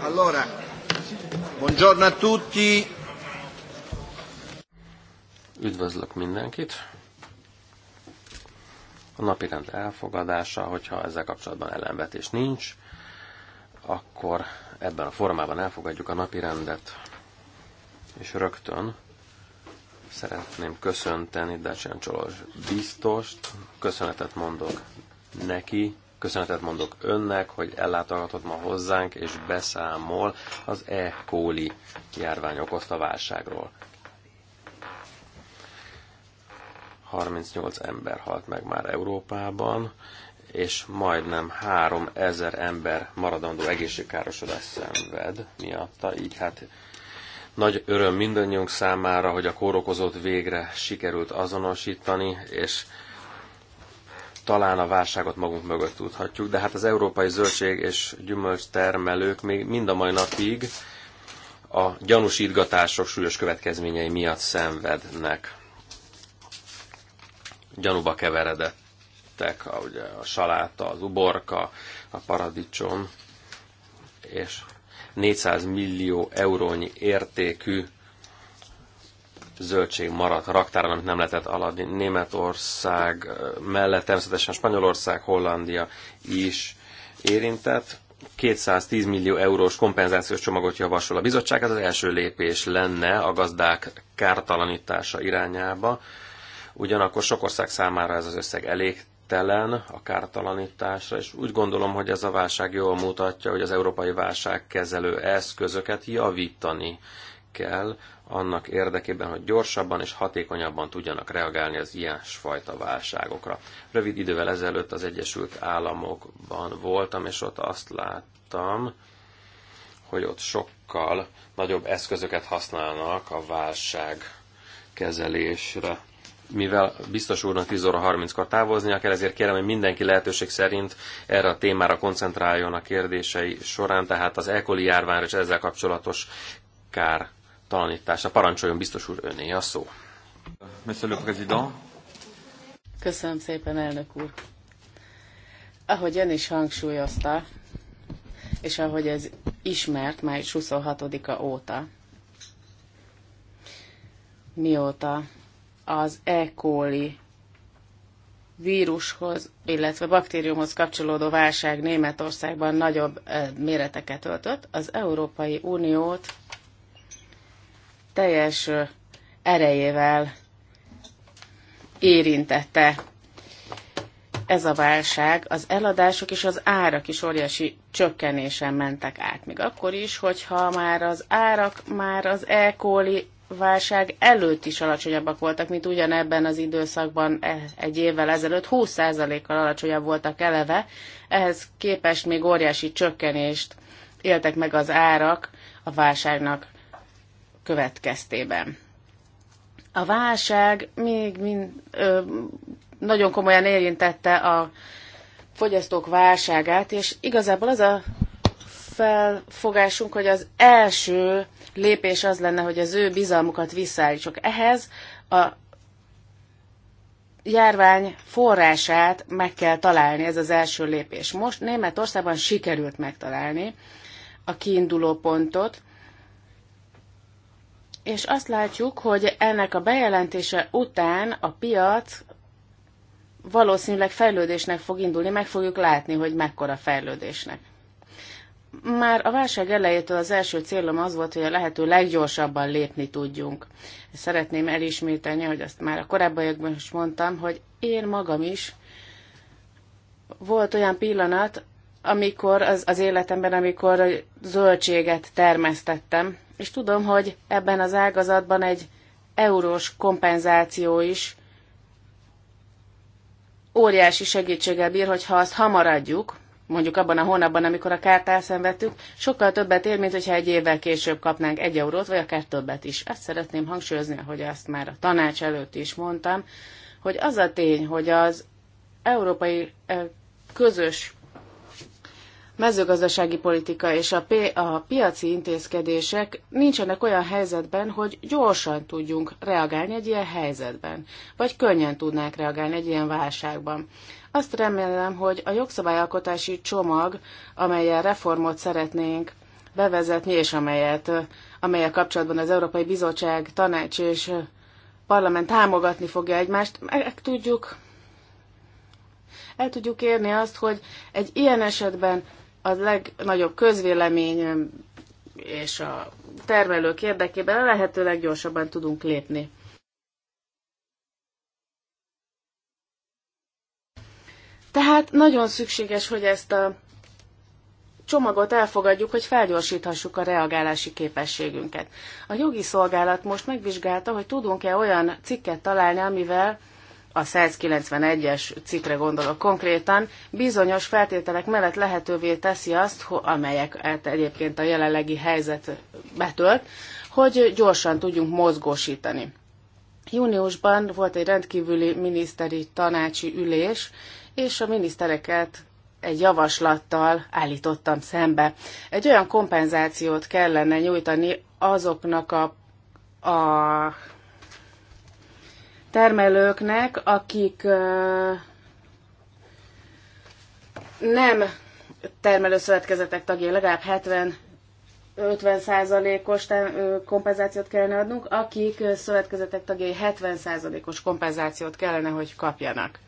Allora, buongiorno a tutti. Üdvözlök mindenkit. A napirend elfogadása, hogyha ezzel kapcsolatban ellenvetés nincs, akkor ebben a formában elfogadjuk a napirendet. És rögtön szeretném köszönteni Dacian Csolos biztost. Köszönetet mondok neki, Köszönetet mondok önnek, hogy ellátogatott ma hozzánk, és beszámol az E. coli járvány okozta válságról. 38 ember halt meg már Európában, és majdnem 3000 ember maradandó egészségkárosodás szenved miatta, így hát nagy öröm mindannyiunk számára, hogy a kórokozót végre sikerült azonosítani, és talán a válságot magunk mögött tudhatjuk, de hát az európai zöldség és gyümölcs termelők még mind a mai napig a gyanúsítgatások súlyos következményei miatt szenvednek. Gyanúba keveredettek a, ugye, a saláta, az uborka, a paradicsom, és 400 millió eurónyi értékű zöldség maradt raktáron, amit nem lehetett aladni. Németország mellett természetesen Spanyolország, Hollandia is érintett. 210 millió eurós kompenzációs csomagot javasol a bizottság, ez az első lépés lenne a gazdák kártalanítása irányába. Ugyanakkor sok ország számára ez az összeg elégtelen a kártalanításra, és úgy gondolom, hogy ez a válság jól mutatja, hogy az európai válságkezelő eszközöket javítani kell annak érdekében, hogy gyorsabban és hatékonyabban tudjanak reagálni az ilyen fajta válságokra. Rövid idővel ezelőtt az Egyesült Államokban voltam, és ott azt láttam, hogy ott sokkal nagyobb eszközöket használnak a válság kezelésre. Mivel biztos úrnak 10 óra 30-kor távoznia kell, ezért kérem, hogy mindenki lehetőség szerint erre a témára koncentráljon a kérdései során, tehát az ekoli járvány és ezzel kapcsolatos kár tanítása. Parancsoljon biztos úr, öné a szó. Monsieur le Président. Köszönöm szépen, elnök úr. Ahogy ön is hangsúlyozta, és ahogy ez ismert már 26-a óta, mióta az E. coli vírushoz, illetve baktériumhoz kapcsolódó válság Németországban nagyobb méreteket öltött, az Európai Uniót teljes erejével érintette ez a válság, az eladások és az árak is óriási csökkenésen mentek át. Még akkor is, hogyha már az árak már az e válság előtt is alacsonyabbak voltak, mint ugyanebben az időszakban e, egy évvel ezelőtt, 20%-kal alacsonyabb voltak eleve, ehhez képest még óriási csökkenést éltek meg az árak a válságnak következtében. A válság még mind, ö, nagyon komolyan érintette a fogyasztók válságát, és igazából az a felfogásunk, hogy az első lépés az lenne, hogy az ő bizalmukat visszaállítsuk. Ehhez a járvány forrását meg kell találni, ez az első lépés. Most Németországban sikerült megtalálni a kiinduló pontot, és azt látjuk, hogy ennek a bejelentése után a piac valószínűleg fejlődésnek fog indulni, meg fogjuk látni, hogy mekkora fejlődésnek. Már a válság elejétől az első célom az volt, hogy a lehető leggyorsabban lépni tudjunk. Szeretném elismételni, hogy azt már a korábbiakban is mondtam, hogy én magam is volt olyan pillanat, amikor az, az életemben, amikor zöldséget termesztettem, és tudom, hogy ebben az ágazatban egy eurós kompenzáció is óriási segítséggel bír, hogyha azt hamar adjuk, mondjuk abban a hónapban, amikor a kárt elszenvedtük, sokkal többet ér, mint hogyha egy évvel később kapnánk egy eurót, vagy akár többet is. Ezt szeretném hangsúlyozni, ahogy azt már a tanács előtt is mondtam, hogy az a tény, hogy az európai eh, közös mezőgazdasági politika és a, pi- a piaci intézkedések nincsenek olyan helyzetben, hogy gyorsan tudjunk reagálni egy ilyen helyzetben, vagy könnyen tudnák reagálni egy ilyen válságban. Azt remélem, hogy a jogszabályalkotási csomag, amelyen reformot szeretnénk bevezetni, és amelyet, amelyek kapcsolatban az Európai Bizottság, Tanács és Parlament támogatni fogja egymást, meg tudjuk el tudjuk érni azt, hogy egy ilyen esetben a legnagyobb közvélemény és a termelők érdekében a lehető leggyorsabban tudunk lépni. Tehát nagyon szükséges, hogy ezt a csomagot elfogadjuk, hogy felgyorsíthassuk a reagálási képességünket. A jogi szolgálat most megvizsgálta, hogy tudunk-e olyan cikket találni, amivel a 191-es cikre gondolok konkrétan, bizonyos feltételek mellett lehetővé teszi azt, amelyek hát egyébként a jelenlegi helyzet betölt, hogy gyorsan tudjunk mozgósítani. Júniusban volt egy rendkívüli miniszteri tanácsi ülés, és a minisztereket egy javaslattal állítottam szembe. Egy olyan kompenzációt kellene nyújtani azoknak a, a termelőknek, akik nem termelőszövetkezetek tagjai, legalább 70 50%-os kompenzációt kellene adnunk, akik szövetkezetek tagjai 70%-os kompenzációt kellene, hogy kapjanak.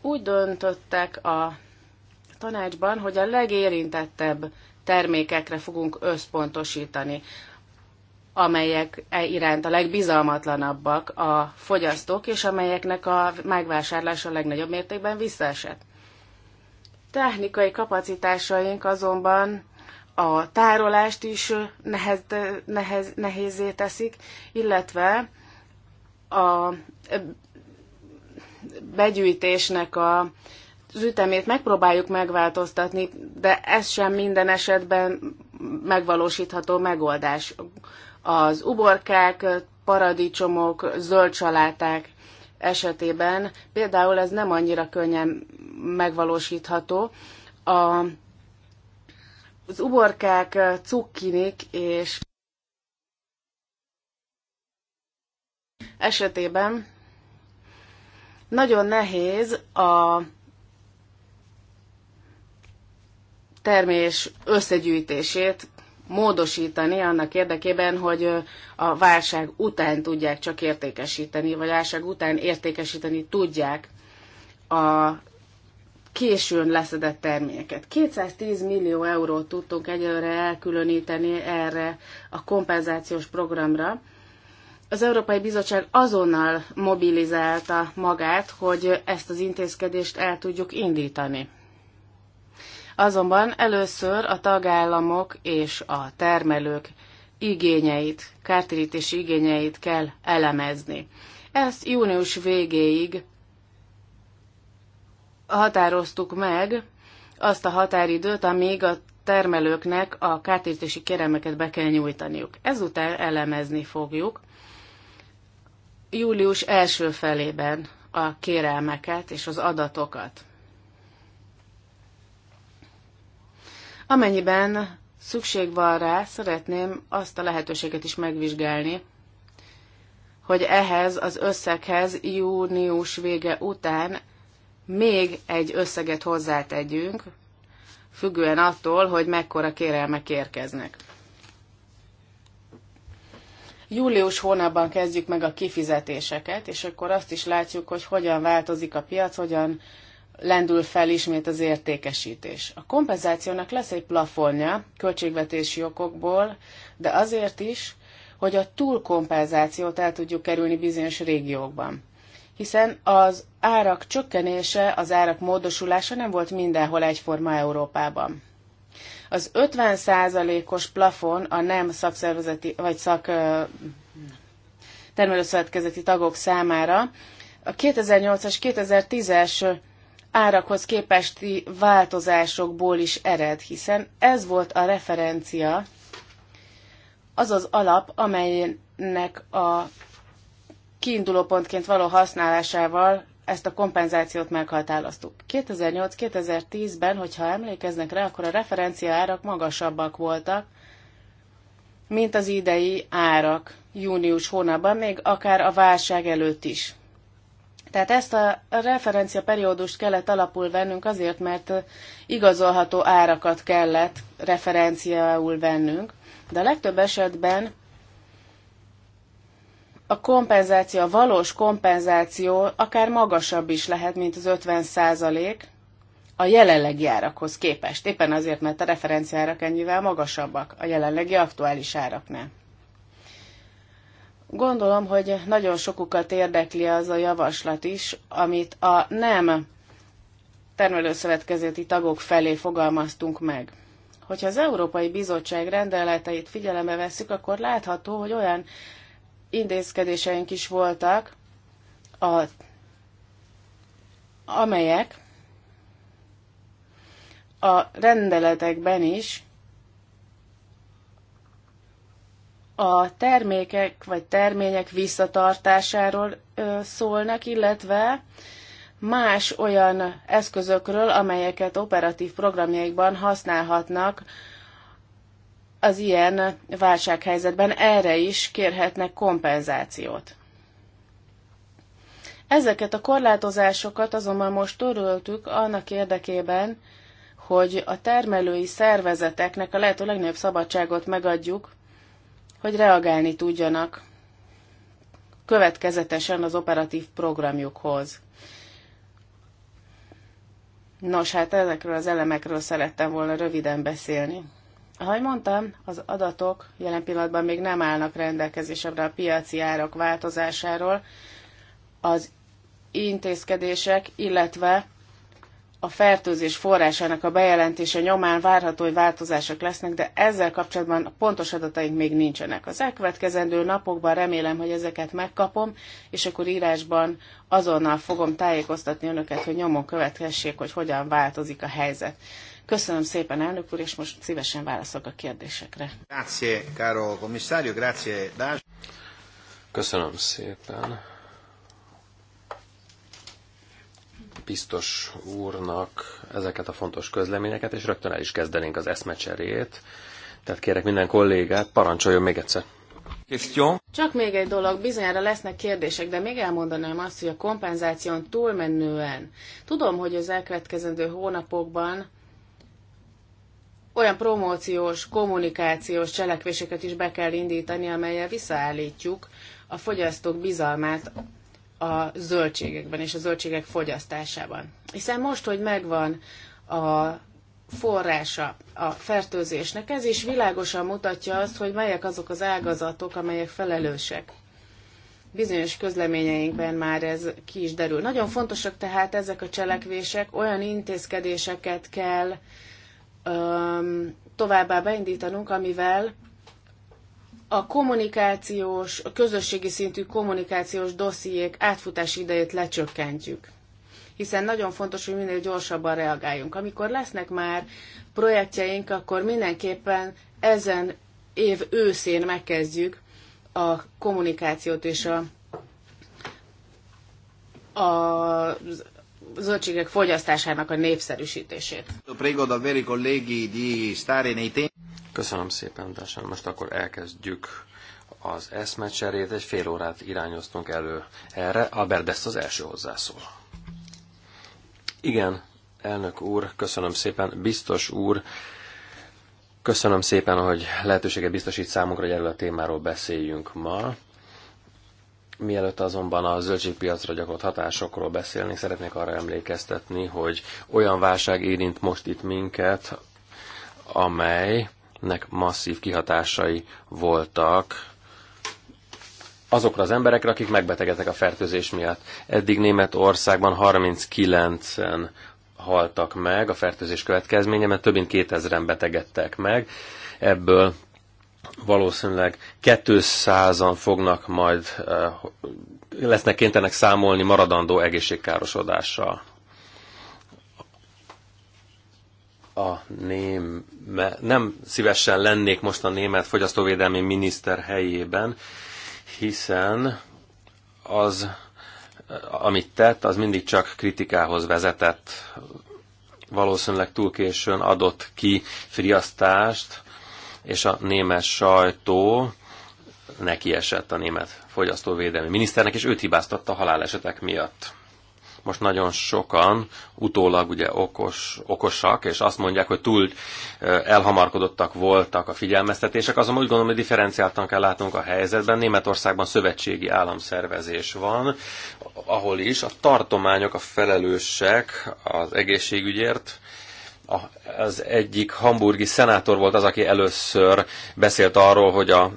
Úgy döntöttek a tanácsban, hogy a legérintettebb termékekre fogunk összpontosítani amelyek e iránt a legbizalmatlanabbak a fogyasztók, és amelyeknek a megvásárlása a legnagyobb mértékben visszaesett. Technikai kapacitásaink azonban a tárolást is nehez, nehez, nehézé teszik, illetve a begyűjtésnek a az ütemét megpróbáljuk megváltoztatni, de ez sem minden esetben megvalósítható megoldás az uborkák, paradicsomok, zöld saláták esetében például ez nem annyira könnyen megvalósítható. A, az uborkák, cukkinik és esetében nagyon nehéz a termés összegyűjtését módosítani annak érdekében, hogy a válság után tudják csak értékesíteni, vagy válság után értékesíteni tudják a későn leszedett terméket. 210 millió eurót tudtunk egyelőre elkülöníteni erre a kompenzációs programra. Az Európai Bizottság azonnal mobilizálta magát, hogy ezt az intézkedést el tudjuk indítani. Azonban először a tagállamok és a termelők igényeit, kártérítési igényeit kell elemezni. Ezt június végéig határoztuk meg azt a határidőt, amíg a termelőknek a kártérítési kéremeket be kell nyújtaniuk. Ezután elemezni fogjuk július első felében a kérelmeket és az adatokat. Amennyiben szükség van rá, szeretném azt a lehetőséget is megvizsgálni, hogy ehhez az összeghez június vége után még egy összeget hozzátegyünk, függően attól, hogy mekkora kérelmek érkeznek. Július hónapban kezdjük meg a kifizetéseket, és akkor azt is látjuk, hogy hogyan változik a piac, hogyan lendül fel ismét az értékesítés. A kompenzációnak lesz egy plafonja költségvetési okokból, de azért is, hogy a túlkompenzációt el tudjuk kerülni bizonyos régiókban. Hiszen az árak csökkenése, az árak módosulása nem volt mindenhol egyforma Európában. Az 50%-os plafon a nem szakszervezeti vagy szak termelőszövetkezeti tagok számára a 2008-as, 2010-es árakhoz képesti változásokból is ered, hiszen ez volt a referencia, az az alap, amelynek a kiindulópontként való használásával ezt a kompenzációt meghatároztuk. 2008-2010-ben, hogyha emlékeznek rá, akkor a referencia árak magasabbak voltak, mint az idei árak június hónapban, még akár a válság előtt is. Tehát ezt a referencia periódust kellett alapul vennünk azért, mert igazolható árakat kellett referenciául vennünk, de a legtöbb esetben a kompenzáció, a valós kompenzáció akár magasabb is lehet, mint az 50 százalék a jelenlegi árakhoz képest. Éppen azért, mert a referenciárak ennyivel magasabbak a jelenlegi aktuális áraknál. Gondolom, hogy nagyon sokukat érdekli az a javaslat is, amit a nem termelőszövetkezeti tagok felé fogalmaztunk meg. Hogyha az Európai Bizottság rendeleteit figyelembe vesszük, akkor látható, hogy olyan intézkedéseink is voltak, a, amelyek a rendeletekben is a termékek vagy termények visszatartásáról szólnak, illetve más olyan eszközökről, amelyeket operatív programjaikban használhatnak az ilyen válsághelyzetben. Erre is kérhetnek kompenzációt. Ezeket a korlátozásokat azonban most töröltük annak érdekében, hogy a termelői szervezeteknek a lehető legnagyobb szabadságot megadjuk hogy reagálni tudjanak következetesen az operatív programjukhoz. Nos, hát ezekről az elemekről szerettem volna röviden beszélni. Ahogy mondtam, az adatok jelen pillanatban még nem állnak rendelkezésemre a piaci árak változásáról, az intézkedések, illetve a fertőzés forrásának a bejelentése nyomán várható, hogy változások lesznek, de ezzel kapcsolatban pontos adataink még nincsenek. Az elkövetkezendő napokban remélem, hogy ezeket megkapom, és akkor írásban azonnal fogom tájékoztatni önöket, hogy nyomon követhessék, hogy hogyan változik a helyzet. Köszönöm szépen, elnök úr, és most szívesen válaszolok a kérdésekre. Grazie, caro commissario, grazie, Köszönöm szépen. biztos úrnak ezeket a fontos közleményeket, és rögtön el is kezdenénk az eszmecserét. Tehát kérek minden kollégát, parancsoljon még egyszer. Question. Csak még egy dolog, bizonyára lesznek kérdések, de még elmondanám azt, hogy a kompenzáción túlmenően. Tudom, hogy az elkövetkezendő hónapokban olyan promóciós, kommunikációs cselekvéseket is be kell indítani, amelyel visszaállítjuk a fogyasztók bizalmát a zöldségekben és a zöldségek fogyasztásában. Hiszen most, hogy megvan a forrása a fertőzésnek, ez is világosan mutatja azt, hogy melyek azok az ágazatok, amelyek felelősek. Bizonyos közleményeinkben már ez ki is derül. Nagyon fontosak tehát ezek a cselekvések, olyan intézkedéseket kell öm, továbbá beindítanunk, amivel a kommunikációs, a közösségi szintű kommunikációs dossziék átfutási idejét lecsökkentjük. Hiszen nagyon fontos, hogy minél gyorsabban reagáljunk. Amikor lesznek már projektjeink, akkor mindenképpen ezen év őszén megkezdjük a kommunikációt és a, a zöldségek fogyasztásának a népszerűsítését. Köszönöm szépen, Dásán. Most akkor elkezdjük az eszmecserét. Egy fél órát irányoztunk elő erre. Albert ezt az első hozzászól. Igen, elnök úr, köszönöm szépen. Biztos úr, köszönöm szépen, hogy lehetőséget biztosít számunkra, hogy erről a témáról beszéljünk ma. Mielőtt azonban a zöldségpiacra gyakorolt hatásokról beszélnék, szeretnék arra emlékeztetni, hogy olyan válság érint most itt minket, amely nek masszív kihatásai voltak azokra az emberekre, akik megbetegedtek a fertőzés miatt. Eddig Németországban 39-en haltak meg a fertőzés következménye, mert több mint 2000-en betegedtek meg. Ebből valószínűleg 200-an fognak majd, eh, lesznek kénytelenek számolni maradandó egészségkárosodással. a ném, nem szívesen lennék most a német fogyasztóvédelmi miniszter helyében, hiszen az, amit tett, az mindig csak kritikához vezetett. Valószínűleg túl későn adott ki friasztást, és a német sajtó neki esett a német fogyasztóvédelmi miniszternek, és őt hibáztatta a halálesetek miatt. Most nagyon sokan utólag ugye okos, okosak, és azt mondják, hogy túl elhamarkodottak voltak a figyelmeztetések, Azon úgy gondolom, hogy differenciáltan kell látnunk a helyzetben. Németországban szövetségi államszervezés van, ahol is a tartományok a felelősek az egészségügyért, az egyik hamburgi szenátor volt az, aki először beszélt arról, hogy a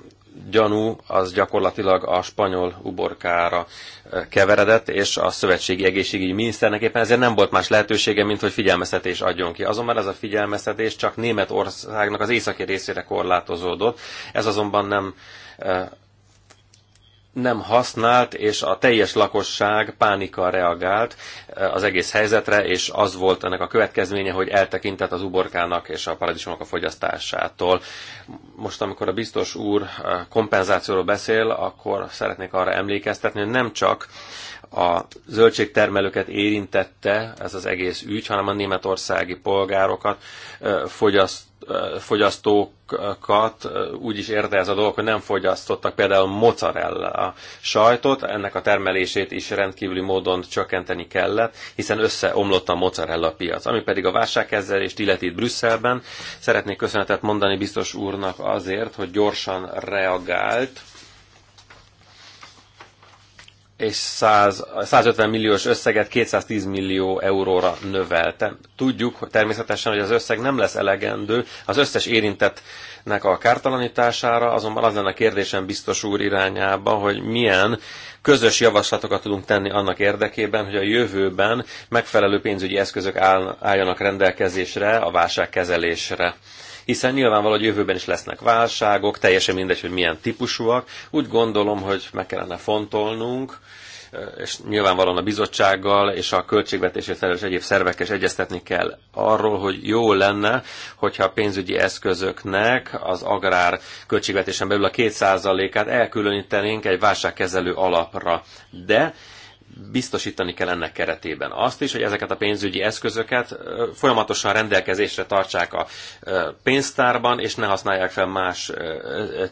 gyanú az gyakorlatilag a spanyol uborkára eh, keveredett, és a szövetségi egészségügyi miniszternek éppen ezért nem volt más lehetősége, mint hogy figyelmeztetés adjon ki. Azonban ez a figyelmeztetés csak Németországnak az északi részére korlátozódott. Ez azonban nem eh, nem használt, és a teljes lakosság pánikkal reagált az egész helyzetre, és az volt ennek a következménye, hogy eltekintett az uborkának és a paradicsomok a fogyasztásától. Most, amikor a biztos úr kompenzációról beszél, akkor szeretnék arra emlékeztetni, hogy nem csak a zöldségtermelőket érintette ez az egész ügy, hanem a németországi polgárokat, fogyaszt, fogyasztókat úgy is érte ez a dolog, hogy nem fogyasztottak például mozzarella a sajtot, ennek a termelését is rendkívüli módon csökkenteni kellett, hiszen összeomlott a mozzarella piac. Ami pedig a válságkezelést illeti itt Brüsszelben, szeretnék köszönetet mondani biztos úrnak azért, hogy gyorsan reagált, és 100, 150 milliós összeget 210 millió euróra növelte. Tudjuk hogy természetesen, hogy az összeg nem lesz elegendő az összes érintettnek a kártalanítására, azonban az lenne a kérdésem biztos úr irányába, hogy milyen közös javaslatokat tudunk tenni annak érdekében, hogy a jövőben megfelelő pénzügyi eszközök áll, álljanak rendelkezésre a válság kezelésre hiszen nyilvánvaló, hogy jövőben is lesznek válságok, teljesen mindegy, hogy milyen típusúak. Úgy gondolom, hogy meg kellene fontolnunk, és nyilvánvalóan a bizottsággal és a költségvetési felelős egyéb szervekkel is egyeztetni kell arról, hogy jó lenne, hogyha a pénzügyi eszközöknek az agrár költségvetésen belül a 2%-át elkülönítenénk egy válságkezelő alapra. De biztosítani kell ennek keretében azt is, hogy ezeket a pénzügyi eszközöket folyamatosan rendelkezésre tartsák a pénztárban, és ne használják fel más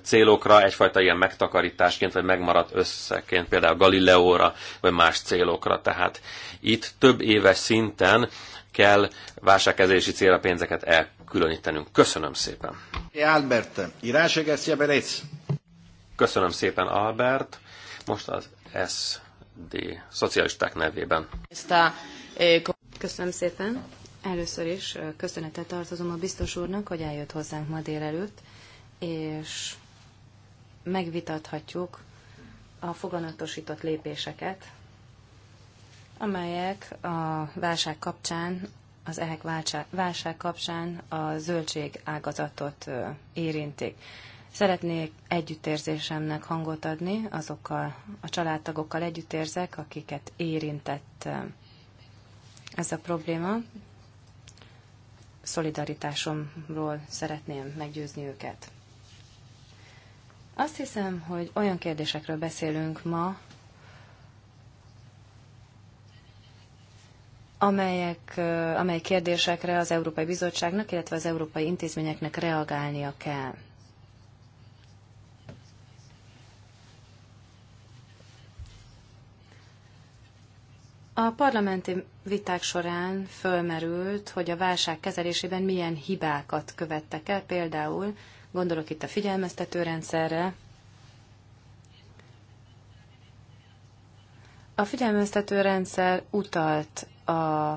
célokra, egyfajta ilyen megtakarításként, vagy megmaradt összeként, például Galileóra, vagy más célokra. Tehát itt több éves szinten kell válságkezelési célra pénzeket elkülönítenünk. Köszönöm szépen. Albert, Köszönöm szépen, Albert. Most az S SD szocialisták nevében. Eh, Köszönöm szépen. Először is eh, köszönetet tartozom a biztos úrnak, hogy eljött hozzánk ma délelőtt, és megvitathatjuk a foganatosított lépéseket, amelyek a válság kapcsán, az ehek válság kapcsán a zöldség ágazatot eh, érintik. Szeretnék együttérzésemnek hangot adni, azokkal a családtagokkal együttérzek, akiket érintett ez a probléma. Szolidaritásomról szeretném meggyőzni őket. Azt hiszem, hogy olyan kérdésekről beszélünk ma, amelyek, amely kérdésekre az Európai Bizottságnak, illetve az európai intézményeknek reagálnia kell. A parlamenti viták során fölmerült, hogy a válság kezelésében milyen hibákat követtek el, például gondolok itt a figyelmeztető rendszerre. A figyelmeztető rendszer utalt a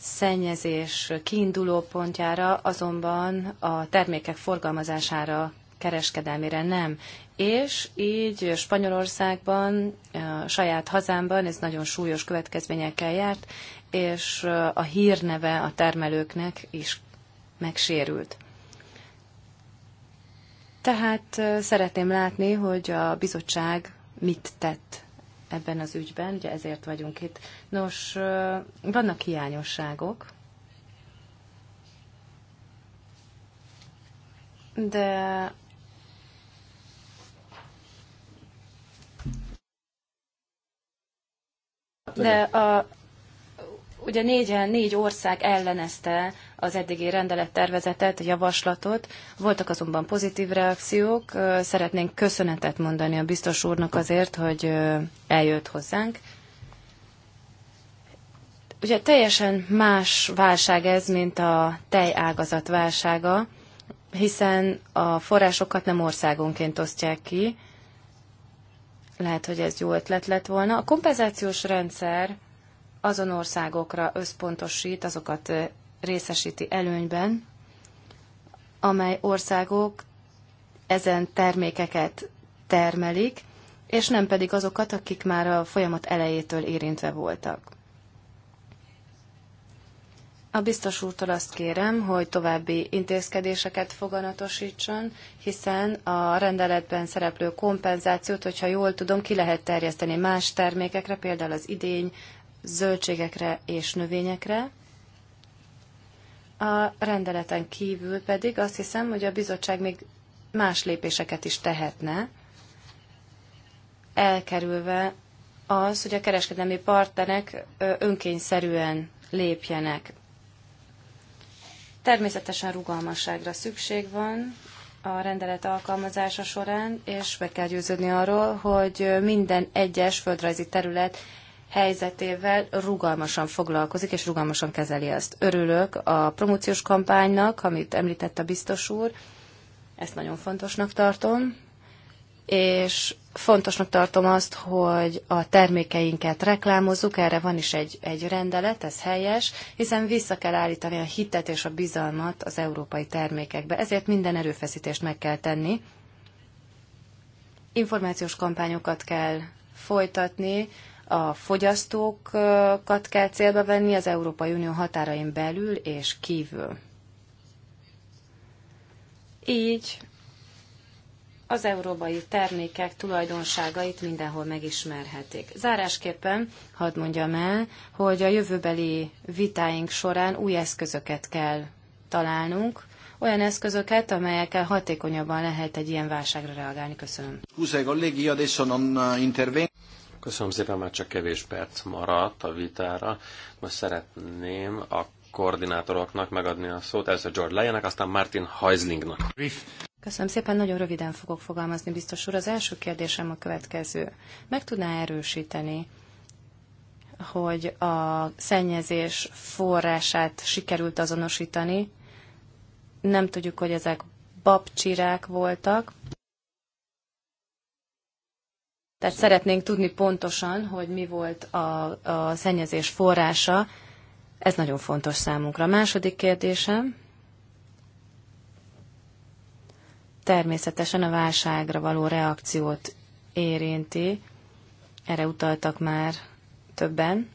szennyezés kiinduló pontjára, azonban a termékek forgalmazására kereskedelmére nem. És így Spanyolországban, a saját hazámban ez nagyon súlyos következményekkel járt, és a hírneve a termelőknek is megsérült. Tehát szeretném látni, hogy a bizottság mit tett ebben az ügyben, ugye ezért vagyunk itt. Nos, vannak hiányosságok, de De a, ugye négyen, négy ország ellenezte az eddigi rendelettervezetet, javaslatot. Voltak azonban pozitív reakciók. Szeretnénk köszönetet mondani a biztos úrnak azért, hogy eljött hozzánk. Ugye teljesen más válság ez, mint a tejágazat válsága, hiszen a forrásokat nem országonként osztják ki, lehet, hogy ez jó ötlet lett volna. A kompenzációs rendszer azon országokra összpontosít, azokat részesíti előnyben, amely országok ezen termékeket termelik, és nem pedig azokat, akik már a folyamat elejétől érintve voltak. A biztos úrtól azt kérem, hogy további intézkedéseket foganatosítson, hiszen a rendeletben szereplő kompenzációt, hogyha jól tudom, ki lehet terjeszteni más termékekre, például az idény, zöldségekre és növényekre. A rendeleten kívül pedig azt hiszem, hogy a bizottság még más lépéseket is tehetne, elkerülve az, hogy a kereskedelmi partnerek önkényszerűen lépjenek. Természetesen rugalmasságra szükség van a rendelet alkalmazása során, és meg kell győződni arról, hogy minden egyes földrajzi terület helyzetével rugalmasan foglalkozik, és rugalmasan kezeli azt. Örülök a promóciós kampánynak, amit említett a biztos úr, ezt nagyon fontosnak tartom és fontosnak tartom azt, hogy a termékeinket reklámozzuk, erre van is egy, egy rendelet, ez helyes, hiszen vissza kell állítani a hitet és a bizalmat az európai termékekbe, ezért minden erőfeszítést meg kell tenni. Információs kampányokat kell folytatni, a fogyasztókat kell célba venni az Európai Unió határain belül és kívül. Így az európai termékek tulajdonságait mindenhol megismerhetik. Zárásképpen hadd mondjam el, hogy a jövőbeli vitáink során új eszközöket kell találnunk, olyan eszközöket, amelyekkel hatékonyabban lehet egy ilyen válságra reagálni. Köszönöm. Uh, Köszönöm szépen, már csak kevés perc maradt a vitára. Most szeretném a koordinátoroknak megadni a szót. Először George Lejenek, aztán Martin Heislingnak. Köszönöm szépen, nagyon röviden fogok fogalmazni, biztos úr. Az első kérdésem a következő. Meg tudná erősíteni, hogy a szennyezés forrását sikerült azonosítani? Nem tudjuk, hogy ezek babcsirák voltak. Tehát szeretnénk tudni pontosan, hogy mi volt a, a szennyezés forrása. Ez nagyon fontos számunkra. A második kérdésem természetesen a válságra való reakciót érinti. Erre utaltak már többen.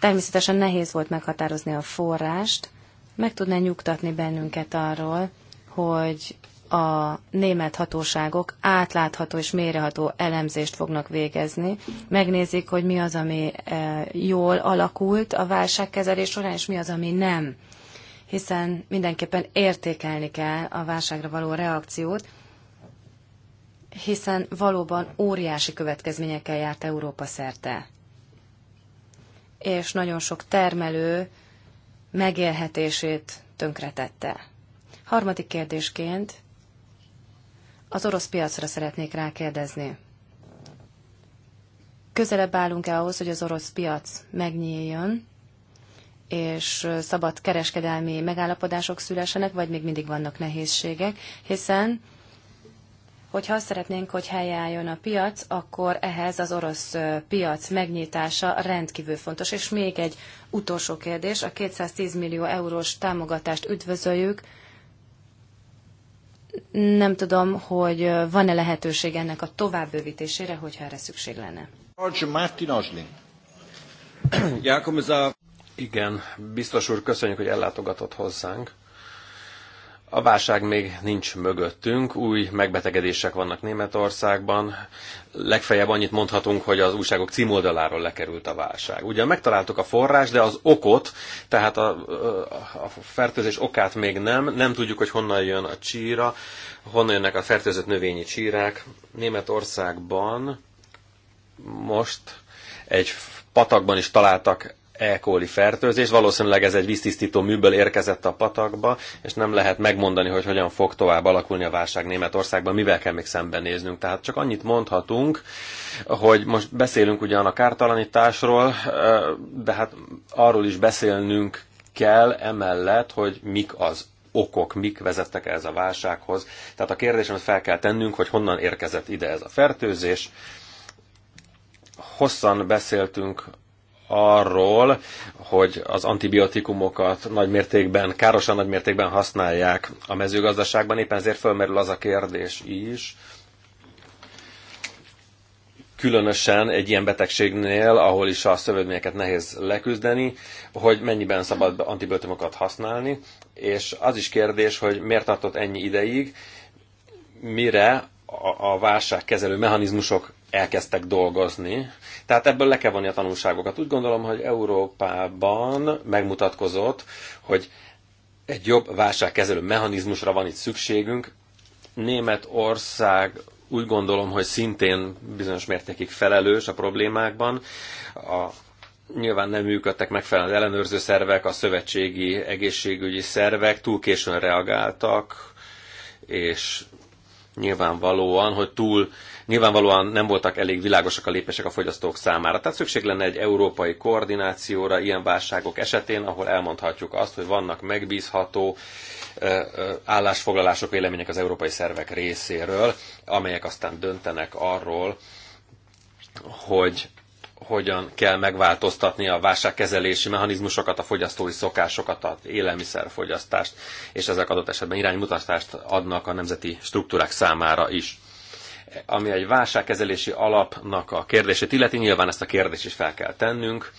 Természetesen nehéz volt meghatározni a forrást. Meg tudná nyugtatni bennünket arról, hogy a német hatóságok átlátható és méreható elemzést fognak végezni. Megnézik, hogy mi az, ami eh, jól alakult a válságkezelés során, és mi az, ami nem hiszen mindenképpen értékelni kell a válságra való reakciót, hiszen valóban óriási következményekkel járt Európa szerte. És nagyon sok termelő megélhetését tönkretette. Harmadik kérdésként az orosz piacra szeretnék rákérdezni. Közelebb állunk-e ahhoz, hogy az orosz piac megnyíljon, és szabad kereskedelmi megállapodások szülessenek, vagy még mindig vannak nehézségek, hiszen hogyha azt szeretnénk, hogy helyeálljon a piac, akkor ehhez az orosz piac megnyitása rendkívül fontos. És még egy utolsó kérdés, a 210 millió eurós támogatást üdvözöljük. Nem tudom, hogy van-e lehetőség ennek a továbbbővítésére, hogyha erre szükség lenne. Ja, igen, biztos úr, köszönjük, hogy ellátogatott hozzánk. A válság még nincs mögöttünk, új megbetegedések vannak Németországban. Legfeljebb annyit mondhatunk, hogy az újságok címoldaláról lekerült a válság. Ugyan megtaláltuk a forrás, de az okot, tehát a, a fertőzés okát még nem. Nem tudjuk, hogy honnan jön a csíra, honnan jönnek a fertőzött növényi csírák. Németországban most egy patakban is találtak E. coli fertőzés. Valószínűleg ez egy víztisztító műből érkezett a patakba, és nem lehet megmondani, hogy hogyan fog tovább alakulni a válság Németországban, mivel kell még szembenéznünk. Tehát csak annyit mondhatunk, hogy most beszélünk ugyan a kártalanításról, de hát arról is beszélnünk kell emellett, hogy mik az okok, mik vezettek ez a válsághoz. Tehát a amit fel kell tennünk, hogy honnan érkezett ide ez a fertőzés. Hosszan beszéltünk arról, hogy az antibiotikumokat nagy mértékben, károsan nagy mértékben használják a mezőgazdaságban, éppen ezért fölmerül az a kérdés is, különösen egy ilyen betegségnél, ahol is a szövődményeket nehéz leküzdeni, hogy mennyiben szabad antibiotikumokat használni, és az is kérdés, hogy miért tartott ennyi ideig, mire a, a válságkezelő mechanizmusok elkezdtek dolgozni. Tehát ebből le kell vonni a tanulságokat. Úgy gondolom, hogy Európában megmutatkozott, hogy egy jobb válságkezelő mechanizmusra van itt szükségünk. Németország úgy gondolom, hogy szintén bizonyos mértékig felelős a problémákban. A, nyilván nem működtek megfelelően az ellenőrző szervek, a szövetségi egészségügyi szervek túl későn reagáltak, és nyilvánvalóan, hogy túl Nyilvánvalóan nem voltak elég világosak a lépések a fogyasztók számára. Tehát szükség lenne egy európai koordinációra ilyen válságok esetén, ahol elmondhatjuk azt, hogy vannak megbízható állásfoglalások, vélemények az európai szervek részéről, amelyek aztán döntenek arról, hogy hogyan kell megváltoztatni a válságkezelési mechanizmusokat, a fogyasztói szokásokat, az élelmiszerfogyasztást, és ezek adott esetben iránymutatást adnak a nemzeti struktúrák számára is ami egy válságkezelési alapnak a kérdését illeti, nyilván ezt a kérdést is fel kell tennünk.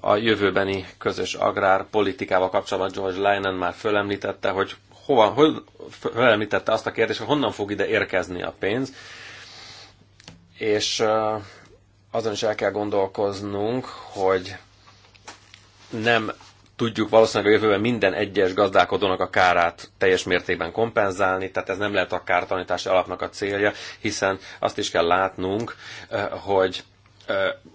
A jövőbeni közös agrárpolitikával kapcsolatban George Leinen már fölemlítette, hogy hova, hol, fölemlítette azt a kérdést, hogy honnan fog ide érkezni a pénz, és azon is el kell gondolkoznunk, hogy nem tudjuk valószínűleg a jövőben minden egyes gazdálkodónak a kárát teljes mértékben kompenzálni, tehát ez nem lehet a kártanítási alapnak a célja, hiszen azt is kell látnunk, eh, hogy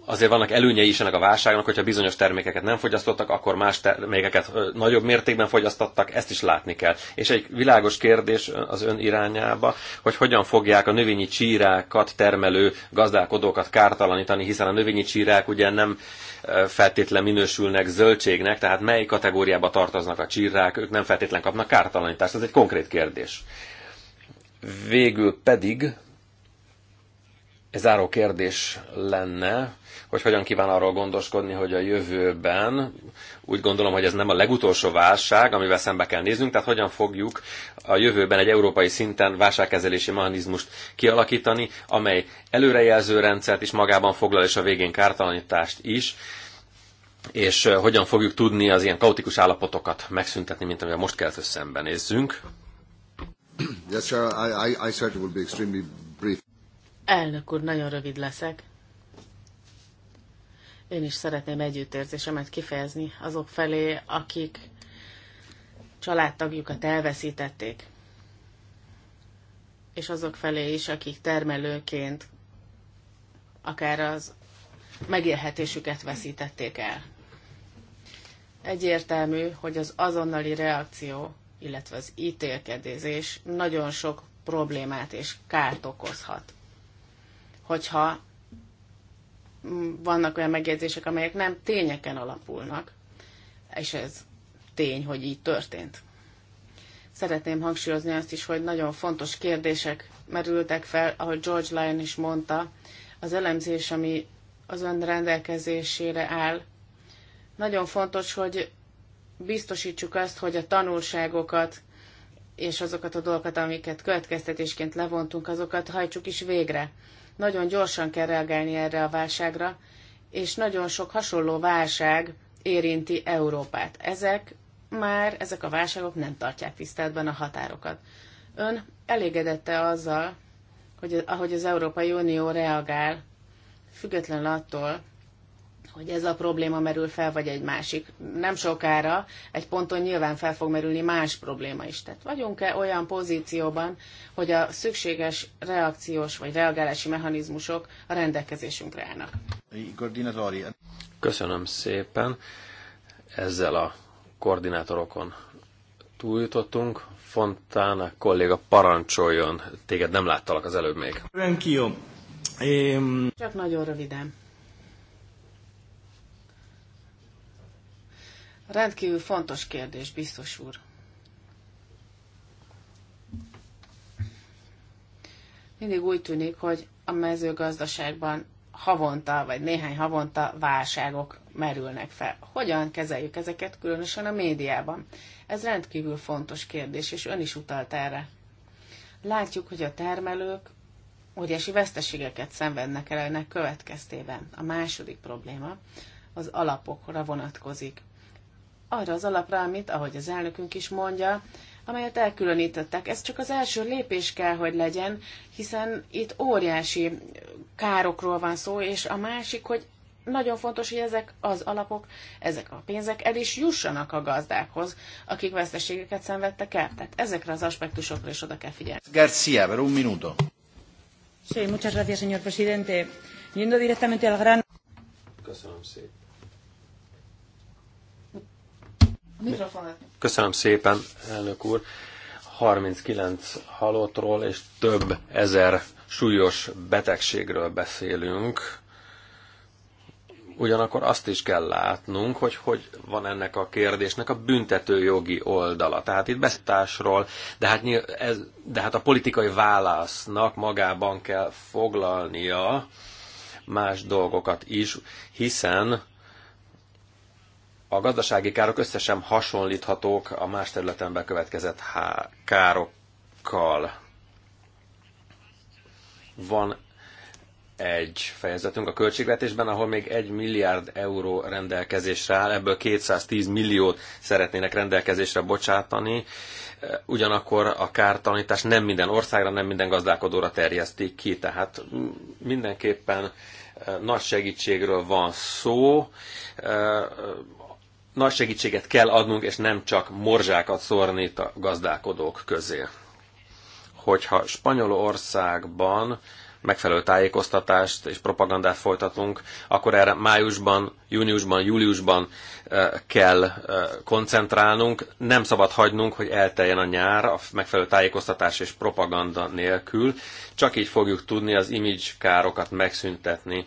azért vannak előnyei is ennek a válságnak, hogyha bizonyos termékeket nem fogyasztottak, akkor más termékeket nagyobb mértékben fogyasztottak, ezt is látni kell. És egy világos kérdés az ön irányába, hogy hogyan fogják a növényi csírákat termelő gazdálkodókat kártalanítani, hiszen a növényi csírák ugye nem feltétlen minősülnek zöldségnek, tehát mely kategóriába tartoznak a csírák, ők nem feltétlen kapnak kártalanítást. Ez egy konkrét kérdés. Végül pedig egy záró kérdés lenne, hogy hogyan kíván arról gondoskodni, hogy a jövőben, úgy gondolom, hogy ez nem a legutolsó válság, amivel szembe kell néznünk, tehát hogyan fogjuk a jövőben egy európai szinten válságkezelési mechanizmust kialakítani, amely előrejelző rendszert is magában foglal, és a végén kártalanítást is, és hogyan fogjuk tudni az ilyen kaotikus állapotokat megszüntetni, mint amivel most kell, hogy szembenézzünk. Yes, sir, I, I, I will be extremely brief. Elnök úr, nagyon rövid leszek. Én is szeretném együttérzésemet kifejezni azok felé, akik családtagjukat elveszítették. És azok felé is, akik termelőként akár az megélhetésüket veszítették el. Egyértelmű, hogy az azonnali reakció, illetve az ítélkedés nagyon sok problémát és kárt okozhat hogyha vannak olyan megjegyzések, amelyek nem tényeken alapulnak, és ez tény, hogy így történt. Szeretném hangsúlyozni azt is, hogy nagyon fontos kérdések merültek fel, ahogy George Lyon is mondta, az elemzés, ami az ön rendelkezésére áll. Nagyon fontos, hogy biztosítsuk azt, hogy a tanulságokat és azokat a dolgokat, amiket következtetésként levontunk, azokat hajtsuk is végre. Nagyon gyorsan kell reagálni erre a válságra, és nagyon sok hasonló válság érinti Európát. Ezek már, ezek a válságok nem tartják tiszteletben a határokat. Ön elégedette azzal, hogy ahogy az Európai Unió reagál, független attól, hogy ez a probléma merül fel, vagy egy másik. Nem sokára egy ponton nyilván fel fog merülni más probléma is. Tehát vagyunk-e olyan pozícióban, hogy a szükséges reakciós vagy reagálási mechanizmusok a rendelkezésünkre állnak? Köszönöm szépen. Ezzel a koordinátorokon túljutottunk. Fontana kolléga parancsoljon. Téged nem láttalak az előbb még. Csak nagyon röviden. Rendkívül fontos kérdés, biztos úr. Mindig úgy tűnik, hogy a mezőgazdaságban havonta, vagy néhány havonta válságok merülnek fel. Hogyan kezeljük ezeket, különösen a médiában? Ez rendkívül fontos kérdés, és ön is utalt erre. Látjuk, hogy a termelők óriási veszteségeket szenvednek el ennek következtében. A második probléma az alapokra vonatkozik arra az alapra, amit, ahogy az elnökünk is mondja, amelyet elkülönítettek. Ez csak az első lépés kell, hogy legyen, hiszen itt óriási károkról van szó, és a másik, hogy nagyon fontos, hogy ezek az alapok, ezek a pénzek el is jussanak a gazdákhoz, akik veszteségeket szenvedtek el. Tehát ezekre az aspektusokra is oda kell figyelni. García, ver un minuto. Sí, muchas gracias, señor presidente. Yendo directamente al gran... Köszönöm szépen. Köszönöm szépen, elnök úr. 39 halottról és több ezer súlyos betegségről beszélünk. Ugyanakkor azt is kell látnunk, hogy hogy van ennek a kérdésnek a büntető jogi oldala. Tehát itt beszélésről, de hát, ez, de hát a politikai válasznak magában kell foglalnia más dolgokat is, hiszen a gazdasági károk összesen hasonlíthatók a más területen bekövetkezett károkkal. Van egy fejezetünk a költségvetésben, ahol még 1 milliárd euró rendelkezésre áll, ebből 210 milliót szeretnének rendelkezésre bocsátani, ugyanakkor a kártalanítás nem minden országra, nem minden gazdálkodóra terjesztik ki, tehát mindenképpen eh, nagy segítségről van szó, eh, nagy segítséget kell adnunk, és nem csak morzsákat szórni itt a gazdálkodók közé. Hogyha Spanyolországban megfelelő tájékoztatást és propagandát folytatunk, akkor erre májusban, júniusban, júliusban eh, kell eh, koncentrálnunk. Nem szabad hagynunk, hogy elteljen a nyár a megfelelő tájékoztatás és propaganda nélkül. Csak így fogjuk tudni az image károkat megszüntetni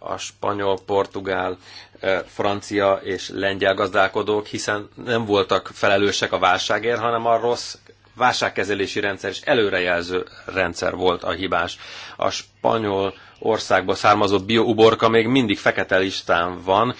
a spanyol, portugál E, francia és lengyel gazdálkodók, hiszen nem voltak felelősek a válságért, hanem a rossz válságkezelési rendszer és előrejelző rendszer volt a hibás. A spanyol országból származó biouborka még mindig fekete listán van,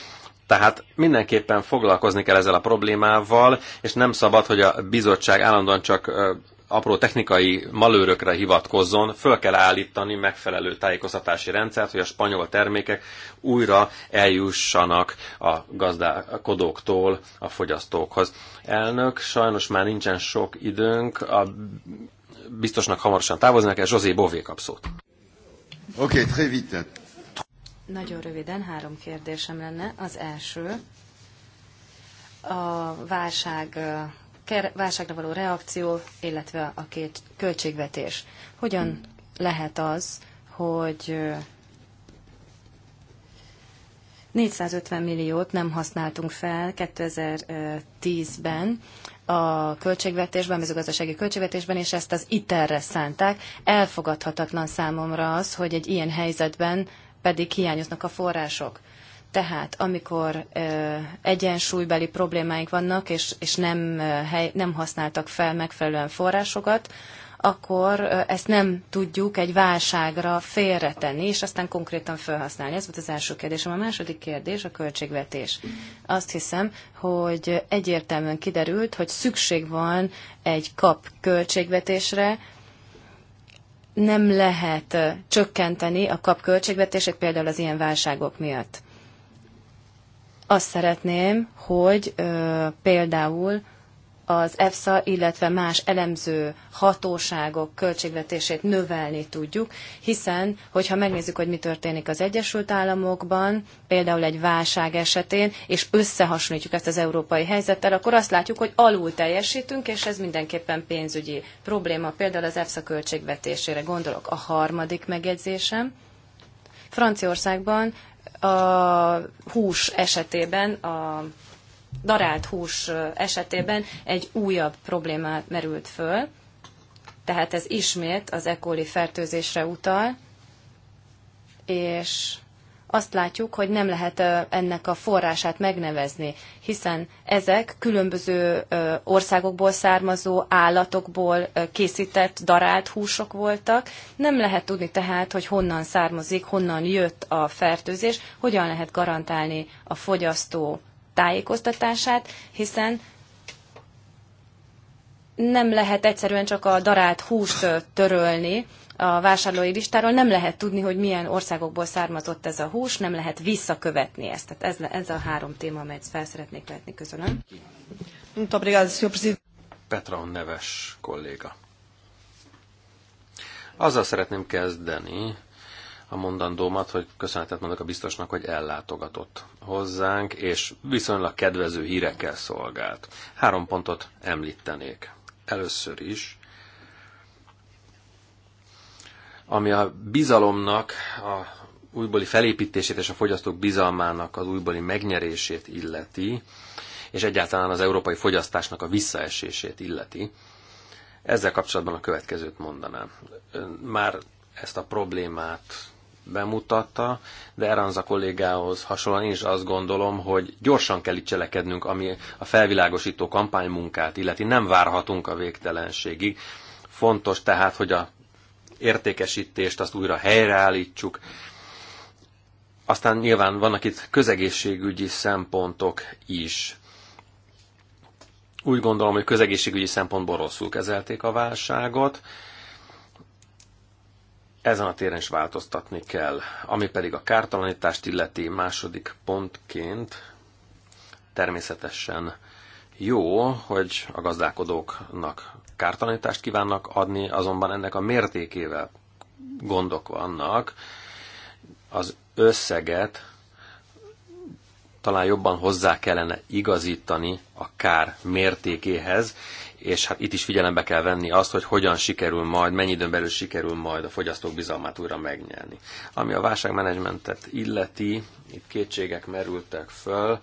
tehát mindenképpen foglalkozni kell ezzel a problémával, és nem szabad, hogy a bizottság állandóan csak e, apró technikai malőrökre hivatkozzon, föl kell állítani megfelelő tájékoztatási rendszert, hogy a spanyol termékek újra eljussanak a gazdálkodóktól a fogyasztókhoz. Elnök, sajnos már nincsen sok időnk, a biztosnak hamarosan távoznak, és José Bové kap szót. Oké, okay, vite. Nagyon röviden három kérdésem lenne. Az első, a válság válságra való reakció, illetve a két költségvetés. Hogyan lehet az, hogy 450 milliót nem használtunk fel 2010-ben a költségvetésben, mezőgazdasági költségvetésben, és ezt az ITER-re szánták. Elfogadhatatlan számomra az, hogy egy ilyen helyzetben pedig hiányoznak a források. Tehát amikor ö, egyensúlybeli problémáink vannak, és, és nem, hely, nem használtak fel megfelelően forrásokat, akkor ö, ezt nem tudjuk egy válságra félretenni, és aztán konkrétan felhasználni. Ez volt az első kérdésem. A második kérdés a költségvetés. Azt hiszem, hogy egyértelműen kiderült, hogy szükség van egy kap költségvetésre, nem lehet csökkenteni a kap költségvetését például az ilyen válságok miatt. Azt szeretném, hogy ö, például az EFSA, illetve más elemző hatóságok költségvetését növelni tudjuk, hiszen, hogyha megnézzük, hogy mi történik az Egyesült Államokban, például egy válság esetén, és összehasonlítjuk ezt az európai helyzettel, akkor azt látjuk, hogy alul teljesítünk, és ez mindenképpen pénzügyi probléma, például az EFSA költségvetésére gondolok. A harmadik megjegyzésem, Franciaországban a hús esetében, a darált hús esetében egy újabb probléma merült föl, tehát ez ismét az ekoli fertőzésre utal, és azt látjuk, hogy nem lehet ennek a forrását megnevezni, hiszen ezek különböző országokból származó állatokból készített, darált húsok voltak. Nem lehet tudni tehát, hogy honnan származik, honnan jött a fertőzés, hogyan lehet garantálni a fogyasztó tájékoztatását, hiszen nem lehet egyszerűen csak a darált húst törölni, a vásárlói listáról, nem lehet tudni, hogy milyen országokból származott ez a hús, nem lehet visszakövetni ezt. Tehát ez, ez a három téma, amelyet fel szeretnék vetni. Köszönöm. Petra neves kolléga. Azzal szeretném kezdeni a mondandómat, hogy köszönetet mondok a biztosnak, hogy ellátogatott hozzánk, és viszonylag kedvező hírekkel szolgált. Három pontot említenék. Először is ami a bizalomnak a újbóli felépítését és a fogyasztók bizalmának az újbóli megnyerését illeti, és egyáltalán az európai fogyasztásnak a visszaesését illeti. Ezzel kapcsolatban a következőt mondanám. Ön már ezt a problémát bemutatta, de Eranza kollégához hasonlóan én is azt gondolom, hogy gyorsan kell itt cselekednünk, ami a felvilágosító kampánymunkát illeti. Nem várhatunk a végtelenségig. Fontos tehát, hogy a értékesítést, azt újra helyreállítsuk. Aztán nyilván vannak itt közegészségügyi szempontok is. Úgy gondolom, hogy közegészségügyi szempontból rosszul kezelték a válságot. Ezen a téren is változtatni kell. Ami pedig a kártalanítást illeti második pontként, természetesen jó, hogy a gazdálkodóknak kártalanítást kívánnak adni, azonban ennek a mértékével gondok vannak. Az összeget talán jobban hozzá kellene igazítani a kár mértékéhez, és hát itt is figyelembe kell venni azt, hogy hogyan sikerül majd, mennyi időn belül sikerül majd a fogyasztók bizalmát újra megnyerni. Ami a válságmenedzsmentet illeti, itt kétségek merültek föl,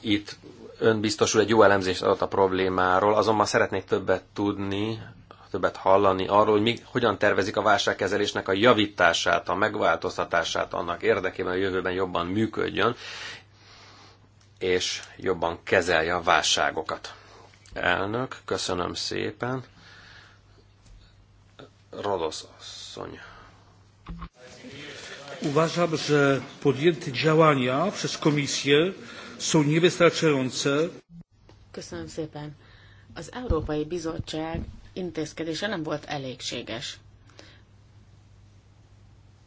itt Ön biztos úr egy jó elemzést adott a problémáról, azonban szeretnék többet tudni, többet hallani arról, hogy mi, hogyan tervezik a válságkezelésnek a javítását, a megváltoztatását annak érdekében, hogy a jövőben jobban működjön, és jobban kezelje a válságokat. Elnök, köszönöm szépen. Rodosz asszony. Uważam, że podjęte działania przez komisję są niewystarczające. Köszönöm szépen. Az Európai Bizottság intézkedése nem volt elégséges.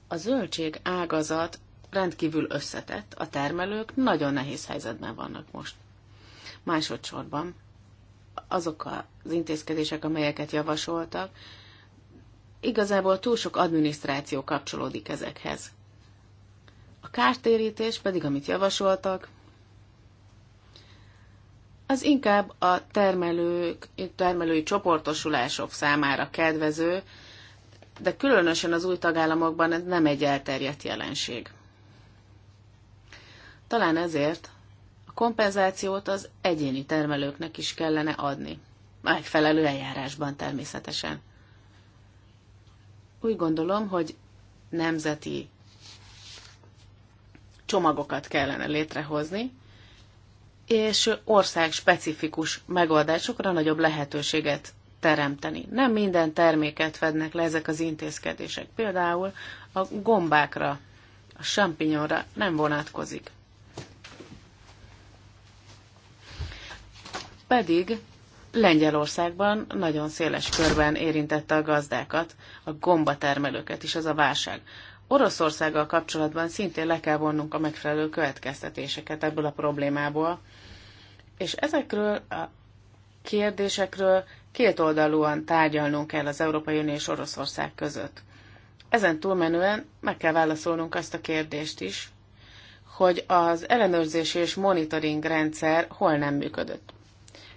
A zöldség ágazat rendkívül összetett, a termelők nagyon nehéz helyzetben vannak most. Másodszorban azok az intézkedések, amelyeket javasoltak, igazából túl sok adminisztráció kapcsolódik ezekhez. A kártérítés pedig, amit javasoltak, az inkább a termelők, termelői csoportosulások számára kedvező, de különösen az új tagállamokban ez nem egy elterjedt jelenség. Talán ezért a kompenzációt az egyéni termelőknek is kellene adni. Megfelelő eljárásban természetesen. Úgy gondolom, hogy nemzeti csomagokat kellene létrehozni, és specifikus megoldásokra nagyobb lehetőséget teremteni. Nem minden terméket fednek le ezek az intézkedések. Például a gombákra, a champignonra nem vonatkozik. Pedig Lengyelországban nagyon széles körben érintette a gazdákat, a gombatermelőket is ez a válság. Oroszországgal kapcsolatban szintén le kell vonnunk a megfelelő következtetéseket ebből a problémából, és ezekről a kérdésekről kétoldalúan tárgyalnunk kell az Európai Unió és Oroszország között. Ezen túlmenően meg kell válaszolnunk azt a kérdést is, hogy az ellenőrzési és monitoring rendszer hol nem működött.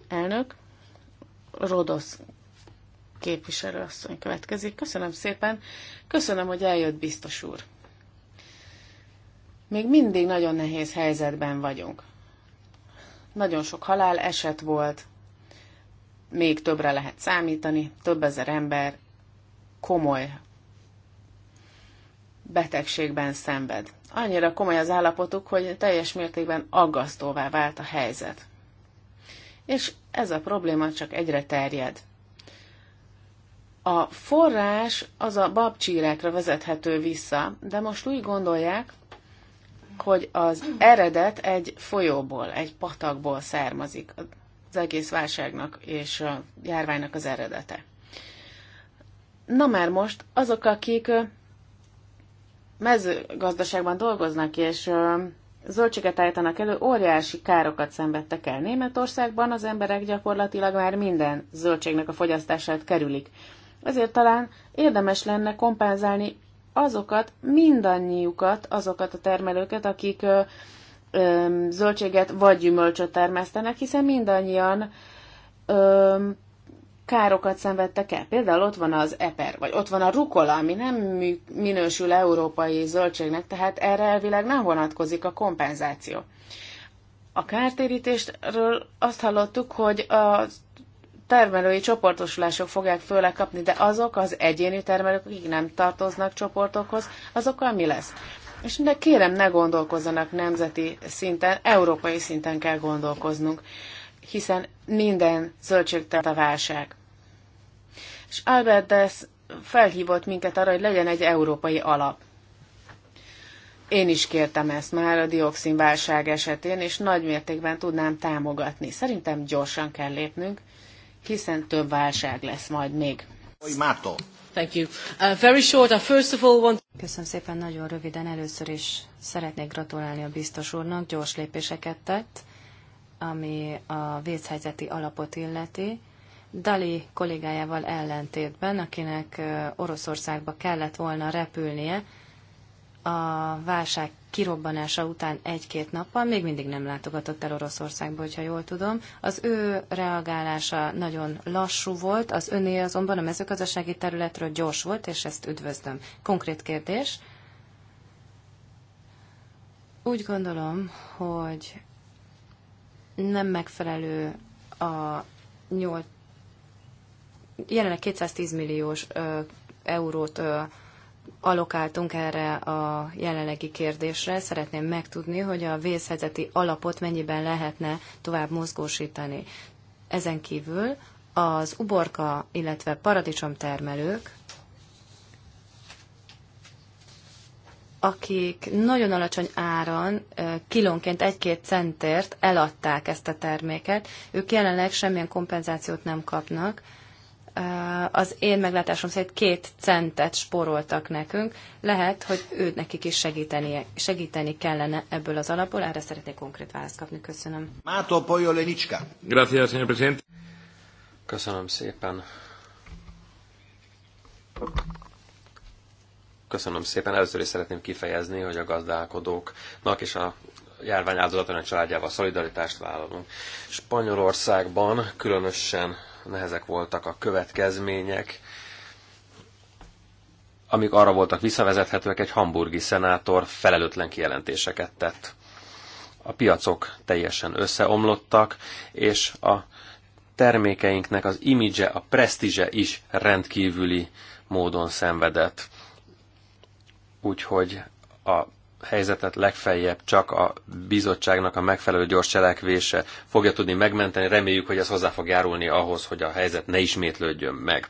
Elnök, Rodosz képviselőasszony következik. Köszönöm szépen, köszönöm, hogy eljött biztos úr. Még mindig nagyon nehéz helyzetben vagyunk. Nagyon sok halál eset volt, még többre lehet számítani, több ezer ember komoly betegségben szenved. Annyira komoly az állapotuk, hogy teljes mértékben aggasztóvá vált a helyzet. És ez a probléma csak egyre terjed. A forrás az a babcsírákra vezethető vissza, de most úgy gondolják, hogy az eredet egy folyóból, egy patakból származik az egész válságnak és a járványnak az eredete. Na már most azok, akik mezőgazdaságban dolgoznak és zöldséget állítanak elő, óriási károkat szenvedtek el. Németországban az emberek gyakorlatilag már minden zöldségnek a fogyasztását kerülik. Ezért talán érdemes lenne kompenzálni azokat, mindannyiukat, azokat a termelőket, akik ö, ö, zöldséget vagy gyümölcsöt termesztenek, hiszen mindannyian ö, károkat szenvedtek el. Például ott van az eper, vagy ott van a rukola, ami nem minősül európai zöldségnek, tehát erre elvileg nem vonatkozik a kompenzáció. A kártérítésről azt hallottuk, hogy az termelői csoportosulások fogják főleg kapni, de azok az egyéni termelők, akik nem tartoznak csoportokhoz, azokkal mi lesz? És de kérem, ne gondolkozzanak nemzeti szinten, európai szinten kell gondolkoznunk, hiszen minden zöldségtelt a válság. És Albert Dess felhívott minket arra, hogy legyen egy európai alap. Én is kértem ezt már a dioxinválság esetén, és nagy mértékben tudnám támogatni. Szerintem gyorsan kell lépnünk, hiszen több válság lesz majd még. Thank you. Uh, very short, I first of all want... Köszönöm szépen, nagyon röviden. Először is szeretnék gratulálni a biztos úrnak, gyors lépéseket tett, ami a vészhelyzeti alapot illeti. Dali kollégájával ellentétben, akinek uh, Oroszországba kellett volna repülnie, a válság kirobbanása után egy-két nappal még mindig nem látogatott el Oroszországba, hogyha jól tudom. Az ő reagálása nagyon lassú volt, az öné azonban a mezőgazdasági területről gyors volt, és ezt üdvözlöm. Konkrét kérdés. Úgy gondolom, hogy nem megfelelő a nyolc, jelenleg 210 milliós ö, eurót ö, alokáltunk erre a jelenlegi kérdésre. Szeretném megtudni, hogy a vészhelyzeti alapot mennyiben lehetne tovább mozgósítani. Ezen kívül az uborka, illetve paradicsom termelők, akik nagyon alacsony áron, kilónként egy-két centért eladták ezt a terméket, ők jelenleg semmilyen kompenzációt nem kapnak, az én meglátásom szerint két centet spóroltak nekünk. Lehet, hogy őt nekik is segíteni, segíteni kellene ebből az alapból. Erre szeretnék konkrét választ kapni. Köszönöm. Mátó Pajó Lenicska. Gracias, señor presidente. Köszönöm szépen. Köszönöm szépen. Először is szeretném kifejezni, hogy a gazdálkodóknak és a járvány áldozatának családjával szolidaritást vállalunk. Spanyolországban különösen nehezek voltak a következmények, amik arra voltak visszavezethetőek, egy hamburgi szenátor felelőtlen kijelentéseket tett. A piacok teljesen összeomlottak, és a termékeinknek az imidzse, a presztízse is rendkívüli módon szenvedett. Úgyhogy a helyzetet legfeljebb csak a bizottságnak a megfelelő gyors cselekvése fogja tudni megmenteni. Reméljük, hogy ez hozzá fog járulni ahhoz, hogy a helyzet ne ismétlődjön meg.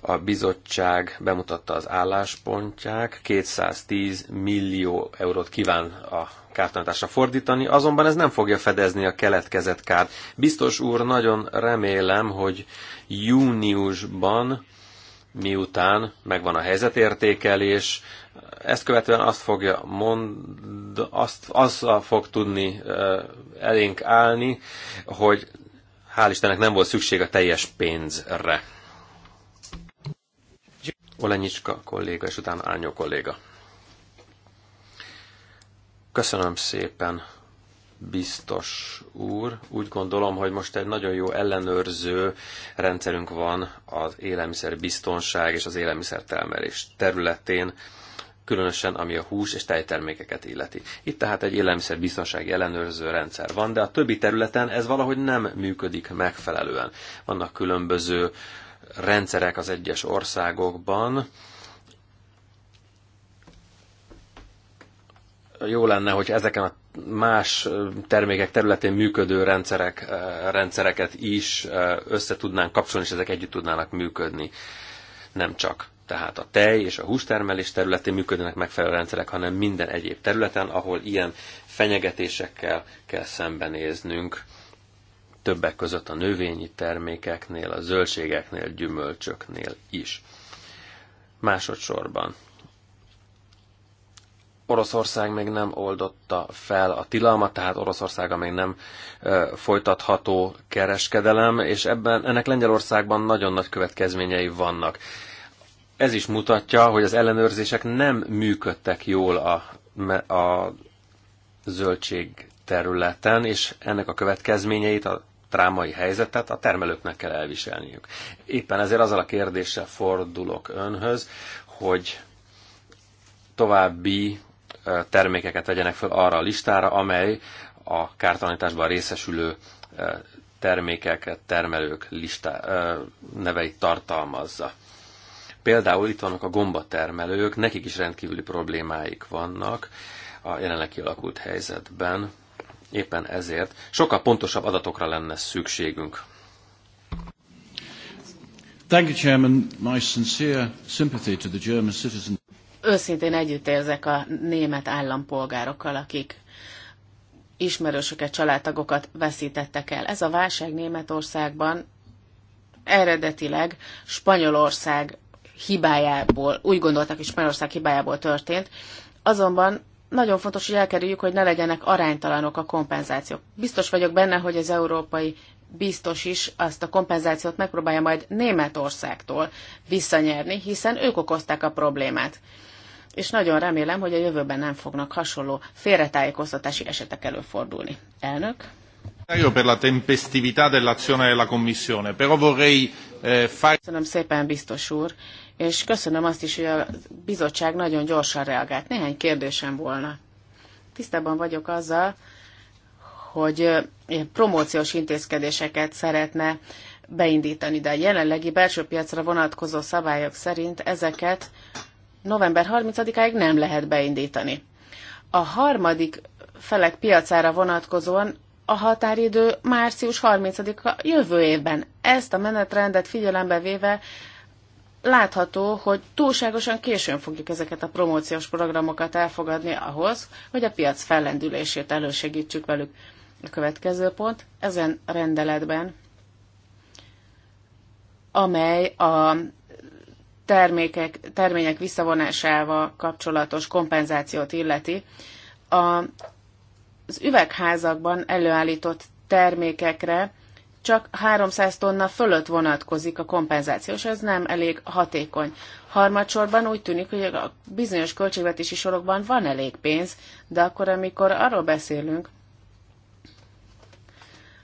A bizottság bemutatta az álláspontják, 210 millió eurót kíván a kártalanításra fordítani, azonban ez nem fogja fedezni a keletkezett kárt. Biztos úr, nagyon remélem, hogy júniusban miután megvan a helyzetértékelés, ezt követően azt fogja mond, azt, azzal fog tudni elénk állni, hogy hál' Istennek nem volt szükség a teljes pénzre. Olenyicska kolléga, és utána Ányó kolléga. Köszönöm szépen, biztos úr. Úgy gondolom, hogy most egy nagyon jó ellenőrző rendszerünk van az élelmiszer biztonság és az élelmiszer termelés területén különösen ami a hús és tejtermékeket illeti. Itt tehát egy élelmiszerbiztonsági ellenőrző rendszer van, de a többi területen ez valahogy nem működik megfelelően. Vannak különböző rendszerek az egyes országokban, jó lenne, hogy ezeken a más termékek területén működő rendszerek, eh, rendszereket is eh, össze tudnánk kapcsolni, és ezek együtt tudnának működni. Nem csak tehát a tej és a hústermelés területén működnek megfelelő rendszerek, hanem minden egyéb területen, ahol ilyen fenyegetésekkel kell szembenéznünk, többek között a növényi termékeknél, a zöldségeknél, gyümölcsöknél is. Másodszorban Oroszország még nem oldotta fel a tilalmat, tehát Oroszországa még nem ö, folytatható kereskedelem, és ebben ennek Lengyelországban nagyon nagy következményei vannak. Ez is mutatja, hogy az ellenőrzések nem működtek jól a, a zöldség területen, és ennek a következményeit, a trámai helyzetet a termelőknek kell elviselniük. Éppen ezért azzal a kérdéssel fordulok önhöz, hogy további termékeket vegyenek fel arra a listára, amely a kártalanításban részesülő termékeket, termelők lista neveit tartalmazza. Például itt vannak a gombatermelők, nekik is rendkívüli problémáik vannak a jelenleg kialakult helyzetben. Éppen ezért sokkal pontosabb adatokra lenne szükségünk. Thank you, Chairman. My sincere sympathy to the German citizen. Őszintén érzek a német állampolgárokkal, akik ismerősöket, családtagokat veszítettek el. Ez a válság Németországban eredetileg Spanyolország hibájából, úgy gondoltak, hogy Spanyolország hibájából történt. Azonban nagyon fontos, hogy elkerüljük, hogy ne legyenek aránytalanok a kompenzációk. Biztos vagyok benne, hogy az európai biztos is azt a kompenzációt megpróbálja majd Németországtól visszanyerni, hiszen ők okozták a problémát. És nagyon remélem, hogy a jövőben nem fognak hasonló félretájékoztatási esetek előfordulni. Elnök. Per la tempestività dell'azione della Commissione, però vorrei eh, fare... Köszönöm szépen, biztos úr, és köszönöm azt is, hogy a bizottság nagyon gyorsan reagált. Néhány kérdésem volna. Tisztában vagyok azzal, hogy promóciós intézkedéseket szeretne beindítani, de a jelenlegi belső piacra vonatkozó szabályok szerint ezeket november 30-áig nem lehet beindítani. A harmadik felek piacára vonatkozóan a határidő március 30-a jövő évben. Ezt a menetrendet figyelembe véve látható, hogy túlságosan későn fogjuk ezeket a promóciós programokat elfogadni ahhoz, hogy a piac fellendülését elősegítsük velük. A következő pont ezen rendeletben, amely a termékek, termények visszavonásával kapcsolatos kompenzációt illeti, a az üvegházakban előállított termékekre csak 300 tonna fölött vonatkozik a kompenzációs, ez nem elég hatékony. Harmadsorban úgy tűnik, hogy a bizonyos költségvetési sorokban van elég pénz, de akkor, amikor arról beszélünk,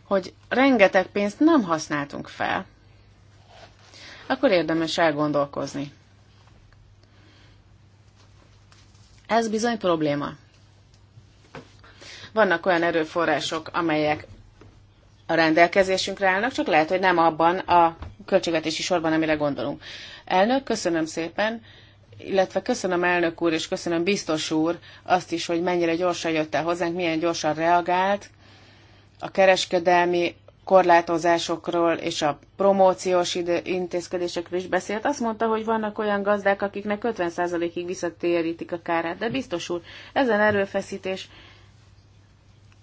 hogy rengeteg pénzt nem használtunk fel, akkor érdemes elgondolkozni. Ez bizony probléma. Vannak olyan erőforrások, amelyek a rendelkezésünkre állnak, csak lehet, hogy nem abban a költségvetési sorban, amire gondolunk. Elnök, köszönöm szépen, illetve köszönöm elnök úr, és köszönöm biztos úr azt is, hogy mennyire gyorsan jött el hozzánk, milyen gyorsan reagált a kereskedelmi korlátozásokról és a promóciós intézkedésekről is beszélt. Azt mondta, hogy vannak olyan gazdák, akiknek 50%-ig visszatérítik a kárát, de biztos úr, ezen erőfeszítés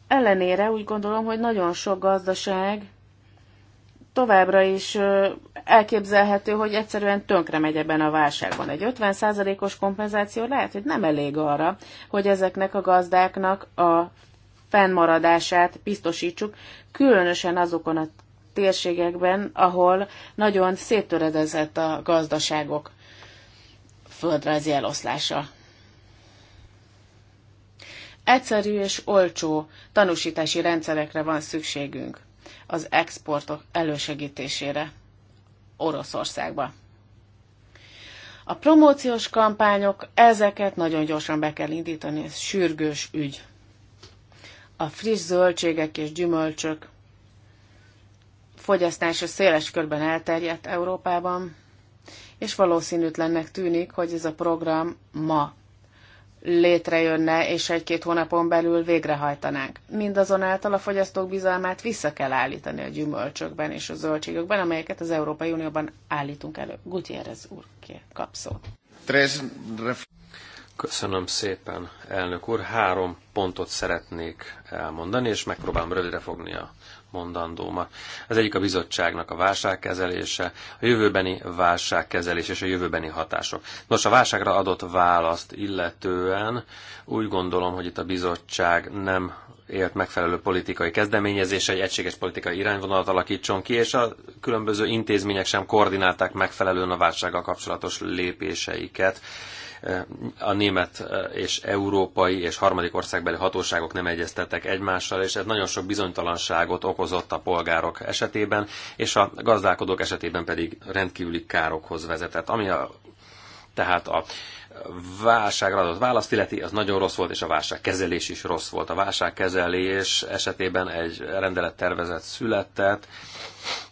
ellenére úgy gondolom, hogy nagyon sok gazdaság továbbra is elképzelhető, hogy egyszerűen tönkre megy ebben a válságban. Egy 50%-os kompenzáció lehet, hogy nem elég arra, hogy ezeknek a gazdáknak a fennmaradását biztosítsuk, különösen azokon a térségekben, ahol nagyon széttöredezett a gazdaságok földrajzi eloszlása Egyszerű és olcsó tanúsítási rendszerekre van szükségünk az exportok elősegítésére Oroszországba. A promóciós kampányok, ezeket nagyon gyorsan be kell indítani, ez sürgős ügy. A friss zöldségek és gyümölcsök fogyasztása széles körben elterjedt Európában, és valószínűtlennek tűnik, hogy ez a program ma létrejönne, és egy-két hónapon belül végrehajtanánk. Mindazonáltal a fogyasztók bizalmát vissza kell állítani a gyümölcsökben és a zöldségekben, amelyeket az Európai Unióban állítunk elő. Gutierrez úr kap szót. Köszönöm szépen, elnök úr. Három pontot szeretnék elmondani, és megpróbálom rövidre fogni a mondandóma. Az egyik a bizottságnak a válságkezelése, a jövőbeni válságkezelés és a jövőbeni hatások. Nos, a válságra adott választ illetően úgy gondolom, hogy itt a bizottság nem élt megfelelő politikai kezdeményezése, egy egységes politikai irányvonalat alakítson ki, és a különböző intézmények sem koordinálták megfelelően a válsággal kapcsolatos lépéseiket a német e, és európai és harmadik országbeli hatóságok nem egyeztettek egymással, és ez nagyon sok bizonytalanságot okozott a polgárok esetében, és a gazdálkodók esetében pedig rendkívüli károkhoz vezetett, ami a, tehát a válságra adott választ illeti, az nagyon rossz volt, és a válságkezelés is rossz volt. A válságkezelés esetében egy rendelettervezet született,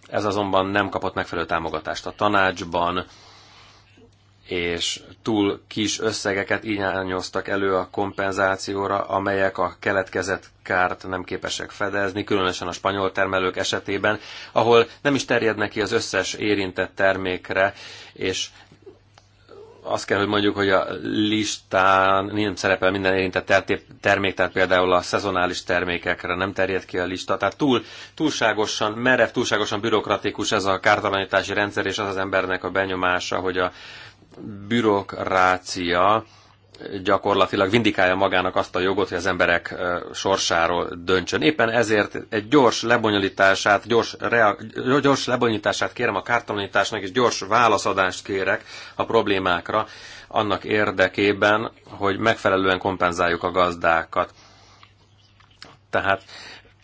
ez azonban nem kapott megfelelő támogatást a tanácsban, és túl kis összegeket irányoztak elő a kompenzációra, amelyek a keletkezett kárt nem képesek fedezni, különösen a spanyol termelők esetében, ahol nem is terjed neki az összes érintett termékre, és azt kell, hogy mondjuk, hogy a listán nem szerepel minden érintett termék, tehát például a szezonális termékekre nem terjed ki a lista. Tehát túl, túlságosan merev, túlságosan bürokratikus ez a kártalanítási rendszer, és az az embernek a benyomása, hogy a, bürokrácia gyakorlatilag vindikálja magának azt a jogot, hogy az emberek sorsáról döntsön. Éppen ezért egy gyors lebonyolítását, gyors, rea- gyors lebonyolítását kérem a kártalanításnak, és gyors válaszadást kérek a problémákra, annak érdekében, hogy megfelelően kompenzáljuk a gazdákat. Tehát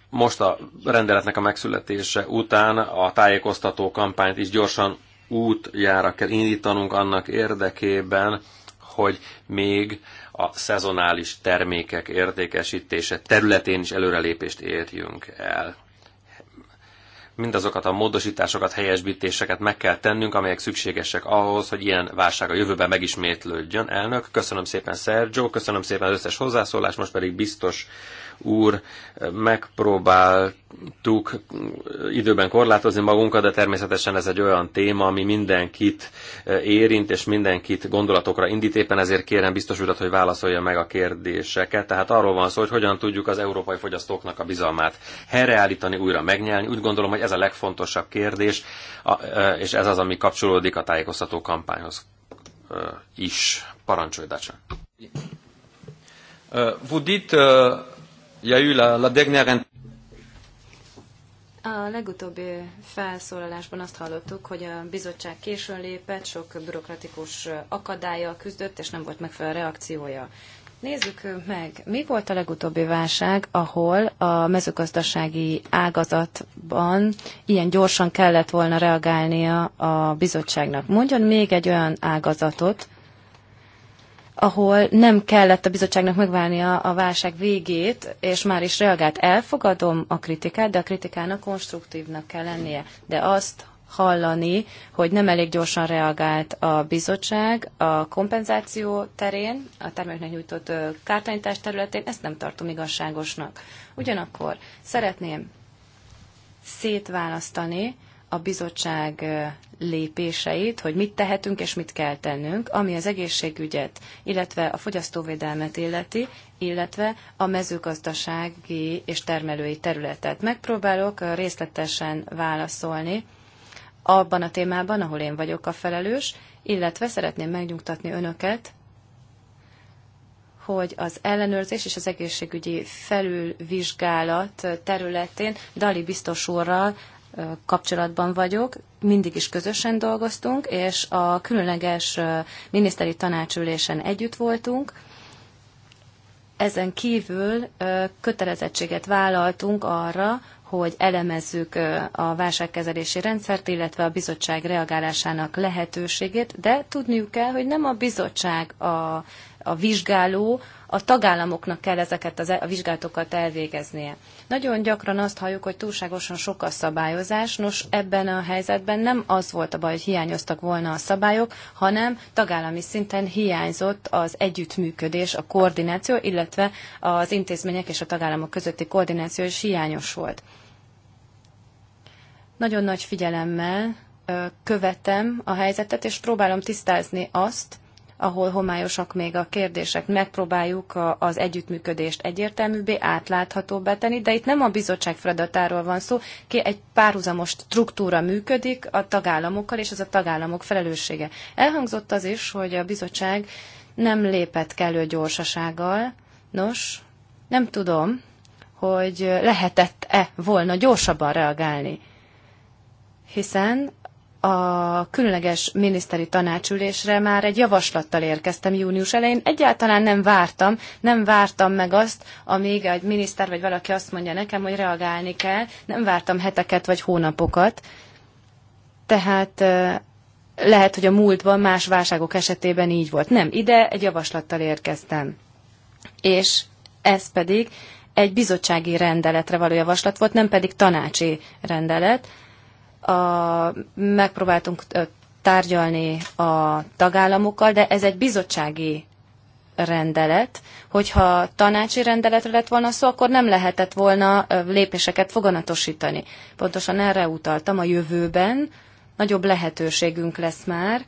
most a rendeletnek a megszületése után a tájékoztató kampányt is gyorsan útjára kell indítanunk annak érdekében, hogy még a szezonális termékek értékesítése területén is előrelépést érjünk el. Mindazokat a módosításokat, helyesbítéseket meg kell tennünk, amelyek szükségesek ahhoz, hogy ilyen válság a jövőben megismétlődjön. Elnök, köszönöm szépen Sergio, köszönöm szépen az összes hozzászólást, most pedig biztos úr, megpróbáltuk időben korlátozni magunkat, de természetesen ez egy olyan téma, ami mindenkit eh, érint, és mindenkit gondolatokra indít, éppen ezért kérem biztos urat, hogy válaszolja meg a kérdéseket. Tehát arról van szó, hogy hogyan tudjuk az európai fogyasztóknak a bizalmát helyreállítani, újra megnyelni. Úgy gondolom, hogy ez a legfontosabb kérdés, eh, és ez az, ami kapcsolódik a tájékoztató kampányhoz eh, is. Parancsolj, Dacsa! Vous dites euh, Il y a eu la, la dernière... A legutóbbi felszólalásban azt hallottuk, hogy a bizottság későn lépett, sok bürokratikus akadálya küzdött, és nem volt megfelelő reakciója. Nézzük meg, mi volt a legutóbbi válság, ahol a mezőgazdasági ágazatban ilyen gyorsan kellett volna reagálnia a bizottságnak. Mondjon még egy olyan ágazatot, ahol nem kellett a bizottságnak megválnia a válság végét, és már is reagált. Elfogadom a kritikát, de a kritikának konstruktívnak kell lennie. De azt hallani, hogy nem elég gyorsan reagált a bizottság a kompenzáció terén, a terméknek nyújtott kártalanítás területén, ezt nem tartom igazságosnak. Ugyanakkor szeretném szétválasztani a bizottság lépéseit, hogy mit tehetünk és mit kell tennünk, ami az egészségügyet, illetve a fogyasztóvédelmet illeti, illetve a mezőgazdasági és termelői területet. Megpróbálok részletesen válaszolni abban a témában, ahol én vagyok a felelős, illetve szeretném megnyugtatni önöket, hogy az ellenőrzés és az egészségügyi felülvizsgálat területén Dali biztos úrral kapcsolatban vagyok, mindig is közösen dolgoztunk, és a különleges miniszteri tanácsülésen együtt voltunk. Ezen kívül kötelezettséget vállaltunk arra, hogy elemezzük a válságkezelési rendszert, illetve a bizottság reagálásának lehetőségét, de tudniuk kell, hogy nem a bizottság a, a vizsgáló, a tagállamoknak kell ezeket az, e- a vizsgálatokat elvégeznie. Nagyon gyakran azt halljuk, hogy túlságosan sok a szabályozás, nos ebben a helyzetben nem az volt a baj, hogy hiányoztak volna a szabályok, hanem tagállami szinten hiányzott az együttműködés, a koordináció, illetve az intézmények és a tagállamok közötti koordináció is hiányos volt. Nagyon nagy figyelemmel követem a helyzetet, és próbálom tisztázni azt, ahol homályosak még a kérdések. Megpróbáljuk az együttműködést egyértelműbbé, átláthatóbbá tenni, de itt nem a bizottság feladatáról van szó, ki egy párhuzamos struktúra működik a tagállamokkal, és ez a tagállamok felelőssége. Elhangzott az is, hogy a bizottság nem lépett kellő gyorsasággal. Nos, nem tudom, hogy lehetett-e volna gyorsabban reagálni. Hiszen a különleges miniszteri tanácsülésre már egy javaslattal érkeztem június elején. Egyáltalán nem vártam, nem vártam meg azt, amíg egy miniszter vagy valaki azt mondja nekem, hogy reagálni kell. Nem vártam heteket vagy hónapokat. Tehát lehet, hogy a múltban más válságok esetében így volt. Nem, ide egy javaslattal érkeztem. És ez pedig egy bizottsági rendeletre való javaslat volt, nem pedig tanácsi rendelet a, megpróbáltunk tárgyalni a tagállamokkal, de ez egy bizottsági rendelet. Hogyha tanácsi rendeletre lett volna szó, akkor nem lehetett volna lépéseket foganatosítani. Pontosan erre utaltam a jövőben, nagyobb lehetőségünk lesz már,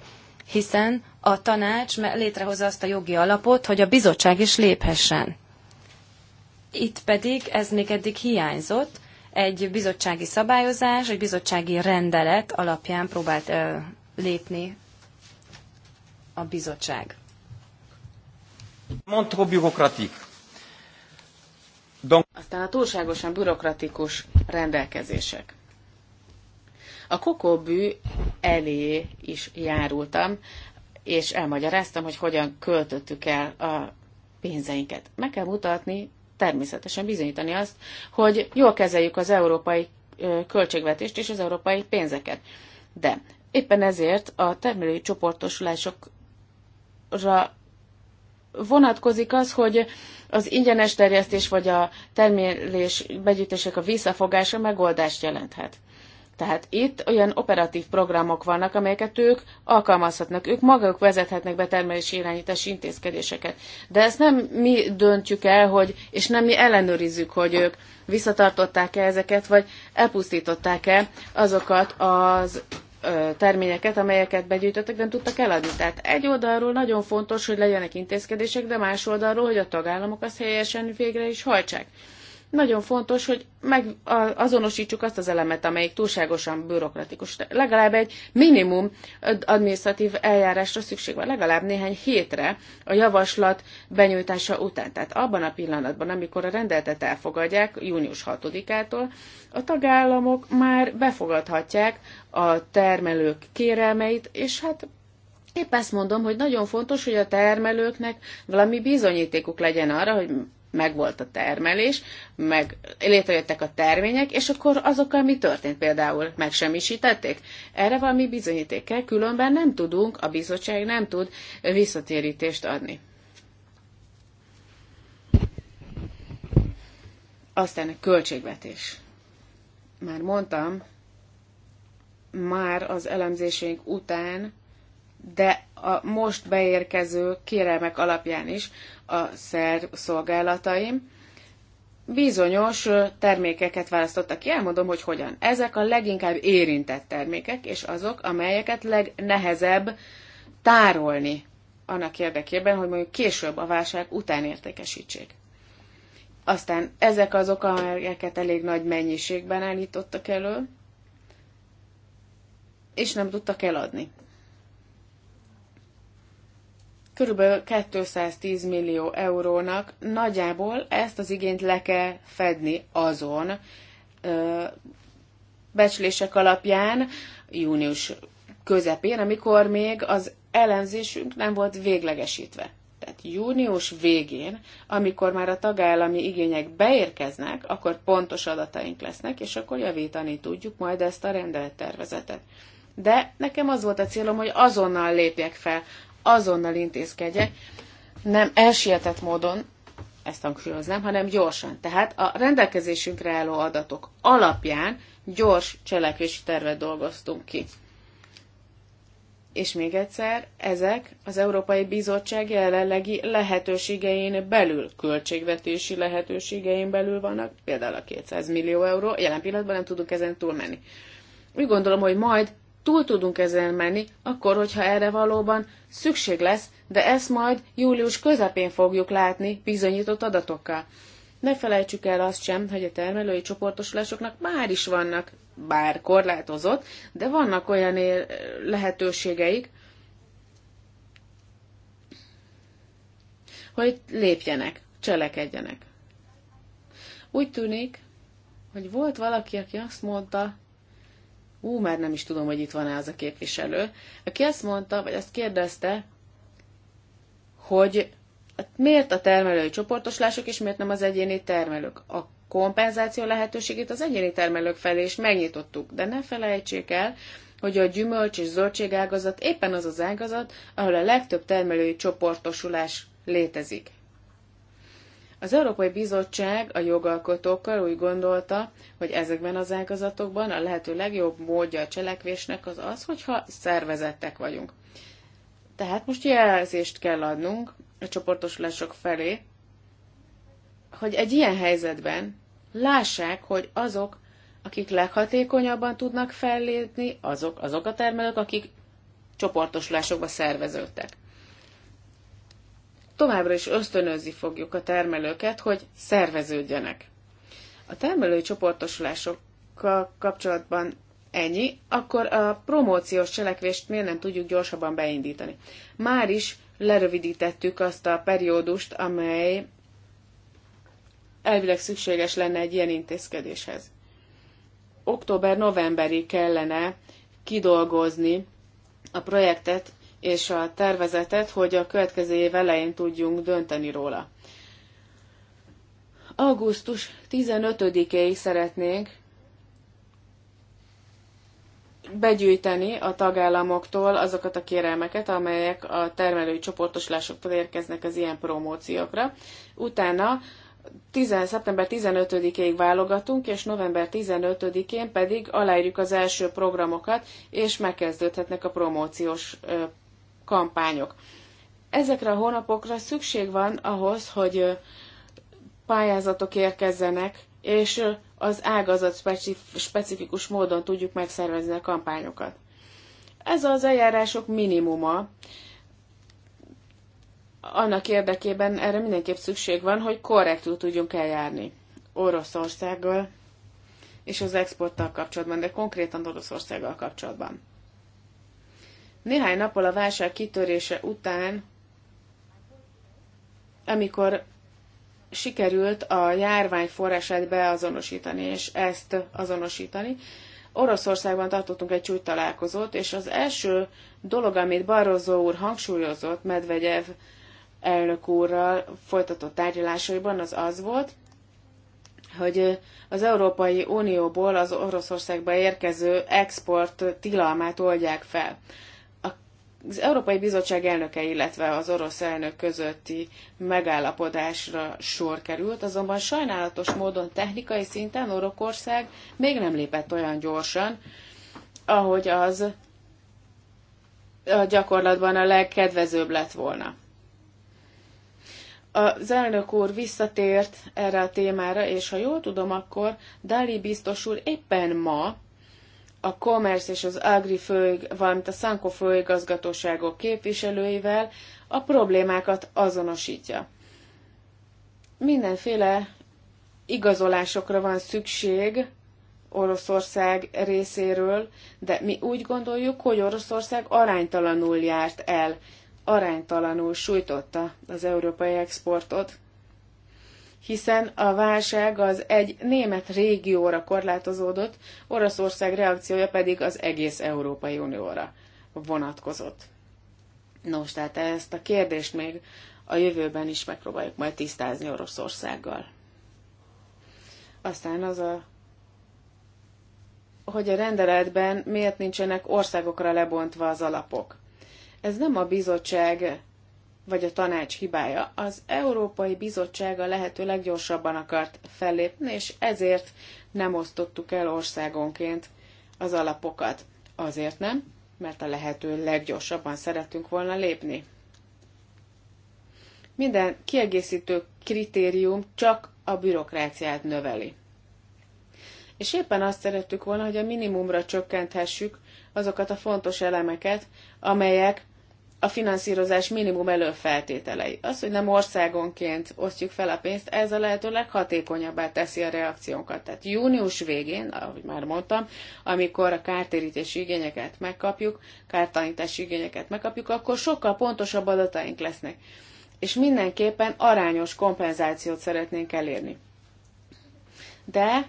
hiszen a tanács létrehozza azt a jogi alapot, hogy a bizottság is léphessen. Itt pedig ez még eddig hiányzott, egy bizottsági szabályozás, egy bizottsági rendelet alapján próbált ö, lépni a bizottság. Mond trop bürokratik. Aztán a túlságosan bürokratikus rendelkezések. A kokóbű elé is járultam, és elmagyaráztam, hogy hogyan költöttük el a pénzeinket. Meg kell mutatni természetesen bizonyítani azt, hogy jól kezeljük az európai költségvetést és az európai pénzeket. De éppen ezért a termelői csoportosulásokra vonatkozik az, hogy az ingyenes terjesztés vagy a termelés begyűjtések a visszafogása megoldást jelenthet. Tehát itt olyan operatív programok vannak, amelyeket ők alkalmazhatnak. Ők maguk vezethetnek be termelési irányítási intézkedéseket. De ezt nem mi döntjük el, hogy, és nem mi ellenőrizzük, hogy ők visszatartották-e ezeket, vagy elpusztították-e azokat az terményeket, amelyeket begyűjtöttek, nem tudtak eladni. Tehát egy oldalról nagyon fontos, hogy legyenek intézkedések, de más oldalról, hogy a tagállamok azt helyesen végre is hajtsák nagyon fontos, hogy meg azonosítsuk azt az elemet, amelyik túlságosan bürokratikus. Legalább egy minimum administratív eljárásra szükség van, legalább néhány hétre a javaslat benyújtása után. Tehát abban a pillanatban, amikor a rendeltet elfogadják, június 6-ától, a tagállamok már befogadhatják a termelők kérelmeit, és hát Épp ezt mondom, hogy nagyon fontos, hogy a termelőknek valami bizonyítékuk legyen arra, hogy megvolt a termelés, meg létrejöttek a termények, és akkor azokkal mi történt például? Megsemmisítették? Erre valami bizonyíték kell, különben nem tudunk, a bizottság nem tud visszatérítést adni. Aztán a költségvetés. Már mondtam, már az elemzésünk után, de a most beérkező kérelmek alapján is a szer szolgálataim bizonyos termékeket választottak ki, elmondom, hogy hogyan. Ezek a leginkább érintett termékek, és azok, amelyeket legnehezebb tárolni annak érdekében, hogy mondjuk később a válság után értékesítsék. Aztán ezek azok, amelyeket elég nagy mennyiségben állítottak elő, és nem tudtak eladni körülbelül 210 millió eurónak nagyjából ezt az igényt le kell fedni azon becslések alapján június közepén, amikor még az elemzésünk nem volt véglegesítve. Tehát június végén, amikor már a tagállami igények beérkeznek, akkor pontos adataink lesznek, és akkor javítani tudjuk majd ezt a rendelettervezetet. De nekem az volt a célom, hogy azonnal lépjek fel azonnal intézkedjek, nem elsietett módon, ezt hangsúlyoznám, hanem gyorsan. Tehát a rendelkezésünkre álló adatok alapján gyors cselekvési tervet dolgoztunk ki. És még egyszer, ezek az Európai Bizottság jelenlegi lehetőségein belül, költségvetési lehetőségein belül vannak, például a 200 millió euró, jelen pillanatban nem tudunk ezen túlmenni. Úgy gondolom, hogy majd túl tudunk ezen menni, akkor, hogyha erre valóban szükség lesz, de ezt majd július közepén fogjuk látni bizonyított adatokkal. Ne felejtsük el azt sem, hogy a termelői csoportosulásoknak már is vannak, bár korlátozott, de vannak olyan lehetőségeik, hogy lépjenek, cselekedjenek. Úgy tűnik, hogy volt valaki, aki azt mondta, ú, már nem is tudom, hogy itt van-e az a képviselő, aki azt mondta, vagy azt kérdezte, hogy hát miért a termelői csoportoslások, és miért nem az egyéni termelők. A kompenzáció lehetőségét az egyéni termelők felé is megnyitottuk, de ne felejtsék el, hogy a gyümölcs és zöldségágazat éppen az az ágazat, ahol a legtöbb termelői csoportosulás létezik. Az Európai Bizottság a jogalkotókkal úgy gondolta, hogy ezekben az ágazatokban a lehető legjobb módja a cselekvésnek az az, hogyha szervezettek vagyunk. Tehát most jelzést kell adnunk a csoportosulások felé, hogy egy ilyen helyzetben lássák, hogy azok, akik leghatékonyabban tudnak fellépni, azok, azok a termelők, akik csoportosulásokba szerveződtek továbbra is ösztönözni fogjuk a termelőket, hogy szerveződjenek. A termelői csoportosulásokkal kapcsolatban ennyi, akkor a promóciós cselekvést miért nem tudjuk gyorsabban beindítani? Már is lerövidítettük azt a periódust, amely elvileg szükséges lenne egy ilyen intézkedéshez. október novemberi kellene kidolgozni a projektet és a tervezetet, hogy a következő év elején tudjunk dönteni róla. Augusztus 15-éig szeretnénk begyűjteni a tagállamoktól azokat a kérelmeket, amelyek a termelői csoportoslásoktól érkeznek az ilyen promóciókra. Utána 10, szeptember 15-ig válogatunk, és november 15-én pedig aláírjuk az első programokat, és megkezdődhetnek a promóciós kampányok. Ezekre a hónapokra szükség van ahhoz, hogy pályázatok érkezzenek, és az ágazat specifikus módon tudjuk megszervezni a kampányokat. Ez az eljárások minimuma. Annak érdekében erre mindenképp szükség van, hogy korrektül tudjunk eljárni Oroszországgal és az exporttal kapcsolatban, de konkrétan Oroszországgal kapcsolatban. Néhány nappal a válság kitörése után, amikor sikerült a járvány forrását beazonosítani, és ezt azonosítani, Oroszországban tartottunk egy csúcs találkozót, és az első dolog, amit Barroso úr hangsúlyozott Medvegyev elnök úrral folytatott tárgyalásaiban, az az volt, hogy az Európai Unióból az Oroszországba érkező export tilalmát oldják fel az Európai Bizottság elnöke, illetve az orosz elnök közötti megállapodásra sor került, azonban sajnálatos módon technikai szinten Oroszország még nem lépett olyan gyorsan, ahogy az a gyakorlatban a legkedvezőbb lett volna. Az elnök úr visszatért erre a témára, és ha jól tudom, akkor Dali biztos úr éppen ma a Commerce és az Agri fő, valamint a Sanko főigazgatóságok képviselőivel a problémákat azonosítja. Mindenféle igazolásokra van szükség Oroszország részéről, de mi úgy gondoljuk, hogy Oroszország aránytalanul járt el, aránytalanul sújtotta az európai exportot hiszen a válság az egy német régióra korlátozódott, Oroszország reakciója pedig az egész Európai Unióra vonatkozott. Nos, tehát ezt a kérdést még a jövőben is megpróbáljuk majd tisztázni Oroszországgal. Aztán az a hogy a rendeletben miért nincsenek országokra lebontva az alapok. Ez nem a bizottság vagy a tanács hibája. Az Európai Bizottság a lehető leggyorsabban akart fellépni, és ezért nem osztottuk el országonként az alapokat. Azért nem, mert a lehető leggyorsabban szerettünk volna lépni. Minden kiegészítő kritérium csak a bürokráciát növeli. És éppen azt szerettük volna, hogy a minimumra csökkenthessük azokat a fontos elemeket, amelyek a finanszírozás minimum előfeltételei. Az, hogy nem országonként osztjuk fel a pénzt, ez a lehető leghatékonyabbá teszi a reakciónkat. Tehát június végén, ahogy már mondtam, amikor a kártérítési igényeket megkapjuk, kártanítási igényeket megkapjuk, akkor sokkal pontosabb adataink lesznek. És mindenképpen arányos kompenzációt szeretnénk elérni. De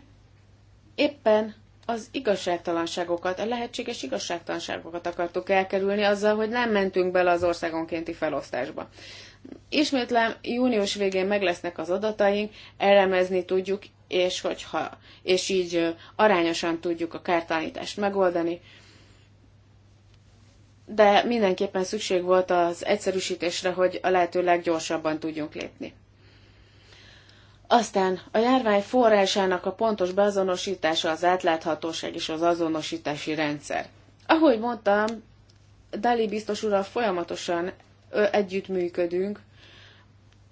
éppen az igazságtalanságokat, a lehetséges igazságtalanságokat akartuk elkerülni azzal, hogy nem mentünk bele az országonkénti felosztásba. Ismétlem, június végén meg lesznek az adataink, elemezni tudjuk, és, hogyha, és így arányosan tudjuk a kártalanítást megoldani. De mindenképpen szükség volt az egyszerűsítésre, hogy a lehető leggyorsabban tudjunk lépni. Aztán a járvány forrásának a pontos beazonosítása, az átláthatóság és az azonosítási rendszer. Ahogy mondtam, Dali biztos ura folyamatosan együttműködünk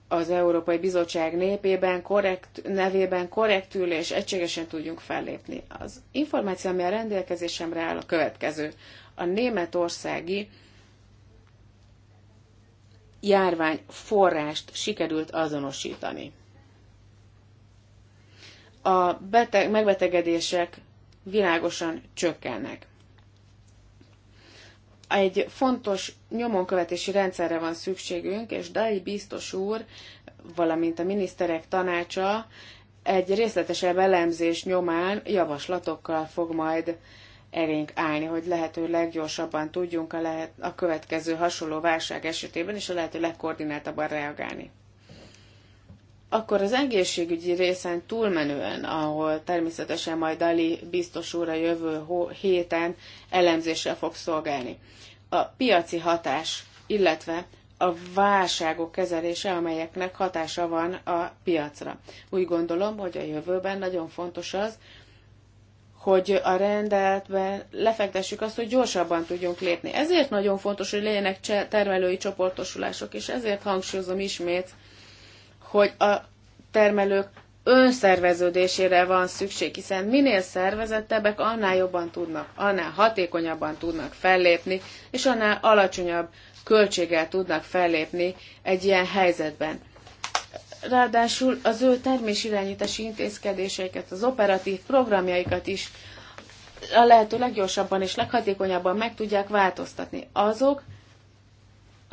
az Európai Bizottság népében, korrekt, nevében korrektül és egységesen tudjunk fellépni. Az információ, ami a rendelkezésemre áll, a következő. A németországi járvány forrást sikerült azonosítani a beteg, megbetegedések világosan csökkennek. Egy fontos nyomonkövetési rendszerre van szükségünk, és dai biztos úr, valamint a miniszterek tanácsa egy részletesebb elemzés nyomán javaslatokkal fog majd elénk állni, hogy lehető leggyorsabban tudjunk a, lehet, a következő hasonló válság esetében és a lehető legkoordináltabban reagálni akkor az egészségügyi részen túlmenően, ahol természetesen majd Ali biztos úr a jövő héten elemzéssel fog szolgálni. A piaci hatás, illetve a válságok kezelése, amelyeknek hatása van a piacra. Úgy gondolom, hogy a jövőben nagyon fontos az, hogy a rendeletben lefektessük azt, hogy gyorsabban tudjunk lépni. Ezért nagyon fontos, hogy legyenek termelői csoportosulások, és ezért hangsúlyozom ismét, hogy a termelők önszerveződésére van szükség, hiszen minél szervezettebbek, annál jobban tudnak, annál hatékonyabban tudnak fellépni, és annál alacsonyabb költséggel tudnak fellépni egy ilyen helyzetben. Ráadásul az ő termésirányítási intézkedéseiket, az operatív programjaikat is a lehető leggyorsabban és leghatékonyabban meg tudják változtatni azok,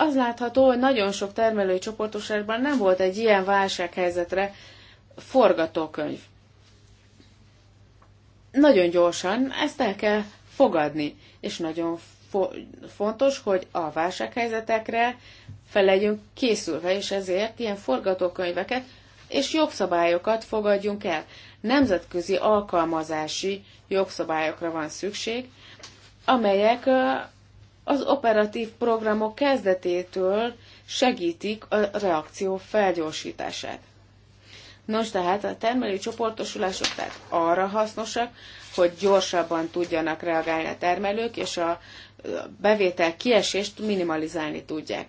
az látható, hogy nagyon sok termelői csoportosságban nem volt egy ilyen válsághelyzetre forgatókönyv. Nagyon gyorsan ezt el kell fogadni, és nagyon fo- fontos, hogy a válsághelyzetekre fel legyünk készülve, és ezért ilyen forgatókönyveket és jogszabályokat fogadjunk el. Nemzetközi alkalmazási jogszabályokra van szükség, amelyek az operatív programok kezdetétől segítik a reakció felgyorsítását. Nos, tehát a termelői csoportosulások tehát arra hasznosak, hogy gyorsabban tudjanak reagálni a termelők, és a bevétel kiesést minimalizálni tudják.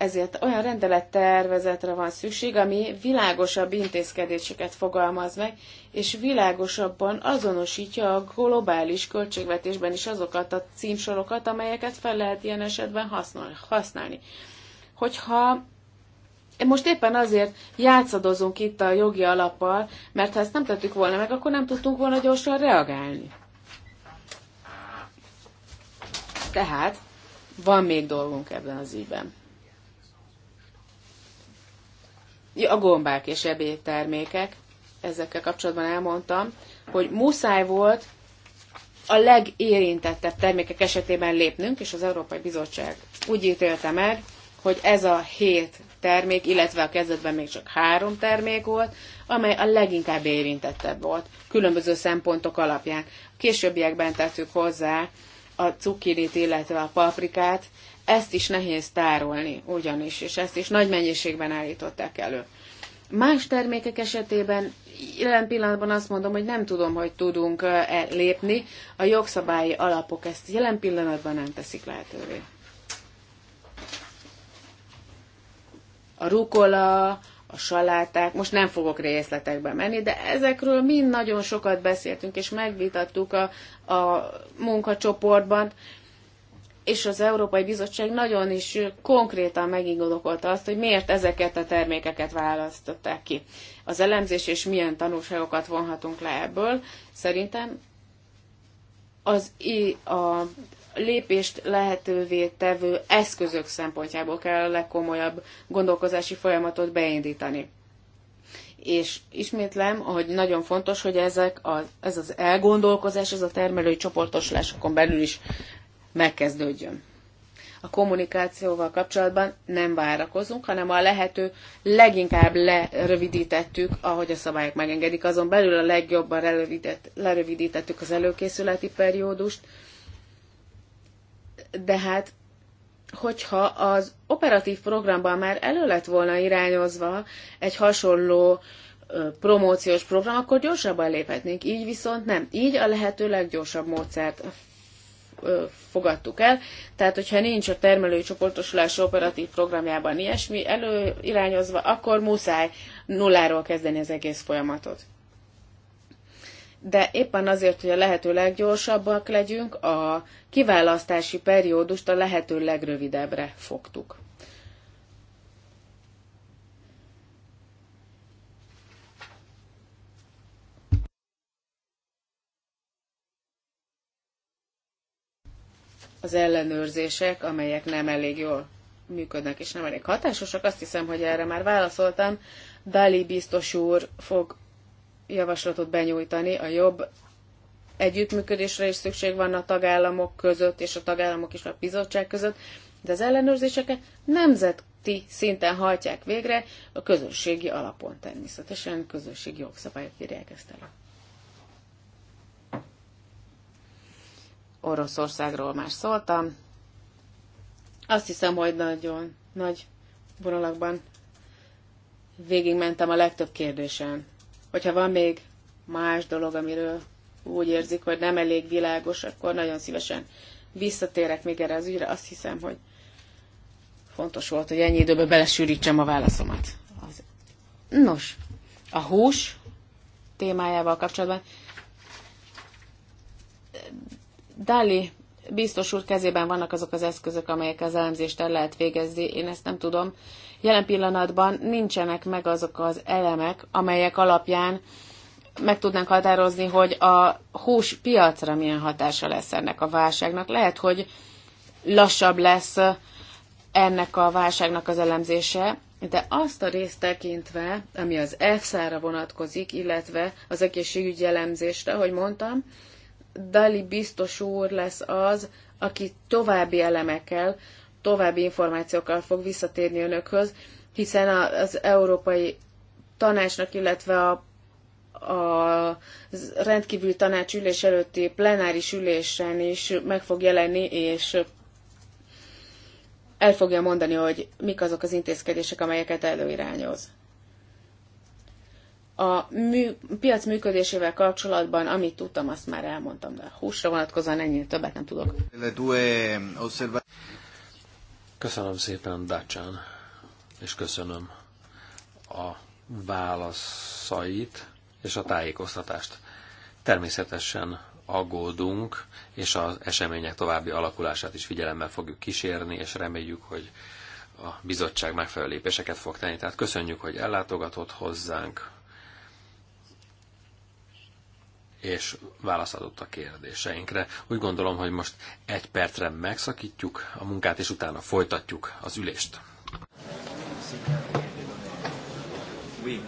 Ezért olyan rendelettervezetre van szükség, ami világosabb intézkedéseket fogalmaz meg, és világosabban azonosítja a globális költségvetésben is azokat a címsorokat, amelyeket fel lehet ilyen esetben használni. Hogyha most éppen azért játszadozunk itt a jogi alappal, mert ha ezt nem tettük volna meg, akkor nem tudtunk volna gyorsan reagálni. Tehát van még dolgunk ebben az ügyben. a gombák és ebédtermékek, ezekkel kapcsolatban elmondtam, hogy muszáj volt a legérintettebb termékek esetében lépnünk, és az Európai Bizottság úgy ítélte meg, hogy ez a hét termék, illetve a kezdetben még csak három termék volt, amely a leginkább érintettebb volt, különböző szempontok alapján. későbbiekben tettük hozzá a cukkinit illetve a paprikát, ezt is nehéz tárolni ugyanis, és ezt is nagy mennyiségben állították elő. Más termékek esetében jelen pillanatban azt mondom, hogy nem tudom, hogy tudunk e lépni. A jogszabályi alapok ezt jelen pillanatban nem teszik lehetővé. A rukola, a saláták, most nem fogok részletekbe menni, de ezekről mind nagyon sokat beszéltünk, és megvitattuk a, a munkacsoportban, és az Európai Bizottság nagyon is konkrétan megindokolta azt, hogy miért ezeket a termékeket választották ki. Az elemzés és milyen tanulságokat vonhatunk le ebből, szerintem az a lépést lehetővé tevő eszközök szempontjából kell a legkomolyabb gondolkozási folyamatot beindítani. És ismétlem, hogy nagyon fontos, hogy ezek a, ez az elgondolkozás, ez a termelői csoportosulásokon belül is megkezdődjön. A kommunikációval kapcsolatban nem várakozunk, hanem a lehető leginkább lerövidítettük, ahogy a szabályok megengedik. Azon belül a legjobban lerövidítettük az előkészületi periódust, de hát hogyha az operatív programban már elő lett volna irányozva egy hasonló promóciós program, akkor gyorsabban léphetnénk. Így viszont nem. Így a lehető leggyorsabb módszert fogadtuk el. Tehát, hogyha nincs a termelői csoportosulás operatív programjában ilyesmi előirányozva, akkor muszáj nulláról kezdeni az egész folyamatot. De éppen azért, hogy a lehető leggyorsabbak legyünk, a kiválasztási periódust a lehető legrövidebbre fogtuk. az ellenőrzések, amelyek nem elég jól működnek és nem elég hatásosak. Azt hiszem, hogy erre már válaszoltam. Dali biztos úr fog javaslatot benyújtani a jobb együttműködésre is szükség van a tagállamok között, és a tagállamok is a bizottság között, de az ellenőrzéseket nemzeti szinten hajtják végre, a közösségi alapon természetesen, közösségi jogszabályok írják ezt Oroszországról már szóltam. Azt hiszem, hogy nagyon nagy vonalakban végigmentem a legtöbb kérdésen. Hogyha van még más dolog, amiről úgy érzik, hogy nem elég világos, akkor nagyon szívesen visszatérek még erre az ügyre. Azt hiszem, hogy fontos volt, hogy ennyi időben belesűrítsem a válaszomat. Nos, a hús témájával kapcsolatban Dali biztos úr kezében vannak azok az eszközök, amelyek az elemzést el lehet végezni, én ezt nem tudom. Jelen pillanatban nincsenek meg azok az elemek, amelyek alapján meg tudnánk határozni, hogy a hús piacra milyen hatása lesz ennek a válságnak. Lehet, hogy lassabb lesz ennek a válságnak az elemzése, de azt a részt tekintve, ami az EFSA-ra vonatkozik, illetve az egészségügyi elemzésre, hogy mondtam, Dali biztos úr lesz az, aki további elemekkel, további információkkal fog visszatérni önökhöz, hiszen az Európai Tanácsnak, illetve a, a rendkívüli tanácsülés előtti plenáris ülésen is meg fog jelenni, és el fogja mondani, hogy mik azok az intézkedések, amelyeket előirányoz. A mű, piac működésével kapcsolatban, amit tudtam, azt már elmondtam, de húsra vonatkozóan ennyire többet nem tudok. Köszönöm szépen, Dacsán, és köszönöm a válaszait és a tájékoztatást. Természetesen aggódunk, és az események további alakulását is figyelemmel fogjuk kísérni, és reméljük, hogy a bizottság megfelelő lépéseket fog tenni. Tehát köszönjük, hogy ellátogatott hozzánk, és választ adott a kérdéseinkre. Úgy gondolom, hogy most egy percre megszakítjuk a munkát, és utána folytatjuk az ülést. Oui.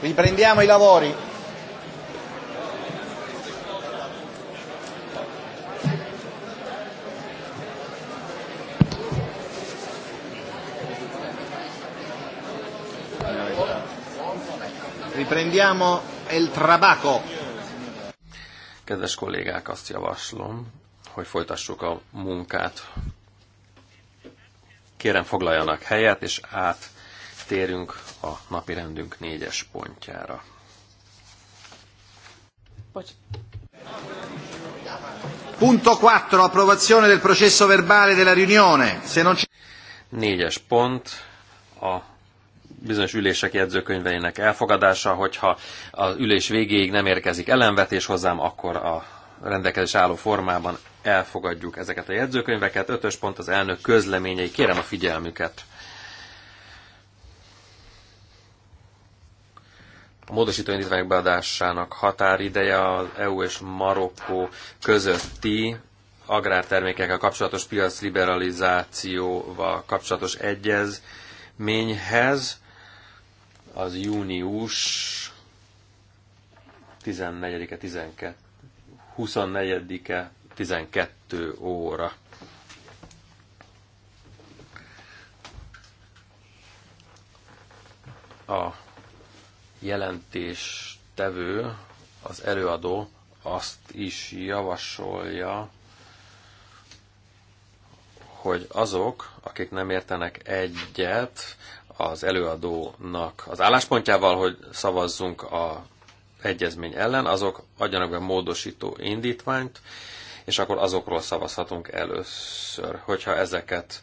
Riprendiamo i lavori. Riprendiamo il trabaco. Kedves kollégák, azt javaslom, hogy folytassuk a munkát. Kérem, foglaljanak helyet, és át térünk a napi rendünk négyes pontjára. Bocs. Punto 4. Approvazione del processo verbale della riunione. Se non Négyes pont. A bizonyos ülések jegyzőkönyveinek elfogadása, hogyha az ülés végéig nem érkezik ellenvetés hozzám, akkor a rendelkezés álló formában elfogadjuk ezeket a jegyzőkönyveket. Ötös pont az elnök közleményei. Kérem a figyelmüket. A módosító indítványok beadásának határideje az EU és Marokkó közötti agrártermékekkel kapcsolatos piac liberalizációval kapcsolatos egyezményhez az június 14-e, 12, 24-e, 12 óra. A jelentés tevő, az előadó azt is javasolja, hogy azok, akik nem értenek egyet az előadónak az álláspontjával, hogy szavazzunk a egyezmény ellen, azok adjanak be módosító indítványt, és akkor azokról szavazhatunk először. Hogyha ezeket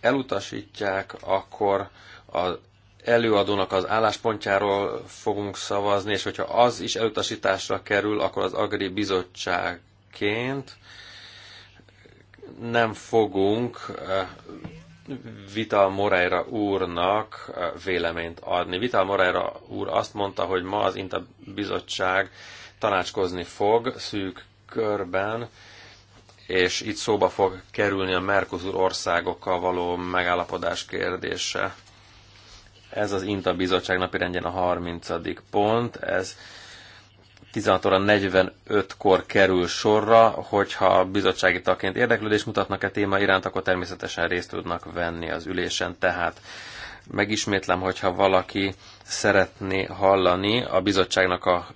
elutasítják, akkor az előadónak az álláspontjáról fogunk szavazni, és hogyha az is elutasításra kerül, akkor az Agri Bizottságként nem fogunk eh, Vital Moreira úrnak eh, véleményt adni. Vital Moreira úr azt mondta, hogy ma az INTA bizottság tanácskozni fog szűk körben, és itt szóba fog kerülni a Mercosur országokkal való megállapodás kérdése. Ez az INTA bizottság rendjén a 30. pont, ez 16 óra 45-kor kerül sorra, hogyha bizottsági tagként érdeklődést mutatnak e téma iránt, akkor természetesen részt tudnak venni az ülésen. Tehát megismétlem, hogyha valaki szeretné hallani a bizottságnak a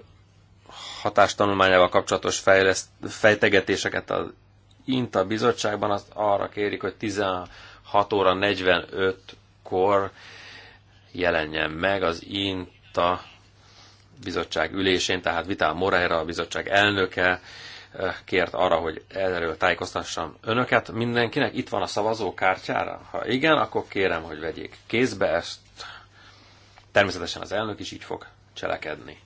hatástanulmányával kapcsolatos fejleszt, fejtegetéseket az INTA bizottságban, azt arra kérik, hogy 16 óra 45-kor jelenjen meg az INTA bizottság ülésén, tehát Vitál Moreira, a bizottság elnöke, kért arra, hogy erről tájékoztassam önöket. Mindenkinek itt van a szavazókártyára? Ha igen, akkor kérem, hogy vegyék kézbe ezt. Természetesen az elnök is így fog cselekedni.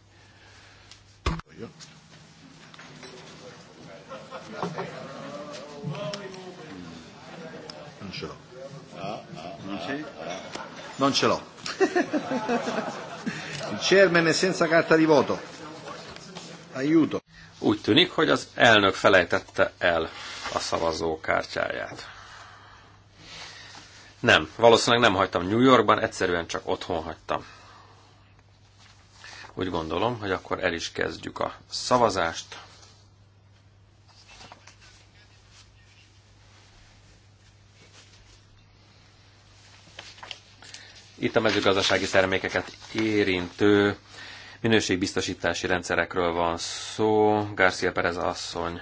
Non ce l'ho. Non ce l'ho. Il chairman è senza carta di voto. Aiuto. Úgy tűnik, hogy az elnök felejtette el a szavazókártyáját. Nem, valószínűleg nem hagytam New Yorkban, egyszerűen csak otthon hagytam. Úgy gondolom, hogy akkor el is kezdjük a szavazást. Itt a mezőgazdasági termékeket érintő minőségbiztosítási rendszerekről van szó. Garcia Perez asszony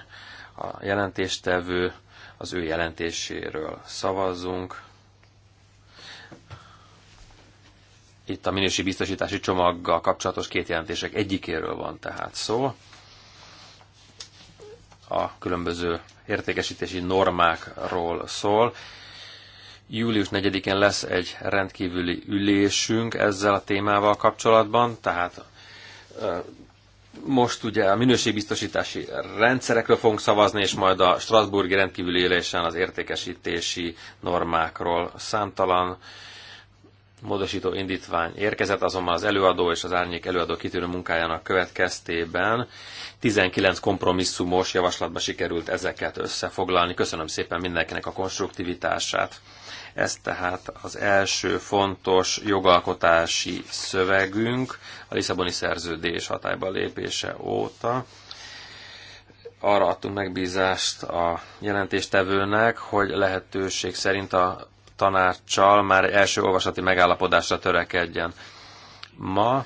a jelentéstevő, az ő jelentéséről szavazzunk. Itt a minőségbiztosítási csomaggal kapcsolatos két jelentések egyikéről van tehát szó. A különböző értékesítési normákról szól. Július 4-én lesz egy rendkívüli ülésünk ezzel a témával kapcsolatban, tehát most ugye a minőségbiztosítási rendszerekről fogunk szavazni, és majd a Strasburgi rendkívüli ülésen az értékesítési normákról számtalan módosító indítvány érkezett, azonban az előadó és az árnyék előadó kitűnő munkájának következtében 19 kompromisszumos javaslatba sikerült ezeket összefoglalni. Köszönöm szépen mindenkinek a konstruktivitását. Ez tehát az első fontos jogalkotási szövegünk a Lisszaboni szerződés hatályba lépése óta arra adtunk megbízást a jelentéstevőnek, hogy lehetőség szerint a tanácssal már egy első olvasati megállapodásra törekedjen. Ma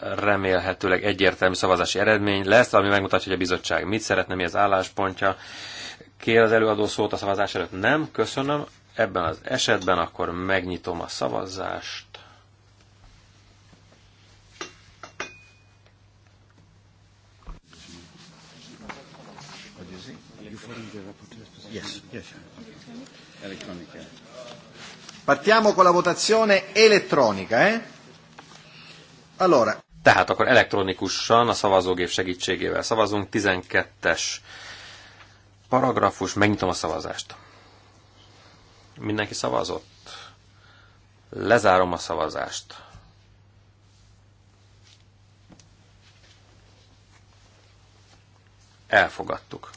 remélhetőleg egyértelmű szavazási eredmény lesz, ami megmutatja, hogy a bizottság mit szeretne, mi az álláspontja. Kér az előadó szót a szavazás előtt? Nem, köszönöm. Ebben az esetben akkor megnyitom a szavazást. Yes, yes. Electronic. Partiamo con la votazione elettronica, eh? Allora. Tehát akkor elektronikusan a szavazógép segítségével szavazunk 12-es paragrafus, megnyitom a szavazást. Mindenki szavazott? Lezárom a szavazást. Elfogadtuk.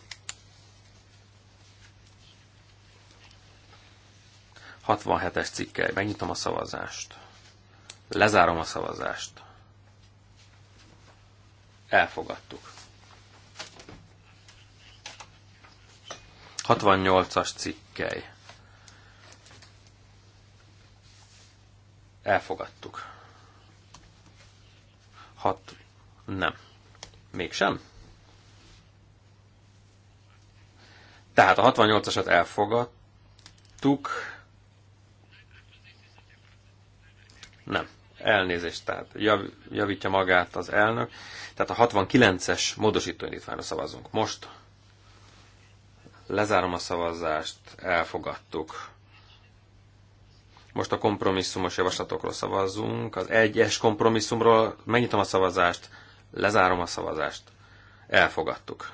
67-es cikkely. Megnyitom a szavazást. Lezárom a szavazást. Elfogadtuk. 68-as cikkely. Elfogadtuk. Hat... Nem. Mégsem? Tehát a 68-asat elfogadtuk, Nem. Elnézést, tehát jav, javítja magát az elnök. Tehát a 69-es módosítóindítványra szavazunk. Most lezárom a szavazást, elfogadtuk. Most a kompromisszumos javaslatokról szavazunk. Az egyes kompromisszumról megnyitom a szavazást, lezárom a szavazást. Elfogadtuk.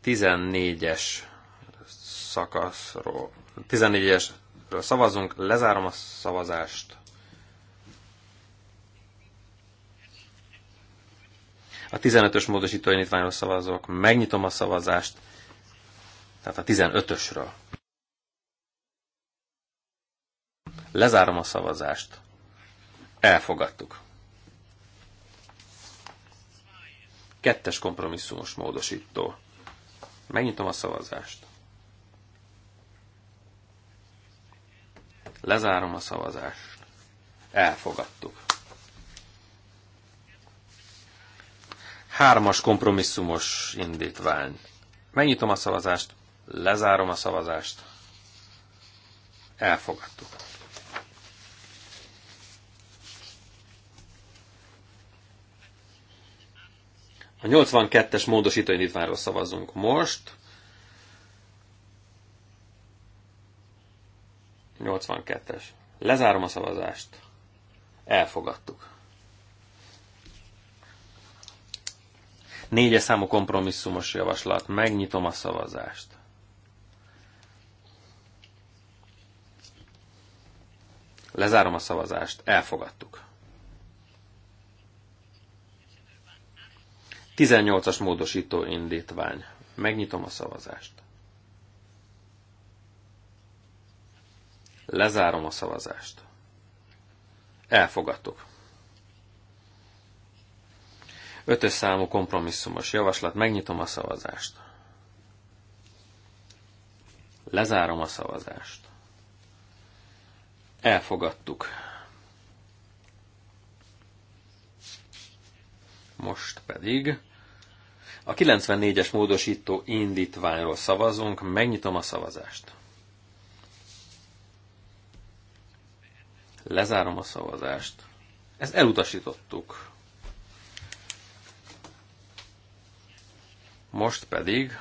Tizennégyes szakaszról, 14-esről szavazunk, lezárom a szavazást. A 15-ös módosító indítványról szavazok, megnyitom a szavazást, tehát a 15-ösről. Lezárom a szavazást. Elfogadtuk. Kettes kompromisszumos módosító. Megnyitom a szavazást. Lezárom a szavazást. Elfogadtuk. Hármas kompromisszumos indítvány. Megnyitom a szavazást, lezárom a szavazást. Elfogadtuk. A 82-es módosító indítványról szavazunk most. 82-es. Lezárom a szavazást. Elfogadtuk. Négyes számú kompromisszumos javaslat. Megnyitom a szavazást. Lezárom a szavazást. Elfogadtuk. 18-as módosító indítvány. Megnyitom a szavazást. Lezárom a szavazást. Elfogadtuk. Ötös számú kompromisszumos javaslat. Megnyitom a szavazást. Lezárom a szavazást. Elfogadtuk. Most pedig a 94-es módosító indítványról szavazunk, megnyitom a szavazást. Lezárom a szavazást. Ezt elutasítottuk. Most pedig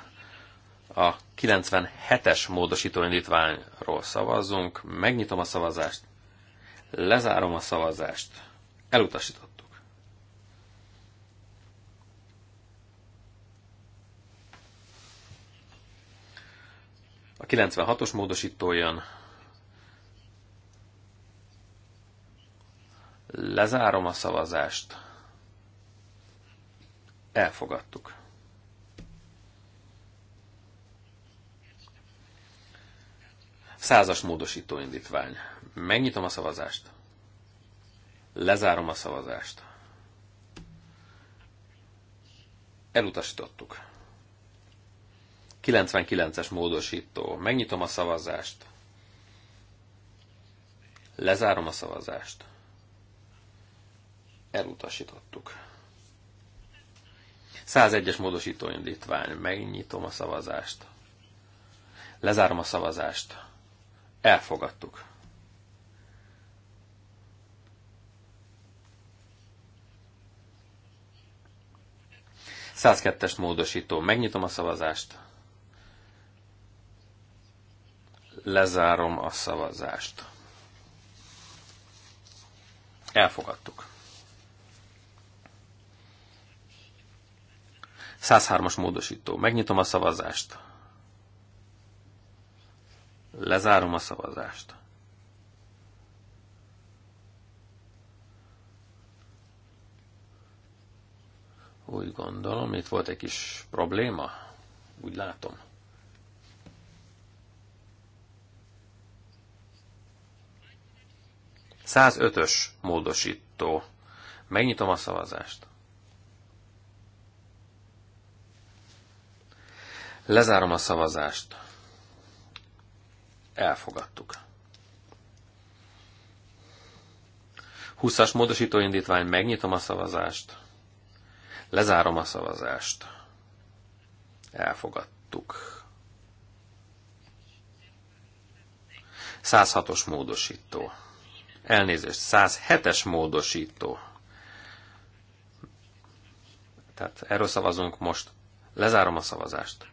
a 97-es módosító indítványról szavazzunk. Megnyitom a szavazást. Lezárom a szavazást. Elutasítottuk. A 96-os módosító jön. Lezárom a szavazást. Elfogadtuk. Százas módosító indítvány. Megnyitom a szavazást. Lezárom a szavazást. Elutasítottuk. 99-es módosító. Megnyitom a szavazást. Lezárom a szavazást. Elutasítottuk. 101-es módosító indítvány. Megnyitom a szavazást. Lezárom a szavazást. Elfogadtuk. Százkettes módosító. Megnyitom a szavazást. Lezárom a szavazást. Elfogadtuk. 103-as módosító. Megnyitom a szavazást. Lezárom a szavazást. Úgy gondolom, itt volt egy kis probléma. Úgy látom. Százötös módosító. Megnyitom a szavazást. Lezárom a szavazást. Elfogadtuk. 20-as módosítóindítvány, megnyitom a szavazást. Lezárom a szavazást. Elfogadtuk. 106-os módosító. Elnézést, 107-es módosító. Tehát erről szavazunk most. Lezárom a szavazást.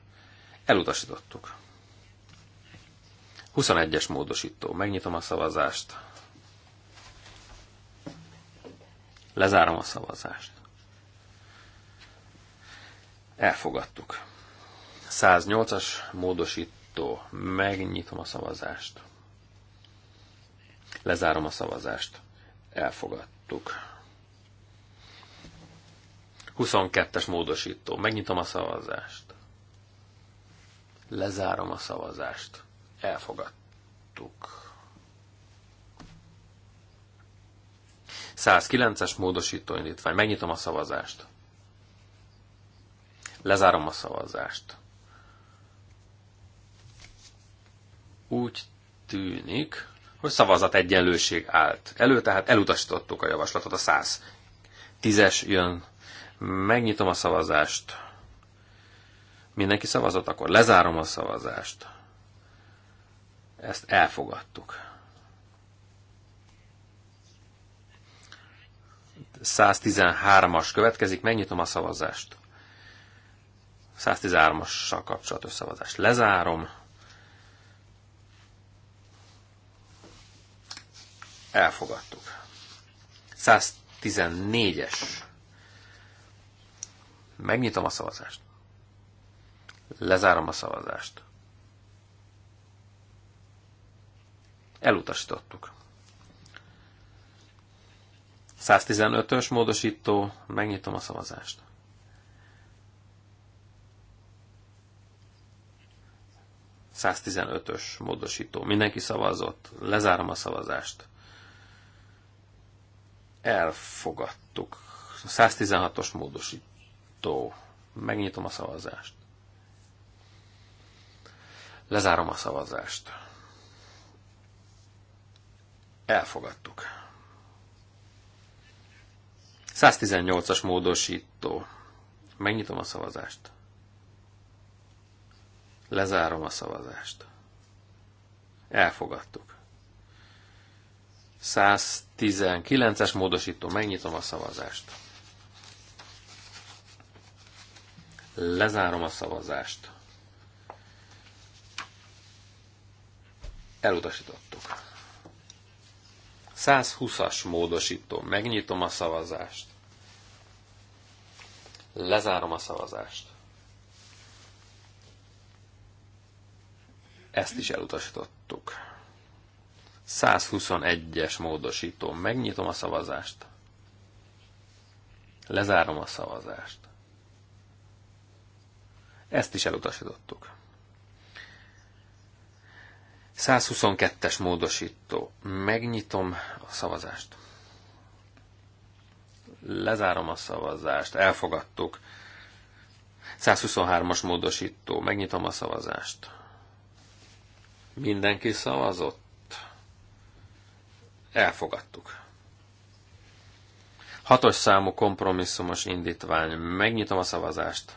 Elutasítottuk. 21-es módosító. Megnyitom a szavazást. Lezárom a szavazást. Elfogadtuk. 108-as módosító. Megnyitom a szavazást. Lezárom a szavazást. Elfogadtuk. 22-es módosító. Megnyitom a szavazást. Lezárom a szavazást. Elfogadtuk. 109-es módosító indítvány. Megnyitom a szavazást. Lezárom a szavazást. Úgy tűnik, hogy szavazat egyenlőség állt elő, tehát elutasítottuk a javaslatot, a 110-es jön. Megnyitom a szavazást. Mindenki szavazott? Akkor lezárom a szavazást. Ezt elfogadtuk. 113-as következik, megnyitom a szavazást. 113-assal kapcsolatos szavazást lezárom. Elfogadtuk. 114-es. Megnyitom a szavazást. Lezárom a szavazást. Elutasítottuk. 115-ös módosító, megnyitom a szavazást. ös módosító. Mindenki szavazott. Lezárom a szavazást. Elfogadtuk. 116-os módosító. Megnyitom a szavazást. Lezárom a szavazást. Elfogadtuk. 118-as módosító. Megnyitom a szavazást. Lezárom a szavazást. Elfogadtuk. 119-es módosító. Megnyitom a szavazást. Lezárom a szavazást. Elutasítottuk. 120-as módosító. Megnyitom a szavazást. Lezárom a szavazást. Ezt is elutasítottuk. 121-es módosító. Megnyitom a szavazást. Lezárom a szavazást. Ezt is elutasítottuk. 122-es módosító. Megnyitom a szavazást. Lezárom a szavazást. Elfogadtuk. 123-as módosító. Megnyitom a szavazást. Mindenki szavazott? Elfogadtuk. Hatos számú kompromisszumos indítvány. Megnyitom a szavazást.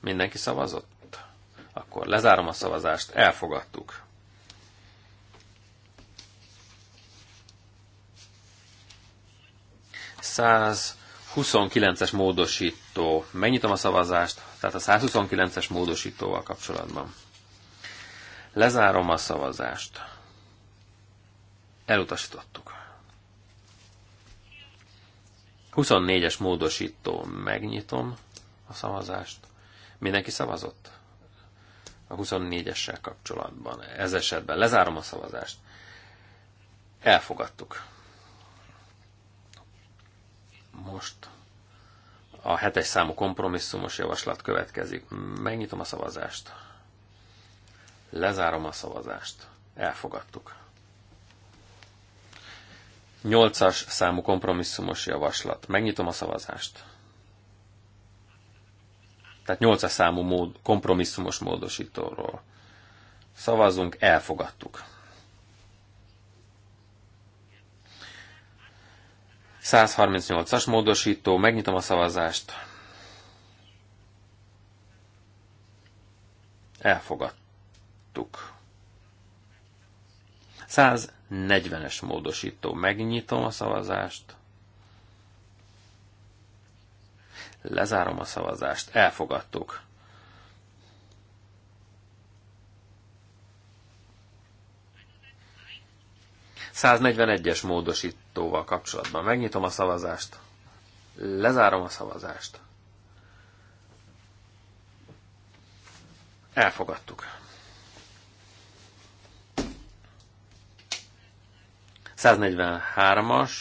Mindenki szavazott? Akkor lezárom a szavazást, elfogadtuk. Száz 29-es módosító. Megnyitom a szavazást, tehát a 129-es módosítóval kapcsolatban. Lezárom a szavazást. Elutasítottuk. 24-es módosító. Megnyitom a szavazást. Mindenki szavazott? a 24-essel kapcsolatban. Ez esetben lezárom a szavazást. Elfogadtuk. Most a hetes számú kompromisszumos javaslat következik. Megnyitom a szavazást. Lezárom a szavazást. Elfogadtuk. 8-as számú kompromisszumos javaslat. Megnyitom a szavazást tehát 8 számú mód, kompromisszumos módosítóról. Szavazunk, elfogadtuk. 138-as módosító, megnyitom a szavazást. Elfogadtuk. 140-es módosító, megnyitom a szavazást. Lezárom a szavazást. Elfogadtuk. es módosítóval kapcsolatban. Megnyitom a szavazást. Lezárom a szavazást. Elfogadtuk. 143-as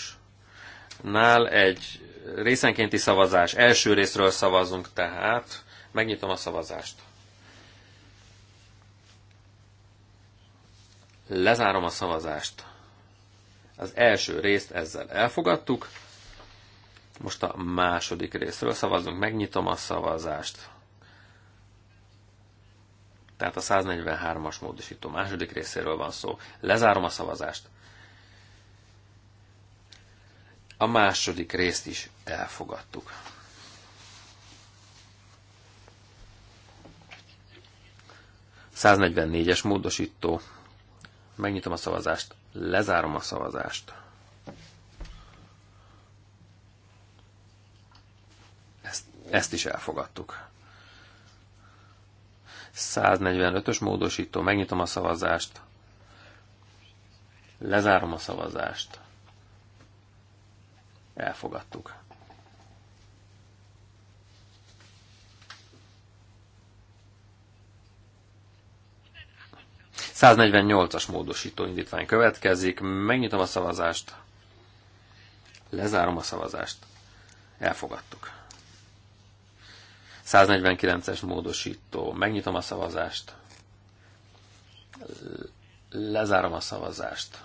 nál egy részenkénti szavazás. Első részről szavazunk tehát. Megnyitom a szavazást. Lezárom a szavazást. Az első részt ezzel elfogadtuk. Most a második részről szavazunk. Megnyitom a szavazást. Tehát a 143-as módosító második részéről van szó. Lezárom a szavazást. A második részt is elfogadtuk. A 144-es módosító. Megnyitom a szavazást, lezárom a szavazást. Ezt, ezt is elfogadtuk. 145-ös módosító, megnyitom a szavazást, lezárom a szavazást. Elfogadtuk. as módosító indítvány következik. Megnyitom a szavazást. Lezárom a szavazást. Elfogadtuk. 149-es módosító. Megnyitom a szavazást. Lezárom a szavazást.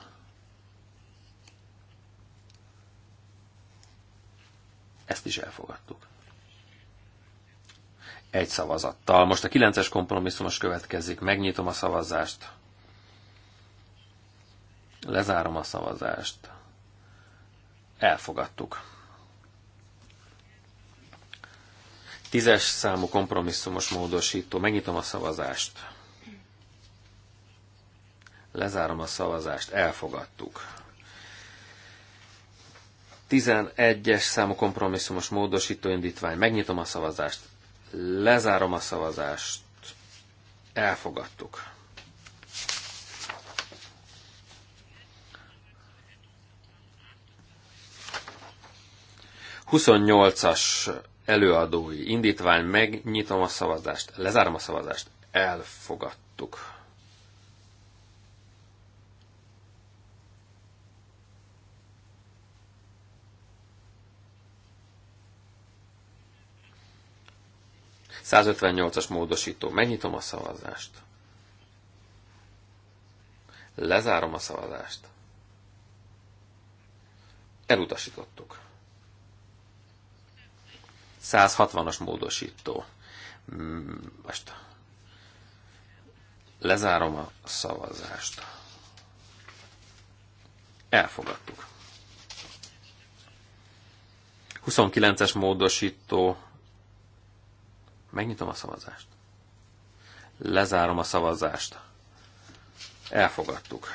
Ezt is elfogadtuk. Egy szavazattal. Most a kilences kompromisszumos következik. Megnyitom a szavazást. Lezárom a szavazást. Elfogadtuk. Tízes számú kompromisszumos módosító. Megnyitom a szavazást. Lezárom a szavazást. Elfogadtuk. 11-es számú kompromisszumos módosító indítvány. Megnyitom a szavazást. Lezárom a szavazást. Elfogadtuk. Huszonnyolcas előadói indítvány, megnyitom a szavazást, lezárom a szavazást, elfogadtuk. 158-as módosító. Megnyitom a szavazást. Lezárom a szavazást. Elutasítottuk. 160-as módosító. Hmm, most lezárom a szavazást. Elfogadtuk. 29-es módosító Megnyitom a szavazást. Lezárom a szavazást. Elfogadtuk.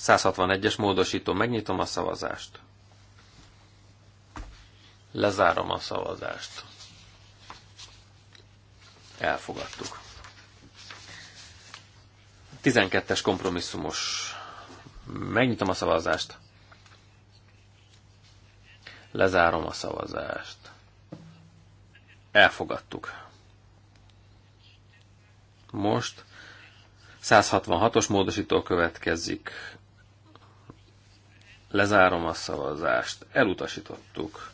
161-es módosító. Megnyitom a szavazást. Lezárom a szavazást. Elfogadtuk. 12-es kompromisszumos. Megnyitom a szavazást. Lezárom a szavazást. Elfogadtuk. Most 166-os módosító következik. Lezárom a szavazást. Elutasítottuk.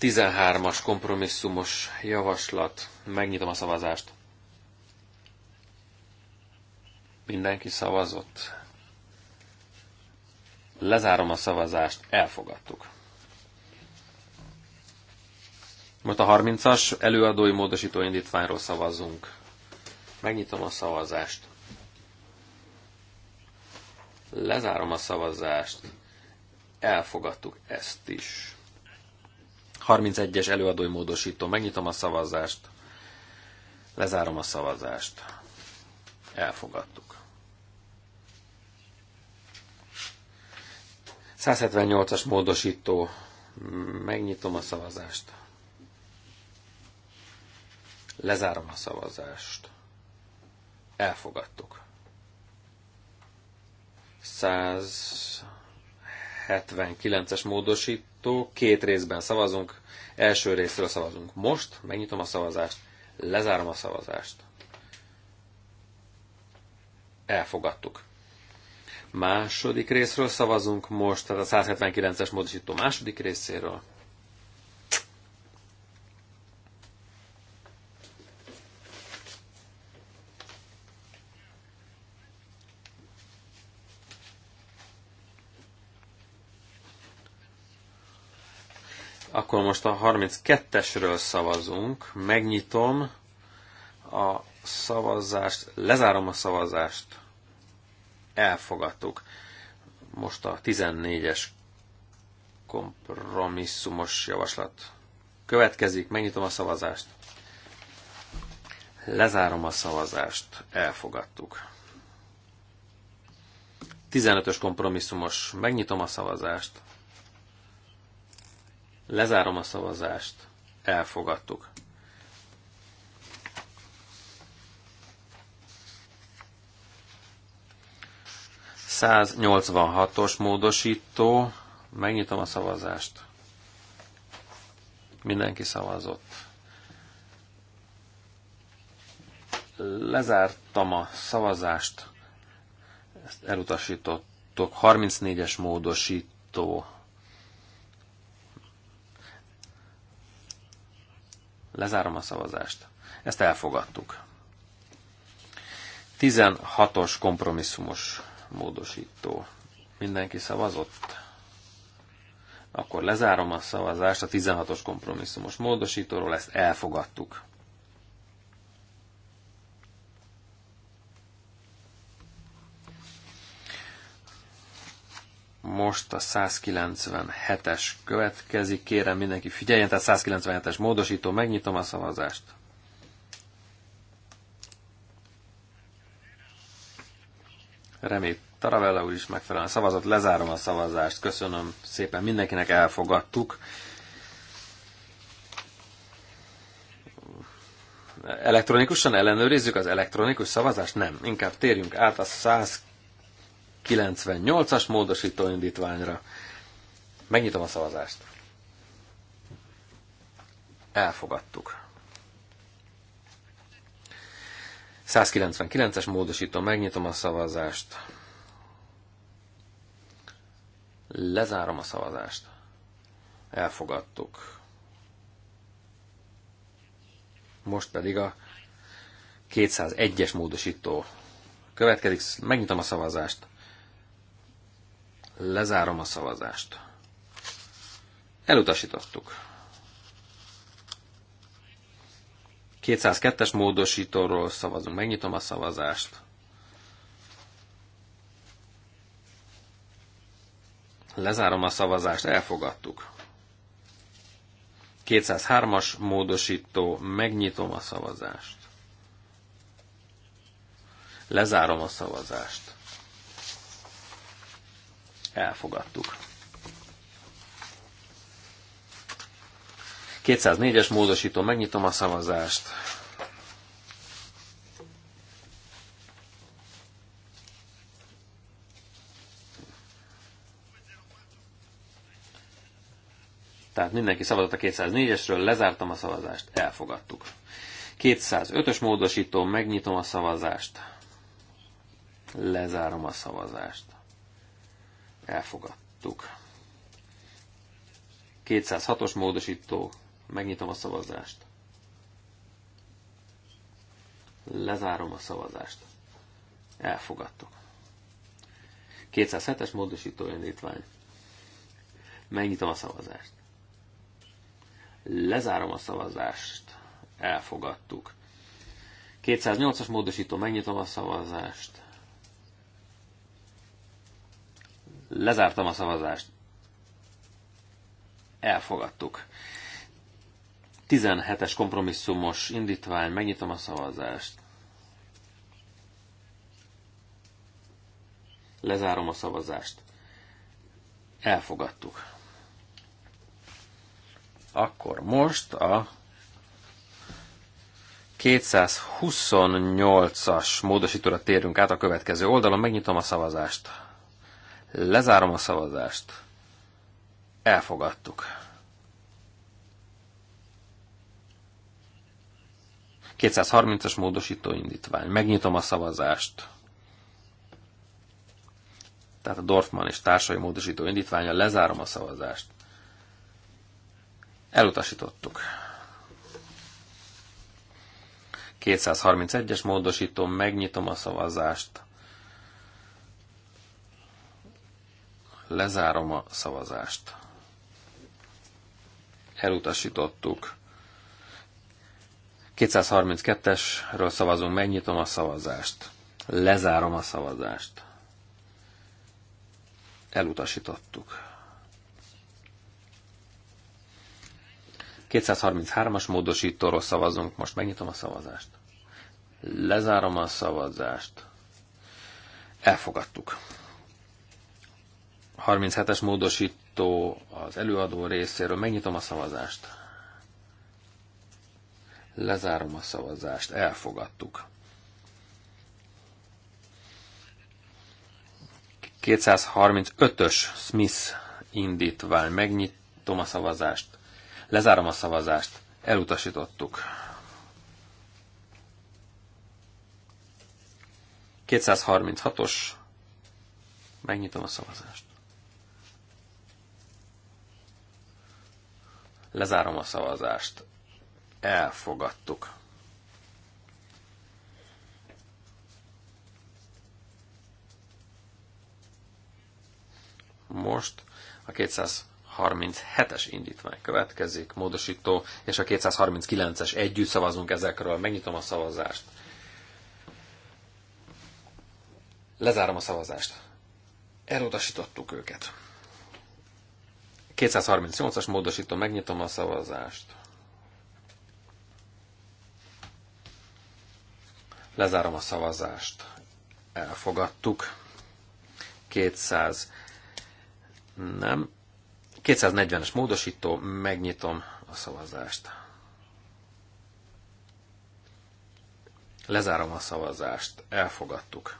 13-as kompromisszumos javaslat. Megnyitom a szavazást. Mindenki szavazott. Lezárom a szavazást, elfogadtuk. Most a 30-as előadói módosító indítványról szavazzunk. Megnyitom a szavazást. Lezárom a szavazást. Elfogadtuk ezt is. 31-es előadói módosító. Megnyitom a szavazást. Lezárom a szavazást. Elfogadtuk. 178-as módosító. Megnyitom a szavazást. Lezárom a szavazást. Elfogadtuk. 179-es módosító. Két részben szavazunk. Első részről szavazunk most. Megnyitom a szavazást. Lezárom a szavazást. Elfogadtuk. Második részről szavazunk most, tehát a 179-es módosító második részéről. most a 32-esről szavazunk. Megnyitom a szavazást, lezárom a szavazást. Elfogadtuk. Most a 14-es kompromisszumos javaslat következik. Megnyitom a szavazást. Lezárom a szavazást. Elfogadtuk. 15-ös kompromisszumos. Megnyitom a szavazást. Lezárom a szavazást. Elfogadtuk. os módosító. Megnyitom a szavazást. Mindenki szavazott. Lezártam a szavazást. Ezt elutasítottok. 34-es módosító Lezárom a szavazást. Ezt elfogadtuk. 16-os kompromisszumos módosító. Mindenki szavazott? Akkor lezárom a szavazást a 16-os kompromisszumos módosítóról, ezt elfogadtuk. Most a 197-es következik. Kérem mindenki figyeljen, tehát 197-es módosító. Megnyitom a szavazást. Remélem Taravella úr is megfelelően szavazott. Lezárom a szavazást. Köszönöm szépen mindenkinek, elfogadtuk. elektronikusan ellenőrizzük az elektronikus szavazást? Nem. Inkább térjünk át a 98-as módosító indítványra. Megnyitom a szavazást. Elfogadtuk. 199-es módosító, megnyitom a szavazást. Lezárom a szavazást. Elfogadtuk. Most pedig a 201-es módosító következik. Megnyitom a szavazást. Lezárom a szavazást. Elutasítottuk. 202-es módosítóról szavazunk. Megnyitom a szavazást. Lezárom a szavazást. Elfogadtuk. 203-as módosító. Megnyitom a szavazást. Lezárom a szavazást elfogadtuk. 204-es módosító, megnyitom a szavazást. Tehát mindenki szavazott a 204-esről, lezártam a szavazást, elfogadtuk. 205-ös módosító, megnyitom a szavazást. Lezárom a szavazást. Elfogadtuk. 206-os módosító. Megnyitom a szavazást. Lezárom a szavazást. Elfogadtuk. 207-es módosító indítvány. Megnyitom a szavazást. Lezárom a szavazást. Elfogadtuk. 208-as módosító, megnyitom a szavazást. Lezártam a szavazást. Elfogadtuk. 17-es kompromisszumos indítvány, megnyitom a szavazást. Lezárom a szavazást. Elfogadtuk. Akkor most a 228-as módosítóra térünk át a következő oldalon, megnyitom a szavazást. Lezárom a szavazást. Elfogadtuk. 230-as módosító indítvány. Megnyitom a szavazást. Tehát a Dorfman és társai módosító indítványa. Lezárom a szavazást. Elutasítottuk. 231-es módosító, megnyitom a szavazást. Lezárom a szavazást. Elutasítottuk. 232-esről szavazunk, megnyitom a szavazást. Lezárom a szavazást. Elutasítottuk. 233-as módosítóról szavazunk, most megnyitom a szavazást. Lezárom a szavazást. Elfogadtuk. 37-es módosító az előadó részéről. Megnyitom a szavazást. Lezárom a szavazást. Elfogadtuk. 235-ös Smith indítvány. Megnyitom a szavazást. Lezárom a szavazást. Elutasítottuk. 236-os. Megnyitom a szavazást. Lezárom a szavazást. Elfogadtuk. Most a 237-es indítvány következik, módosító, és a 239-es együtt szavazunk ezekről. Megnyitom a szavazást. Lezárom a szavazást. Elutasítottuk őket. 238-as módosítom, megnyitom a szavazást. Lezárom a szavazást. Elfogadtuk. 200 nem. 240-es módosító, megnyitom a szavazást. Lezárom a szavazást. Elfogadtuk.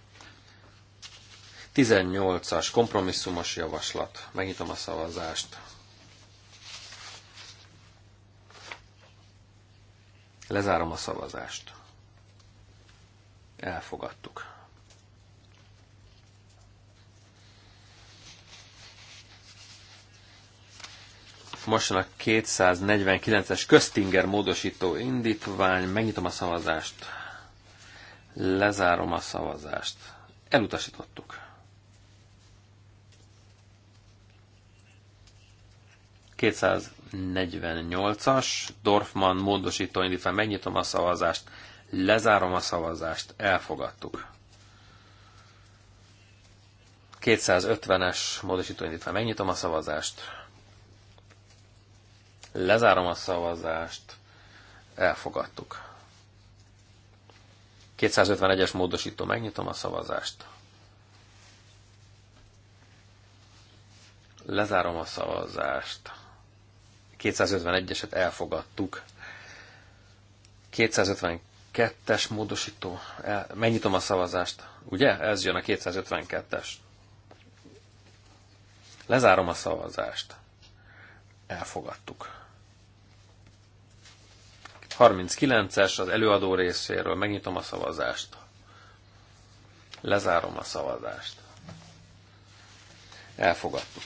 18-as kompromisszumos javaslat. Megnyitom a szavazást. Lezárom a szavazást. Elfogadtuk. Most a 249-es Köztinger módosító indítvány. Megnyitom a szavazást. Lezárom a szavazást. Elutasítottuk. 248-as Dorfman módosító indítvány. Megnyitom a szavazást, lezárom a szavazást, elfogadtuk. 250-es módosító indítvány. Megnyitom a szavazást, lezárom a szavazást, elfogadtuk. 251-es módosító, megnyitom a szavazást. Lezárom a szavazást. 251-eset elfogadtuk. 252-es módosító. El, megnyitom a szavazást. Ugye? Ez jön a 252-es. Lezárom a szavazást. Elfogadtuk. 39-es az előadó részéről. Megnyitom a szavazást. Lezárom a szavazást. Elfogadtuk.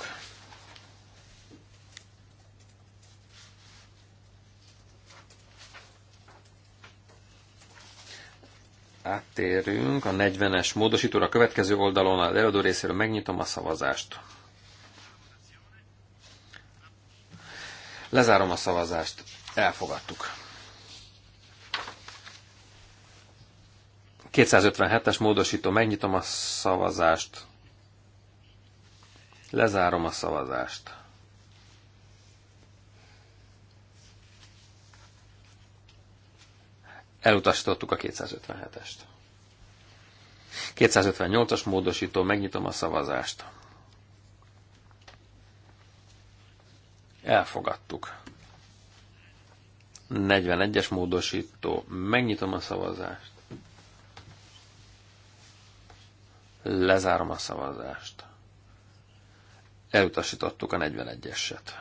áttérünk a 40-es módosítóra. A következő oldalon az előadó részéről megnyitom a szavazást. Lezárom a szavazást. Elfogadtuk. 257-es módosító, megnyitom a szavazást. Lezárom a szavazást. Elutasítottuk a 257-est. 258-as módosító, megnyitom a szavazást. Elfogadtuk. 41-es módosító, megnyitom a szavazást. Lezárom a szavazást. Elutasítottuk a 41-eset.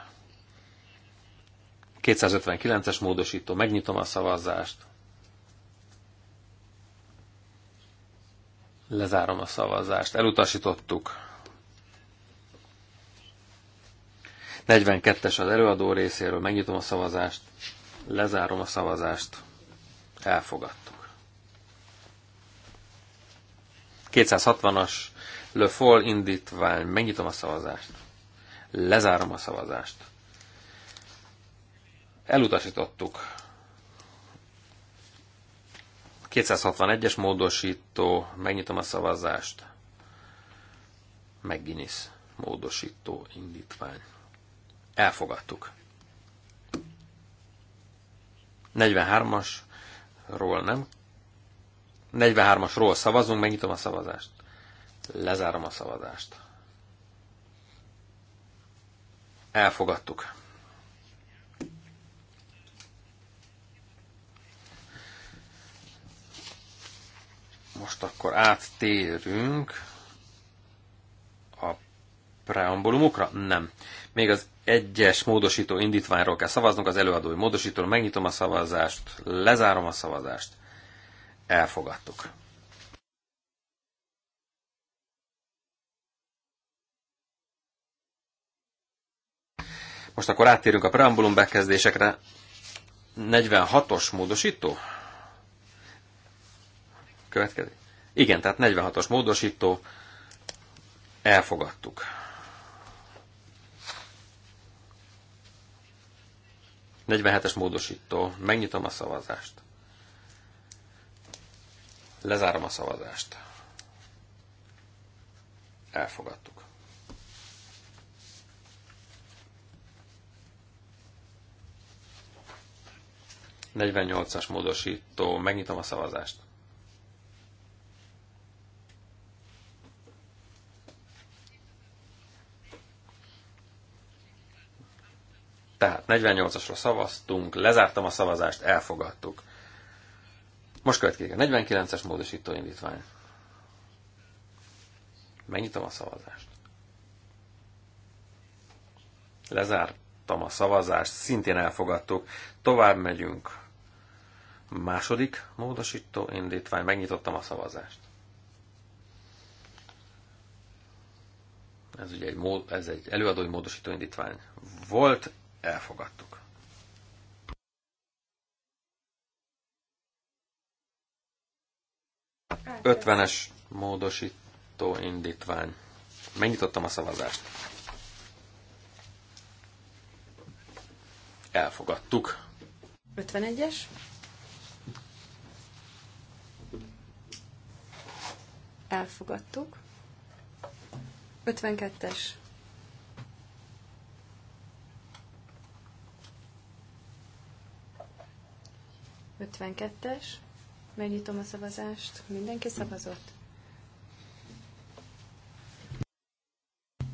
259-es módosító, megnyitom a szavazást. Lezárom a szavazást. Elutasítottuk. 42-es az előadó részéről. Megnyitom a szavazást. Lezárom a szavazást. Elfogadtuk. 260-as Le Fall indítvány. Megnyitom a szavazást. Lezárom a szavazást. Elutasítottuk. 261-es módosító, megnyitom a szavazást. Megginisz módosító indítvány. Elfogadtuk. 43-asról nem. 43-asról szavazunk, megnyitom a szavazást. Lezárom a szavazást. Elfogadtuk. Most akkor áttérünk a preambulumokra? Nem. Még az egyes módosító indítványról kell szavaznunk, az előadói módosítóról. Megnyitom a szavazást, lezárom a szavazást. Elfogadtuk. Most akkor áttérünk a preambulum bekezdésekre. 46-os módosító? következő. Igen, tehát 46-os módosító, elfogadtuk. es módosító, megnyitom a szavazást. Lezárom a szavazást. Elfogadtuk. as módosító, megnyitom a szavazást. 48-asra szavaztunk, lezártam a szavazást, elfogadtuk. Most következik a 49-es módosító indítvány. Megnyitom a szavazást. Lezártam a szavazást, szintén elfogadtuk. Tovább megyünk. Második módosító indítvány, megnyitottam a szavazást. Ez ugye egy, mód, ez egy előadói módosító indítvány volt, elfogadtuk. Ötvenes módosító indítvány. Megnyitottam a szavazást. Elfogadtuk. 51-es. Elfogadtuk. 52-es 52-es. Megnyitom a szavazást. Mindenki szavazott?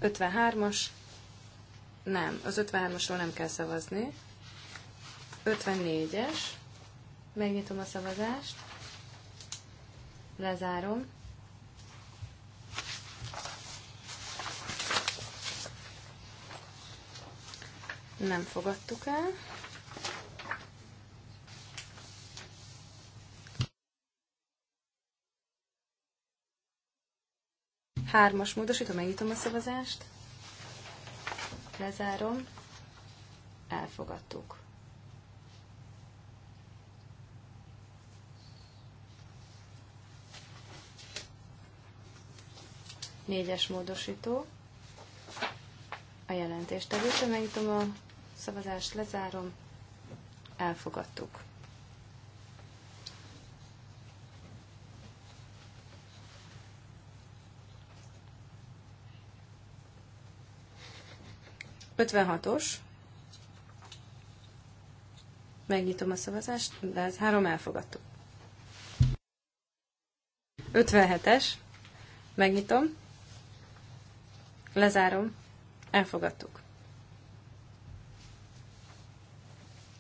53-as. Nem, az 53-asról nem kell szavazni. 54-es. Megnyitom a szavazást. Lezárom. Nem fogadtuk el. Hármas módosítom, megnyitom a szavazást. Lezárom. Elfogadtuk. Négyes módosító. A jelentést tevőtől megnyitom a szavazást, lezárom. Elfogadtuk. 56-os. Megnyitom a szavazást, de ez három elfogadtuk. 57-es. Megnyitom. Lezárom. Elfogadtuk.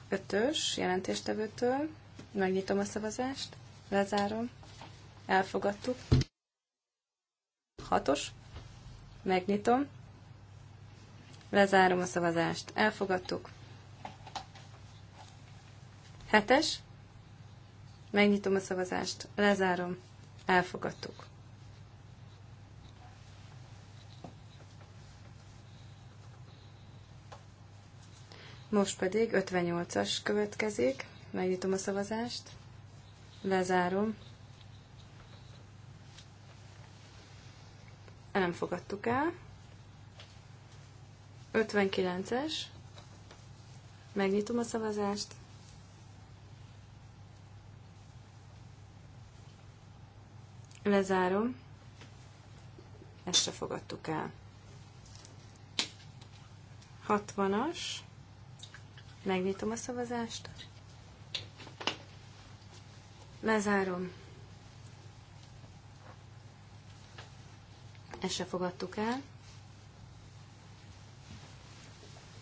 5-ös jelentéstevőtől. Megnyitom a szavazást. Lezárom. Elfogadtuk. 6-os. Megnyitom. Lezárom a szavazást. Elfogadtuk. Hetes. Megnyitom a szavazást. Lezárom. Elfogadtuk. Most pedig 58-as következik. Megnyitom a szavazást. Lezárom. Nem fogadtuk el. 59-es. Megnyitom a szavazást. Lezárom. Ezt se fogadtuk el. 60-as. Megnyitom a szavazást. Lezárom. Ezt se fogadtuk el.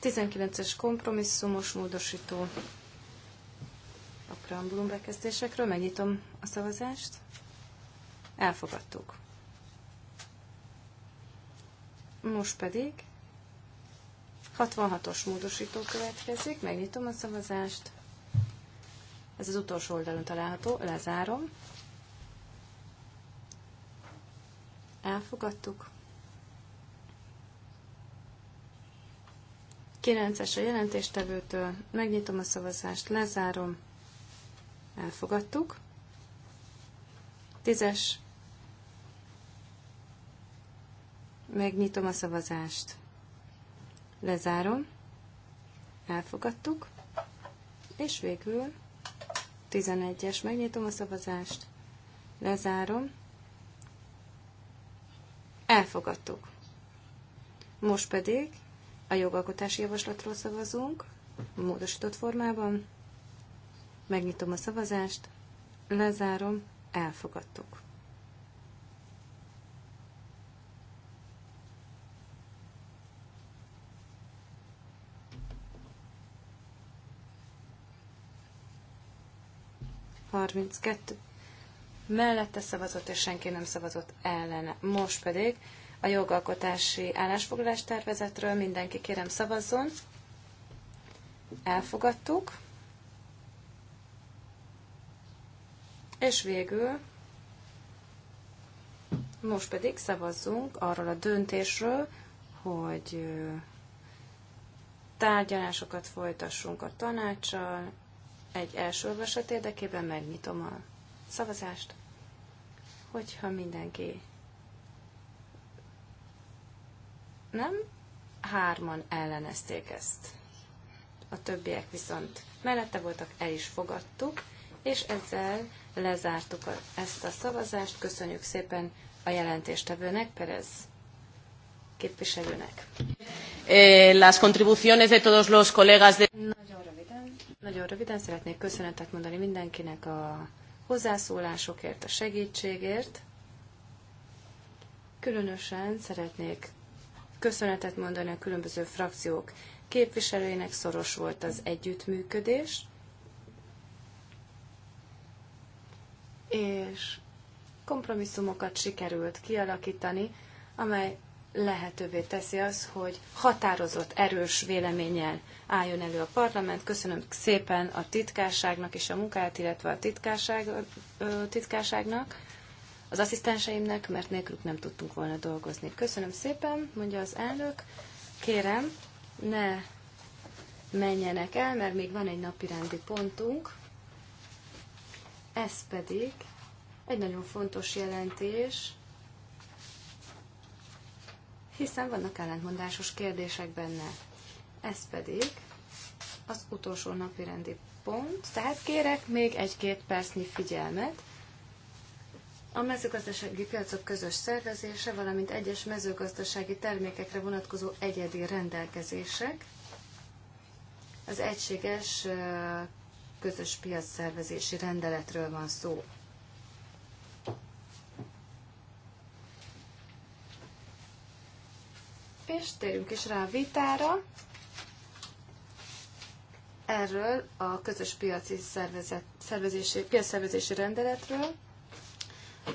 19-es kompromisszumos módosító a preambulum bekezdésekről. Megnyitom a szavazást. Elfogadtuk. Most pedig 66-os módosító következik. Megnyitom a szavazást. Ez az utolsó oldalon található. Lezárom. Elfogadtuk. 9-es a jelentéstevőtől, megnyitom a szavazást, lezárom, elfogadtuk. 10-es, megnyitom a szavazást, lezárom, elfogadtuk, és végül 11-es, megnyitom a szavazást, lezárom, elfogadtuk. Most pedig a jogalkotási javaslatról szavazunk, módosított formában. Megnyitom a szavazást, lezárom, elfogadtuk. Harminckettő mellette szavazott, és senki nem szavazott ellene. Most pedig a jogalkotási állásfoglalás tervezetről. Mindenki kérem szavazzon. Elfogadtuk. És végül most pedig szavazzunk arról a döntésről, hogy tárgyalásokat folytassunk a tanácssal. Egy első olvasat érdekében megnyitom a szavazást, hogyha mindenki Nem? Hárman ellenezték ezt. A többiek viszont mellette voltak, el is fogadtuk, és ezzel lezártuk a, ezt a szavazást. Köszönjük szépen a jelentéstevőnek, Perez képviselőnek. Eh, las contribuciones de todos los colegas de... Nagyon röviden, nagyon röviden szeretnék köszönetet mondani mindenkinek a hozzászólásokért, a segítségért. Különösen szeretnék köszönetet mondani a különböző frakciók képviselőinek, szoros volt az együttműködés. És kompromisszumokat sikerült kialakítani, amely lehetővé teszi az, hogy határozott, erős véleménnyel álljon elő a parlament. Köszönöm szépen a titkárságnak és a munkáját, illetve a titkárság, titkárságnak az asszisztenseimnek, mert nélkülük nem tudtunk volna dolgozni. Köszönöm szépen, mondja az elnök. Kérem, ne menjenek el, mert még van egy napi rendi pontunk. Ez pedig egy nagyon fontos jelentés, hiszen vannak ellentmondásos kérdések benne. Ez pedig az utolsó napi rendi pont, tehát kérek még egy-két percnyi figyelmet, a mezőgazdasági piacok közös szervezése, valamint egyes mezőgazdasági termékekre vonatkozó egyedi rendelkezések, az egységes közös piac szervezési rendeletről van szó. És térjünk is rá a vitára. Erről a közös piaci szervezet, szervezési, piac szervezési rendeletről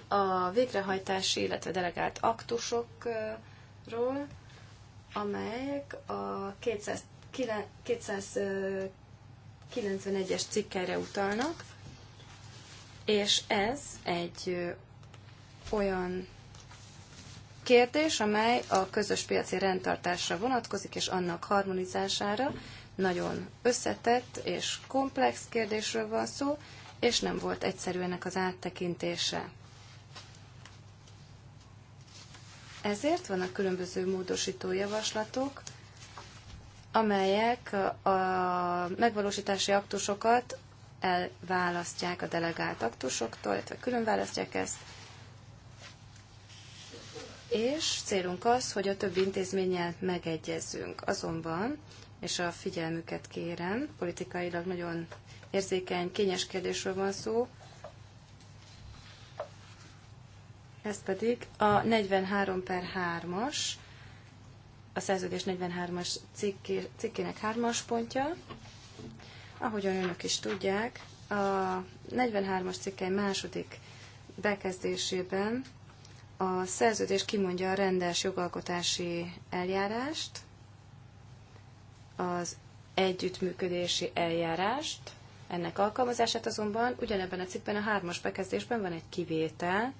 a végrehajtási, illetve delegált aktusokról, amelyek a 291-es cikkelre utalnak, és ez egy olyan kérdés, amely a közös piaci rendtartásra vonatkozik, és annak harmonizására nagyon összetett és komplex kérdésről van szó, és nem volt egyszerű ennek az áttekintése. Ezért vannak különböző módosító javaslatok, amelyek a megvalósítási aktusokat elválasztják a delegált aktusoktól, illetve külön választják ezt, és célunk az, hogy a több intézménnyel megegyezzünk. Azonban, és a figyelmüket kérem, politikailag nagyon érzékeny, kényes kérdésről van szó, ez pedig a 43 per 3-as, a szerződés 43-as cikké, cikkének 3-as pontja. Ahogyan önök is tudják, a 43-as cikkely második bekezdésében a szerződés kimondja a rendes jogalkotási eljárást, az együttműködési eljárást, ennek alkalmazását azonban ugyanebben a cikkben a hármas bekezdésben van egy kivétel,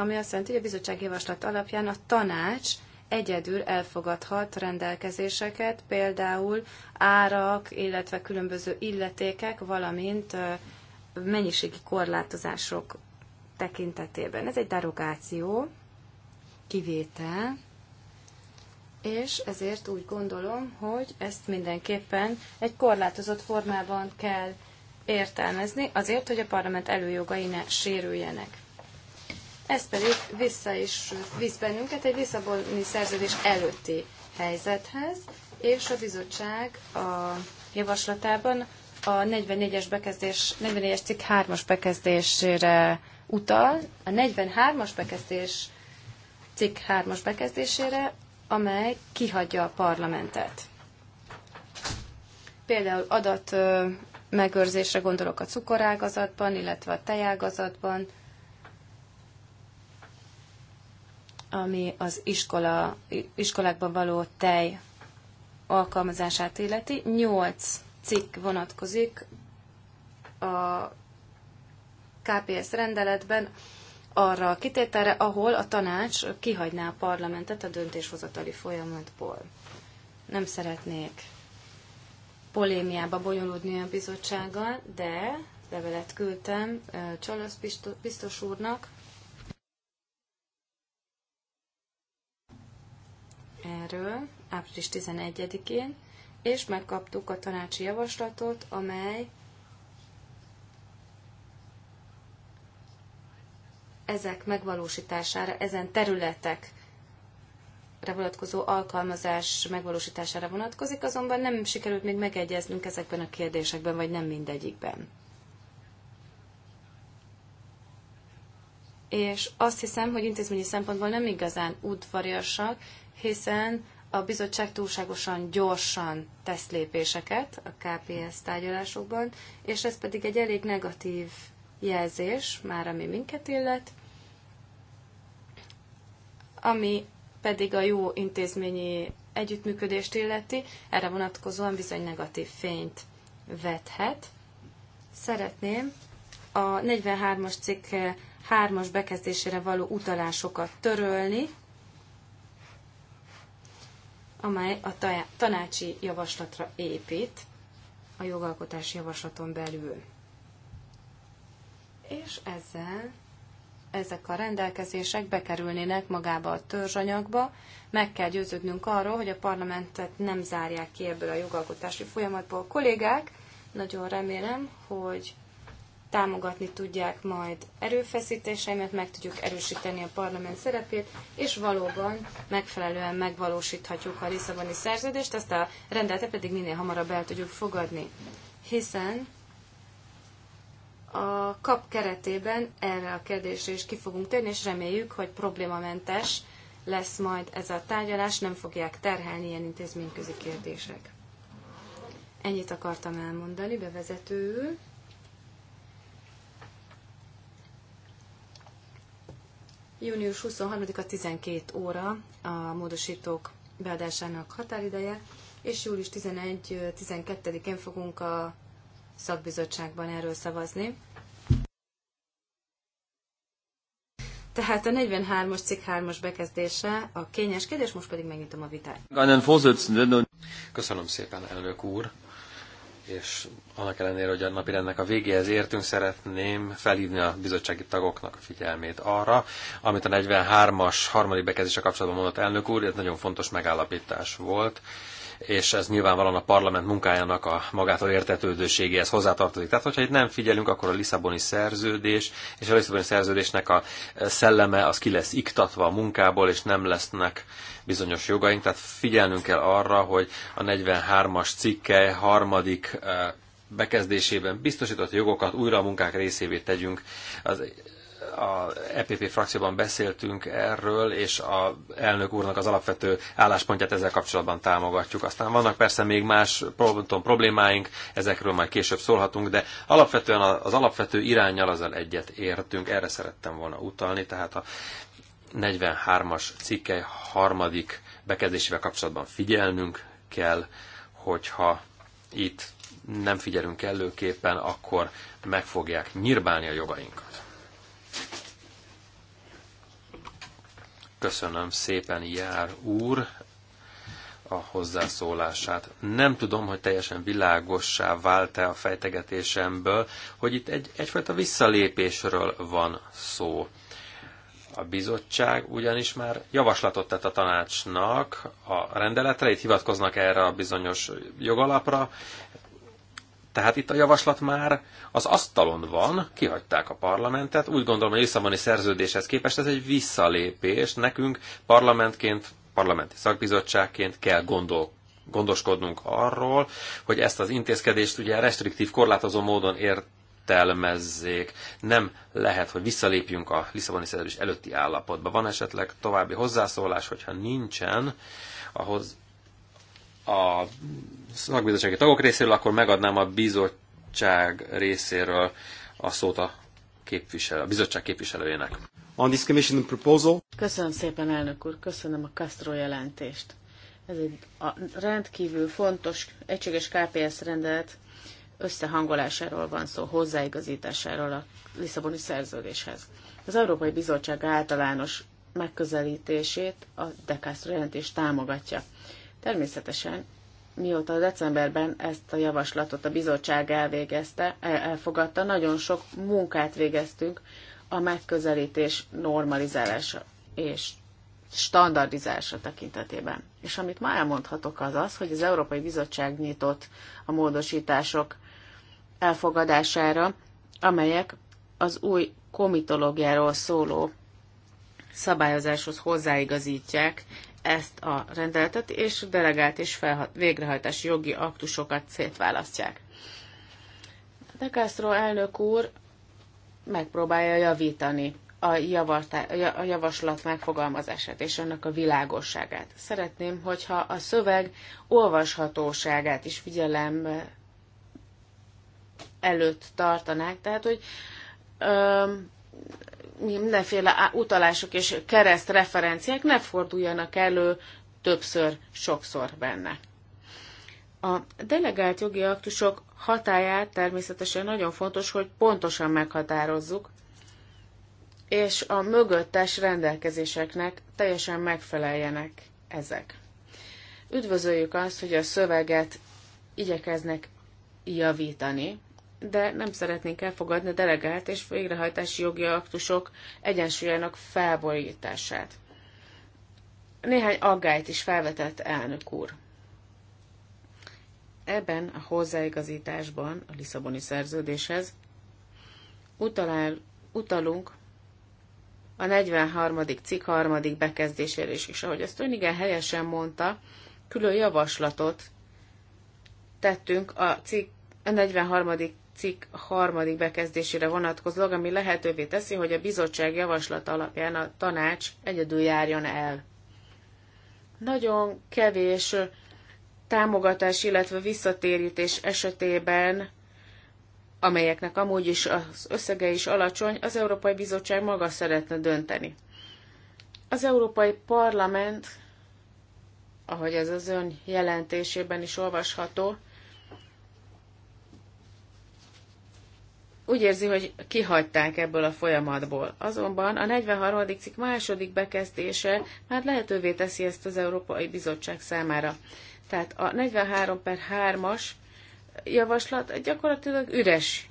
ami azt jelenti, hogy a bizottság javaslat alapján a tanács egyedül elfogadhat rendelkezéseket, például árak, illetve különböző illetékek, valamint mennyiségi korlátozások tekintetében. Ez egy derogáció, kivétel, és ezért úgy gondolom, hogy ezt mindenképpen egy korlátozott formában kell értelmezni, azért, hogy a parlament előjogai ne sérüljenek. Ez pedig vissza is visz bennünket egy Lisszaboni szerződés előtti helyzethez, és a bizottság a javaslatában a 44-es bekezdés, 44-es cikk 3-as bekezdésére utal, a 43-as bekezdés cikk 3-as bekezdésére, amely kihagyja a parlamentet. Például adat megőrzésre gondolok a cukorágazatban, illetve a tejágazatban, ami az iskola, iskolákban való tej alkalmazását illeti. Nyolc cikk vonatkozik a KPS rendeletben arra a kitételre, ahol a tanács kihagyná a parlamentet a döntéshozatali folyamatból. Nem szeretnék polémiába bonyolódni a bizottsággal, de levelet küldtem Csalasz biztos úrnak, erről április 11-én, és megkaptuk a tanácsi javaslatot, amely ezek megvalósítására, ezen területek vonatkozó alkalmazás megvalósítására vonatkozik, azonban nem sikerült még megegyeznünk ezekben a kérdésekben, vagy nem mindegyikben. És azt hiszem, hogy intézményi szempontból nem igazán udvariasak, hiszen a bizottság túlságosan gyorsan tesz lépéseket a KPS tárgyalásokban, és ez pedig egy elég negatív jelzés, már ami minket illet, ami pedig a jó intézményi együttműködést illeti, erre vonatkozóan bizony negatív fényt vethet. Szeretném a 43-as cikk 3-as bekezdésére való utalásokat törölni, amely a tanácsi javaslatra épít a jogalkotás javaslaton belül. És ezzel ezek a rendelkezések bekerülnének magába a törzsanyagba. Meg kell győződnünk arról, hogy a parlamentet nem zárják ki ebből a jogalkotási folyamatból. A kollégák, nagyon remélem, hogy támogatni tudják majd erőfeszítéseimet, meg tudjuk erősíteni a parlament szerepét, és valóban megfelelően megvalósíthatjuk a Lisszaboni szerződést, ezt a rendeletet pedig minél hamarabb el tudjuk fogadni. Hiszen a kap keretében erre a kérdésre is ki fogunk térni, és reméljük, hogy problémamentes lesz majd ez a tárgyalás, nem fogják terhelni ilyen intézményközi kérdések. Ennyit akartam elmondani bevezetőül. Június 23-a 12 óra a módosítók beadásának határideje, és július 11-12-én fogunk a szakbizottságban erről szavazni. Tehát a 43-as cikk 3-as bekezdése a kényeskedés, most pedig megnyitom a vitát. Köszönöm szépen, elnök úr! és annak ellenére, hogy a napi rendnek a végéhez értünk, szeretném felhívni a bizottsági tagoknak a figyelmét arra, amit a 43-as harmadik bekezdése kapcsolatban mondott elnök úr, ez nagyon fontos megállapítás volt és ez nyilvánvalóan a parlament munkájának a magától értetődőségéhez hozzátartozik. Tehát, hogyha itt nem figyelünk, akkor a Lisszaboni szerződés, és a Lisszaboni szerződésnek a szelleme az ki lesz iktatva a munkából, és nem lesznek bizonyos jogaink. Tehát figyelnünk kell arra, hogy a 43-as cikke harmadik eh, bekezdésében biztosított jogokat újra a munkák részévé tegyünk az a EPP frakcióban beszéltünk erről, és a elnök úrnak az alapvető álláspontját ezzel kapcsolatban támogatjuk. Aztán vannak persze még más problémáink, ezekről majd később szólhatunk, de alapvetően az alapvető irányjal azzal egyet értünk, erre szerettem volna utalni, tehát a 43-as cikke harmadik bekezdésével kapcsolatban figyelnünk kell, hogyha itt nem figyelünk előképpen, akkor meg fogják nyírbálni a jogainkat. Köszönöm szépen, Jár úr, a hozzászólását. Nem tudom, hogy teljesen világossá vált-e a fejtegetésemből, hogy itt egy, egyfajta visszalépésről van szó. A bizottság ugyanis már javaslatot tett a tanácsnak a rendeletre, itt hivatkoznak erre a bizonyos jogalapra, tehát itt a javaslat már az asztalon van, kihagyták a parlamentet. Úgy gondolom, hogy a Lisszaboni szerződéshez képest ez egy visszalépés. Nekünk parlamentként, parlamenti szakbizottságként kell gondol, gondoskodnunk arról, hogy ezt az intézkedést ugye restriktív, korlátozó módon értelmezzék. Nem lehet, hogy visszalépjünk a Lisszaboni szerződés előtti állapotba. Van esetleg további hozzászólás, hogyha nincsen, ahhoz a szakbizottsági tagok részéről, akkor megadnám a bizottság részéről a szót a, képviselő, a bizottság képviselőjének. On this commission proposal. Köszönöm szépen, elnök úr, köszönöm a Castro jelentést. Ez egy a rendkívül fontos egységes KPS rendelet összehangolásáról van szó, hozzáigazításáról a Lisszaboni szerződéshez. Az Európai Bizottság általános megközelítését a de Castro jelentés támogatja. Természetesen, mióta decemberben ezt a javaslatot a bizottság elvégezte, elfogadta, nagyon sok munkát végeztünk a megközelítés normalizálása és standardizálása tekintetében. És amit ma elmondhatok az az, hogy az Európai Bizottság nyitott a módosítások elfogadására, amelyek az új komitológiáról szóló szabályozáshoz hozzáigazítják ezt a rendeletet, és delegált és végrehajtási jogi aktusokat szétválasztják. De Castro elnök úr megpróbálja javítani a, a javaslat megfogalmazását és annak a világosságát. Szeretném, hogyha a szöveg olvashatóságát is figyelem előtt tartanák, tehát hogy ö, mindenféle utalások és keresztreferenciák ne forduljanak elő többször, sokszor benne. A delegált jogi aktusok hatáját természetesen nagyon fontos, hogy pontosan meghatározzuk, és a mögöttes rendelkezéseknek teljesen megfeleljenek ezek. Üdvözöljük azt, hogy a szöveget igyekeznek javítani, de nem szeretnénk elfogadni a delegált és végrehajtási jogi aktusok egyensúlyának felborítását. Néhány aggályt is felvetett elnök úr. Ebben a hozzáigazításban a Lisszaboni szerződéshez utalál, utalunk a 43. cikk harmadik bekezdésére is, és ahogy ezt ön igen helyesen mondta, külön javaslatot tettünk a cikk a 43 cikk harmadik bekezdésére vonatkozólag, ami lehetővé teszi, hogy a bizottság javaslata alapján a tanács egyedül járjon el. Nagyon kevés támogatás, illetve visszatérítés esetében, amelyeknek amúgy is az összege is alacsony, az Európai Bizottság maga szeretne dönteni. Az Európai Parlament, ahogy ez az ön jelentésében is olvasható, úgy érzi, hogy kihagyták ebből a folyamatból. Azonban a 43. cikk második bekezdése már lehetővé teszi ezt az Európai Bizottság számára. Tehát a 43 per 3-as javaslat gyakorlatilag üres.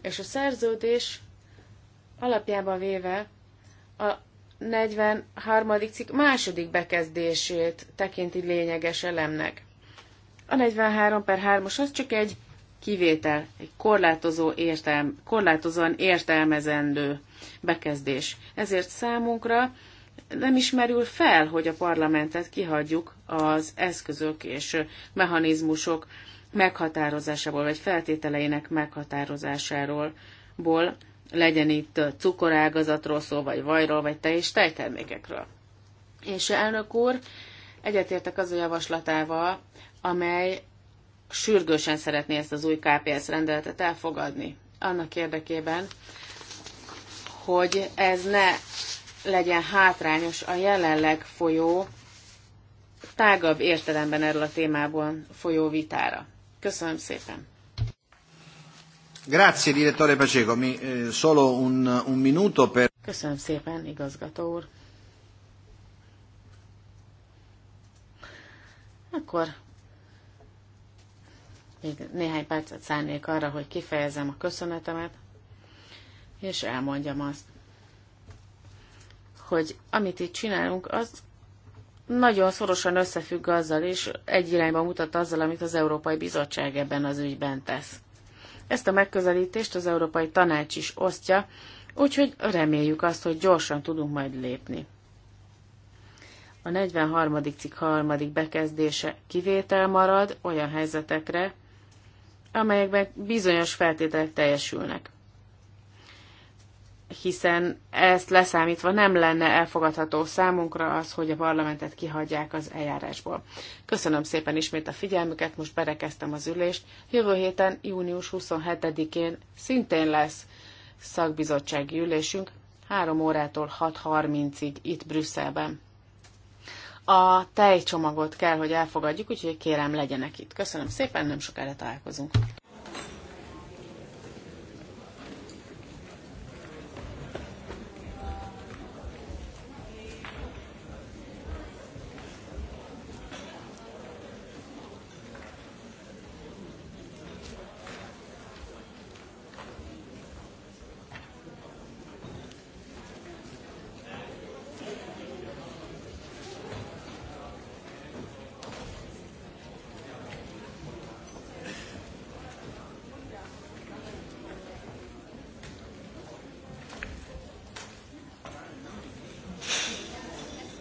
És a szerződés alapjába véve a 43. cikk második bekezdését tekinti lényeges elemnek. A 43 per 3-os az csak egy kivétel, egy korlátozó értelm, korlátozóan értelmezendő bekezdés. Ezért számunkra nem ismerül fel, hogy a parlamentet kihagyjuk az eszközök és mechanizmusok meghatározásából, vagy feltételeinek meghatározásáról, ból, legyen itt cukorágazatról szó, vagy vajról, vagy te és tejtermékekről. És elnök úr, egyetértek az a javaslatával, amely sürgősen szeretné ezt az új KPS rendeletet elfogadni. Annak érdekében, hogy ez ne legyen hátrányos a jelenleg folyó, tágabb értelemben erről a témából folyó vitára. Köszönöm szépen! Grazie, direttore Paceco. Mi, eh, solo un, un minuto per... Köszönöm szépen, igazgató úr. Akkor még néhány percet szánnék arra, hogy kifejezem a köszönetemet, és elmondjam azt, hogy amit itt csinálunk, az nagyon szorosan összefügg azzal, és egy irányba mutat azzal, amit az Európai Bizottság ebben az ügyben tesz. Ezt a megközelítést az Európai Tanács is osztja, úgyhogy reméljük azt, hogy gyorsan tudunk majd lépni. A 43. cikk 3. bekezdése kivétel marad olyan helyzetekre, amelyekben bizonyos feltételek teljesülnek. Hiszen ezt leszámítva nem lenne elfogadható számunkra az, hogy a parlamentet kihagyják az eljárásból. Köszönöm szépen ismét a figyelmüket, most berekeztem az ülést. Jövő héten, június 27-én szintén lesz szakbizottsági ülésünk, 3 órától 6.30-ig itt Brüsszelben a tejcsomagot kell, hogy elfogadjuk, úgyhogy kérem, legyenek itt. Köszönöm szépen, nem sokára találkozunk.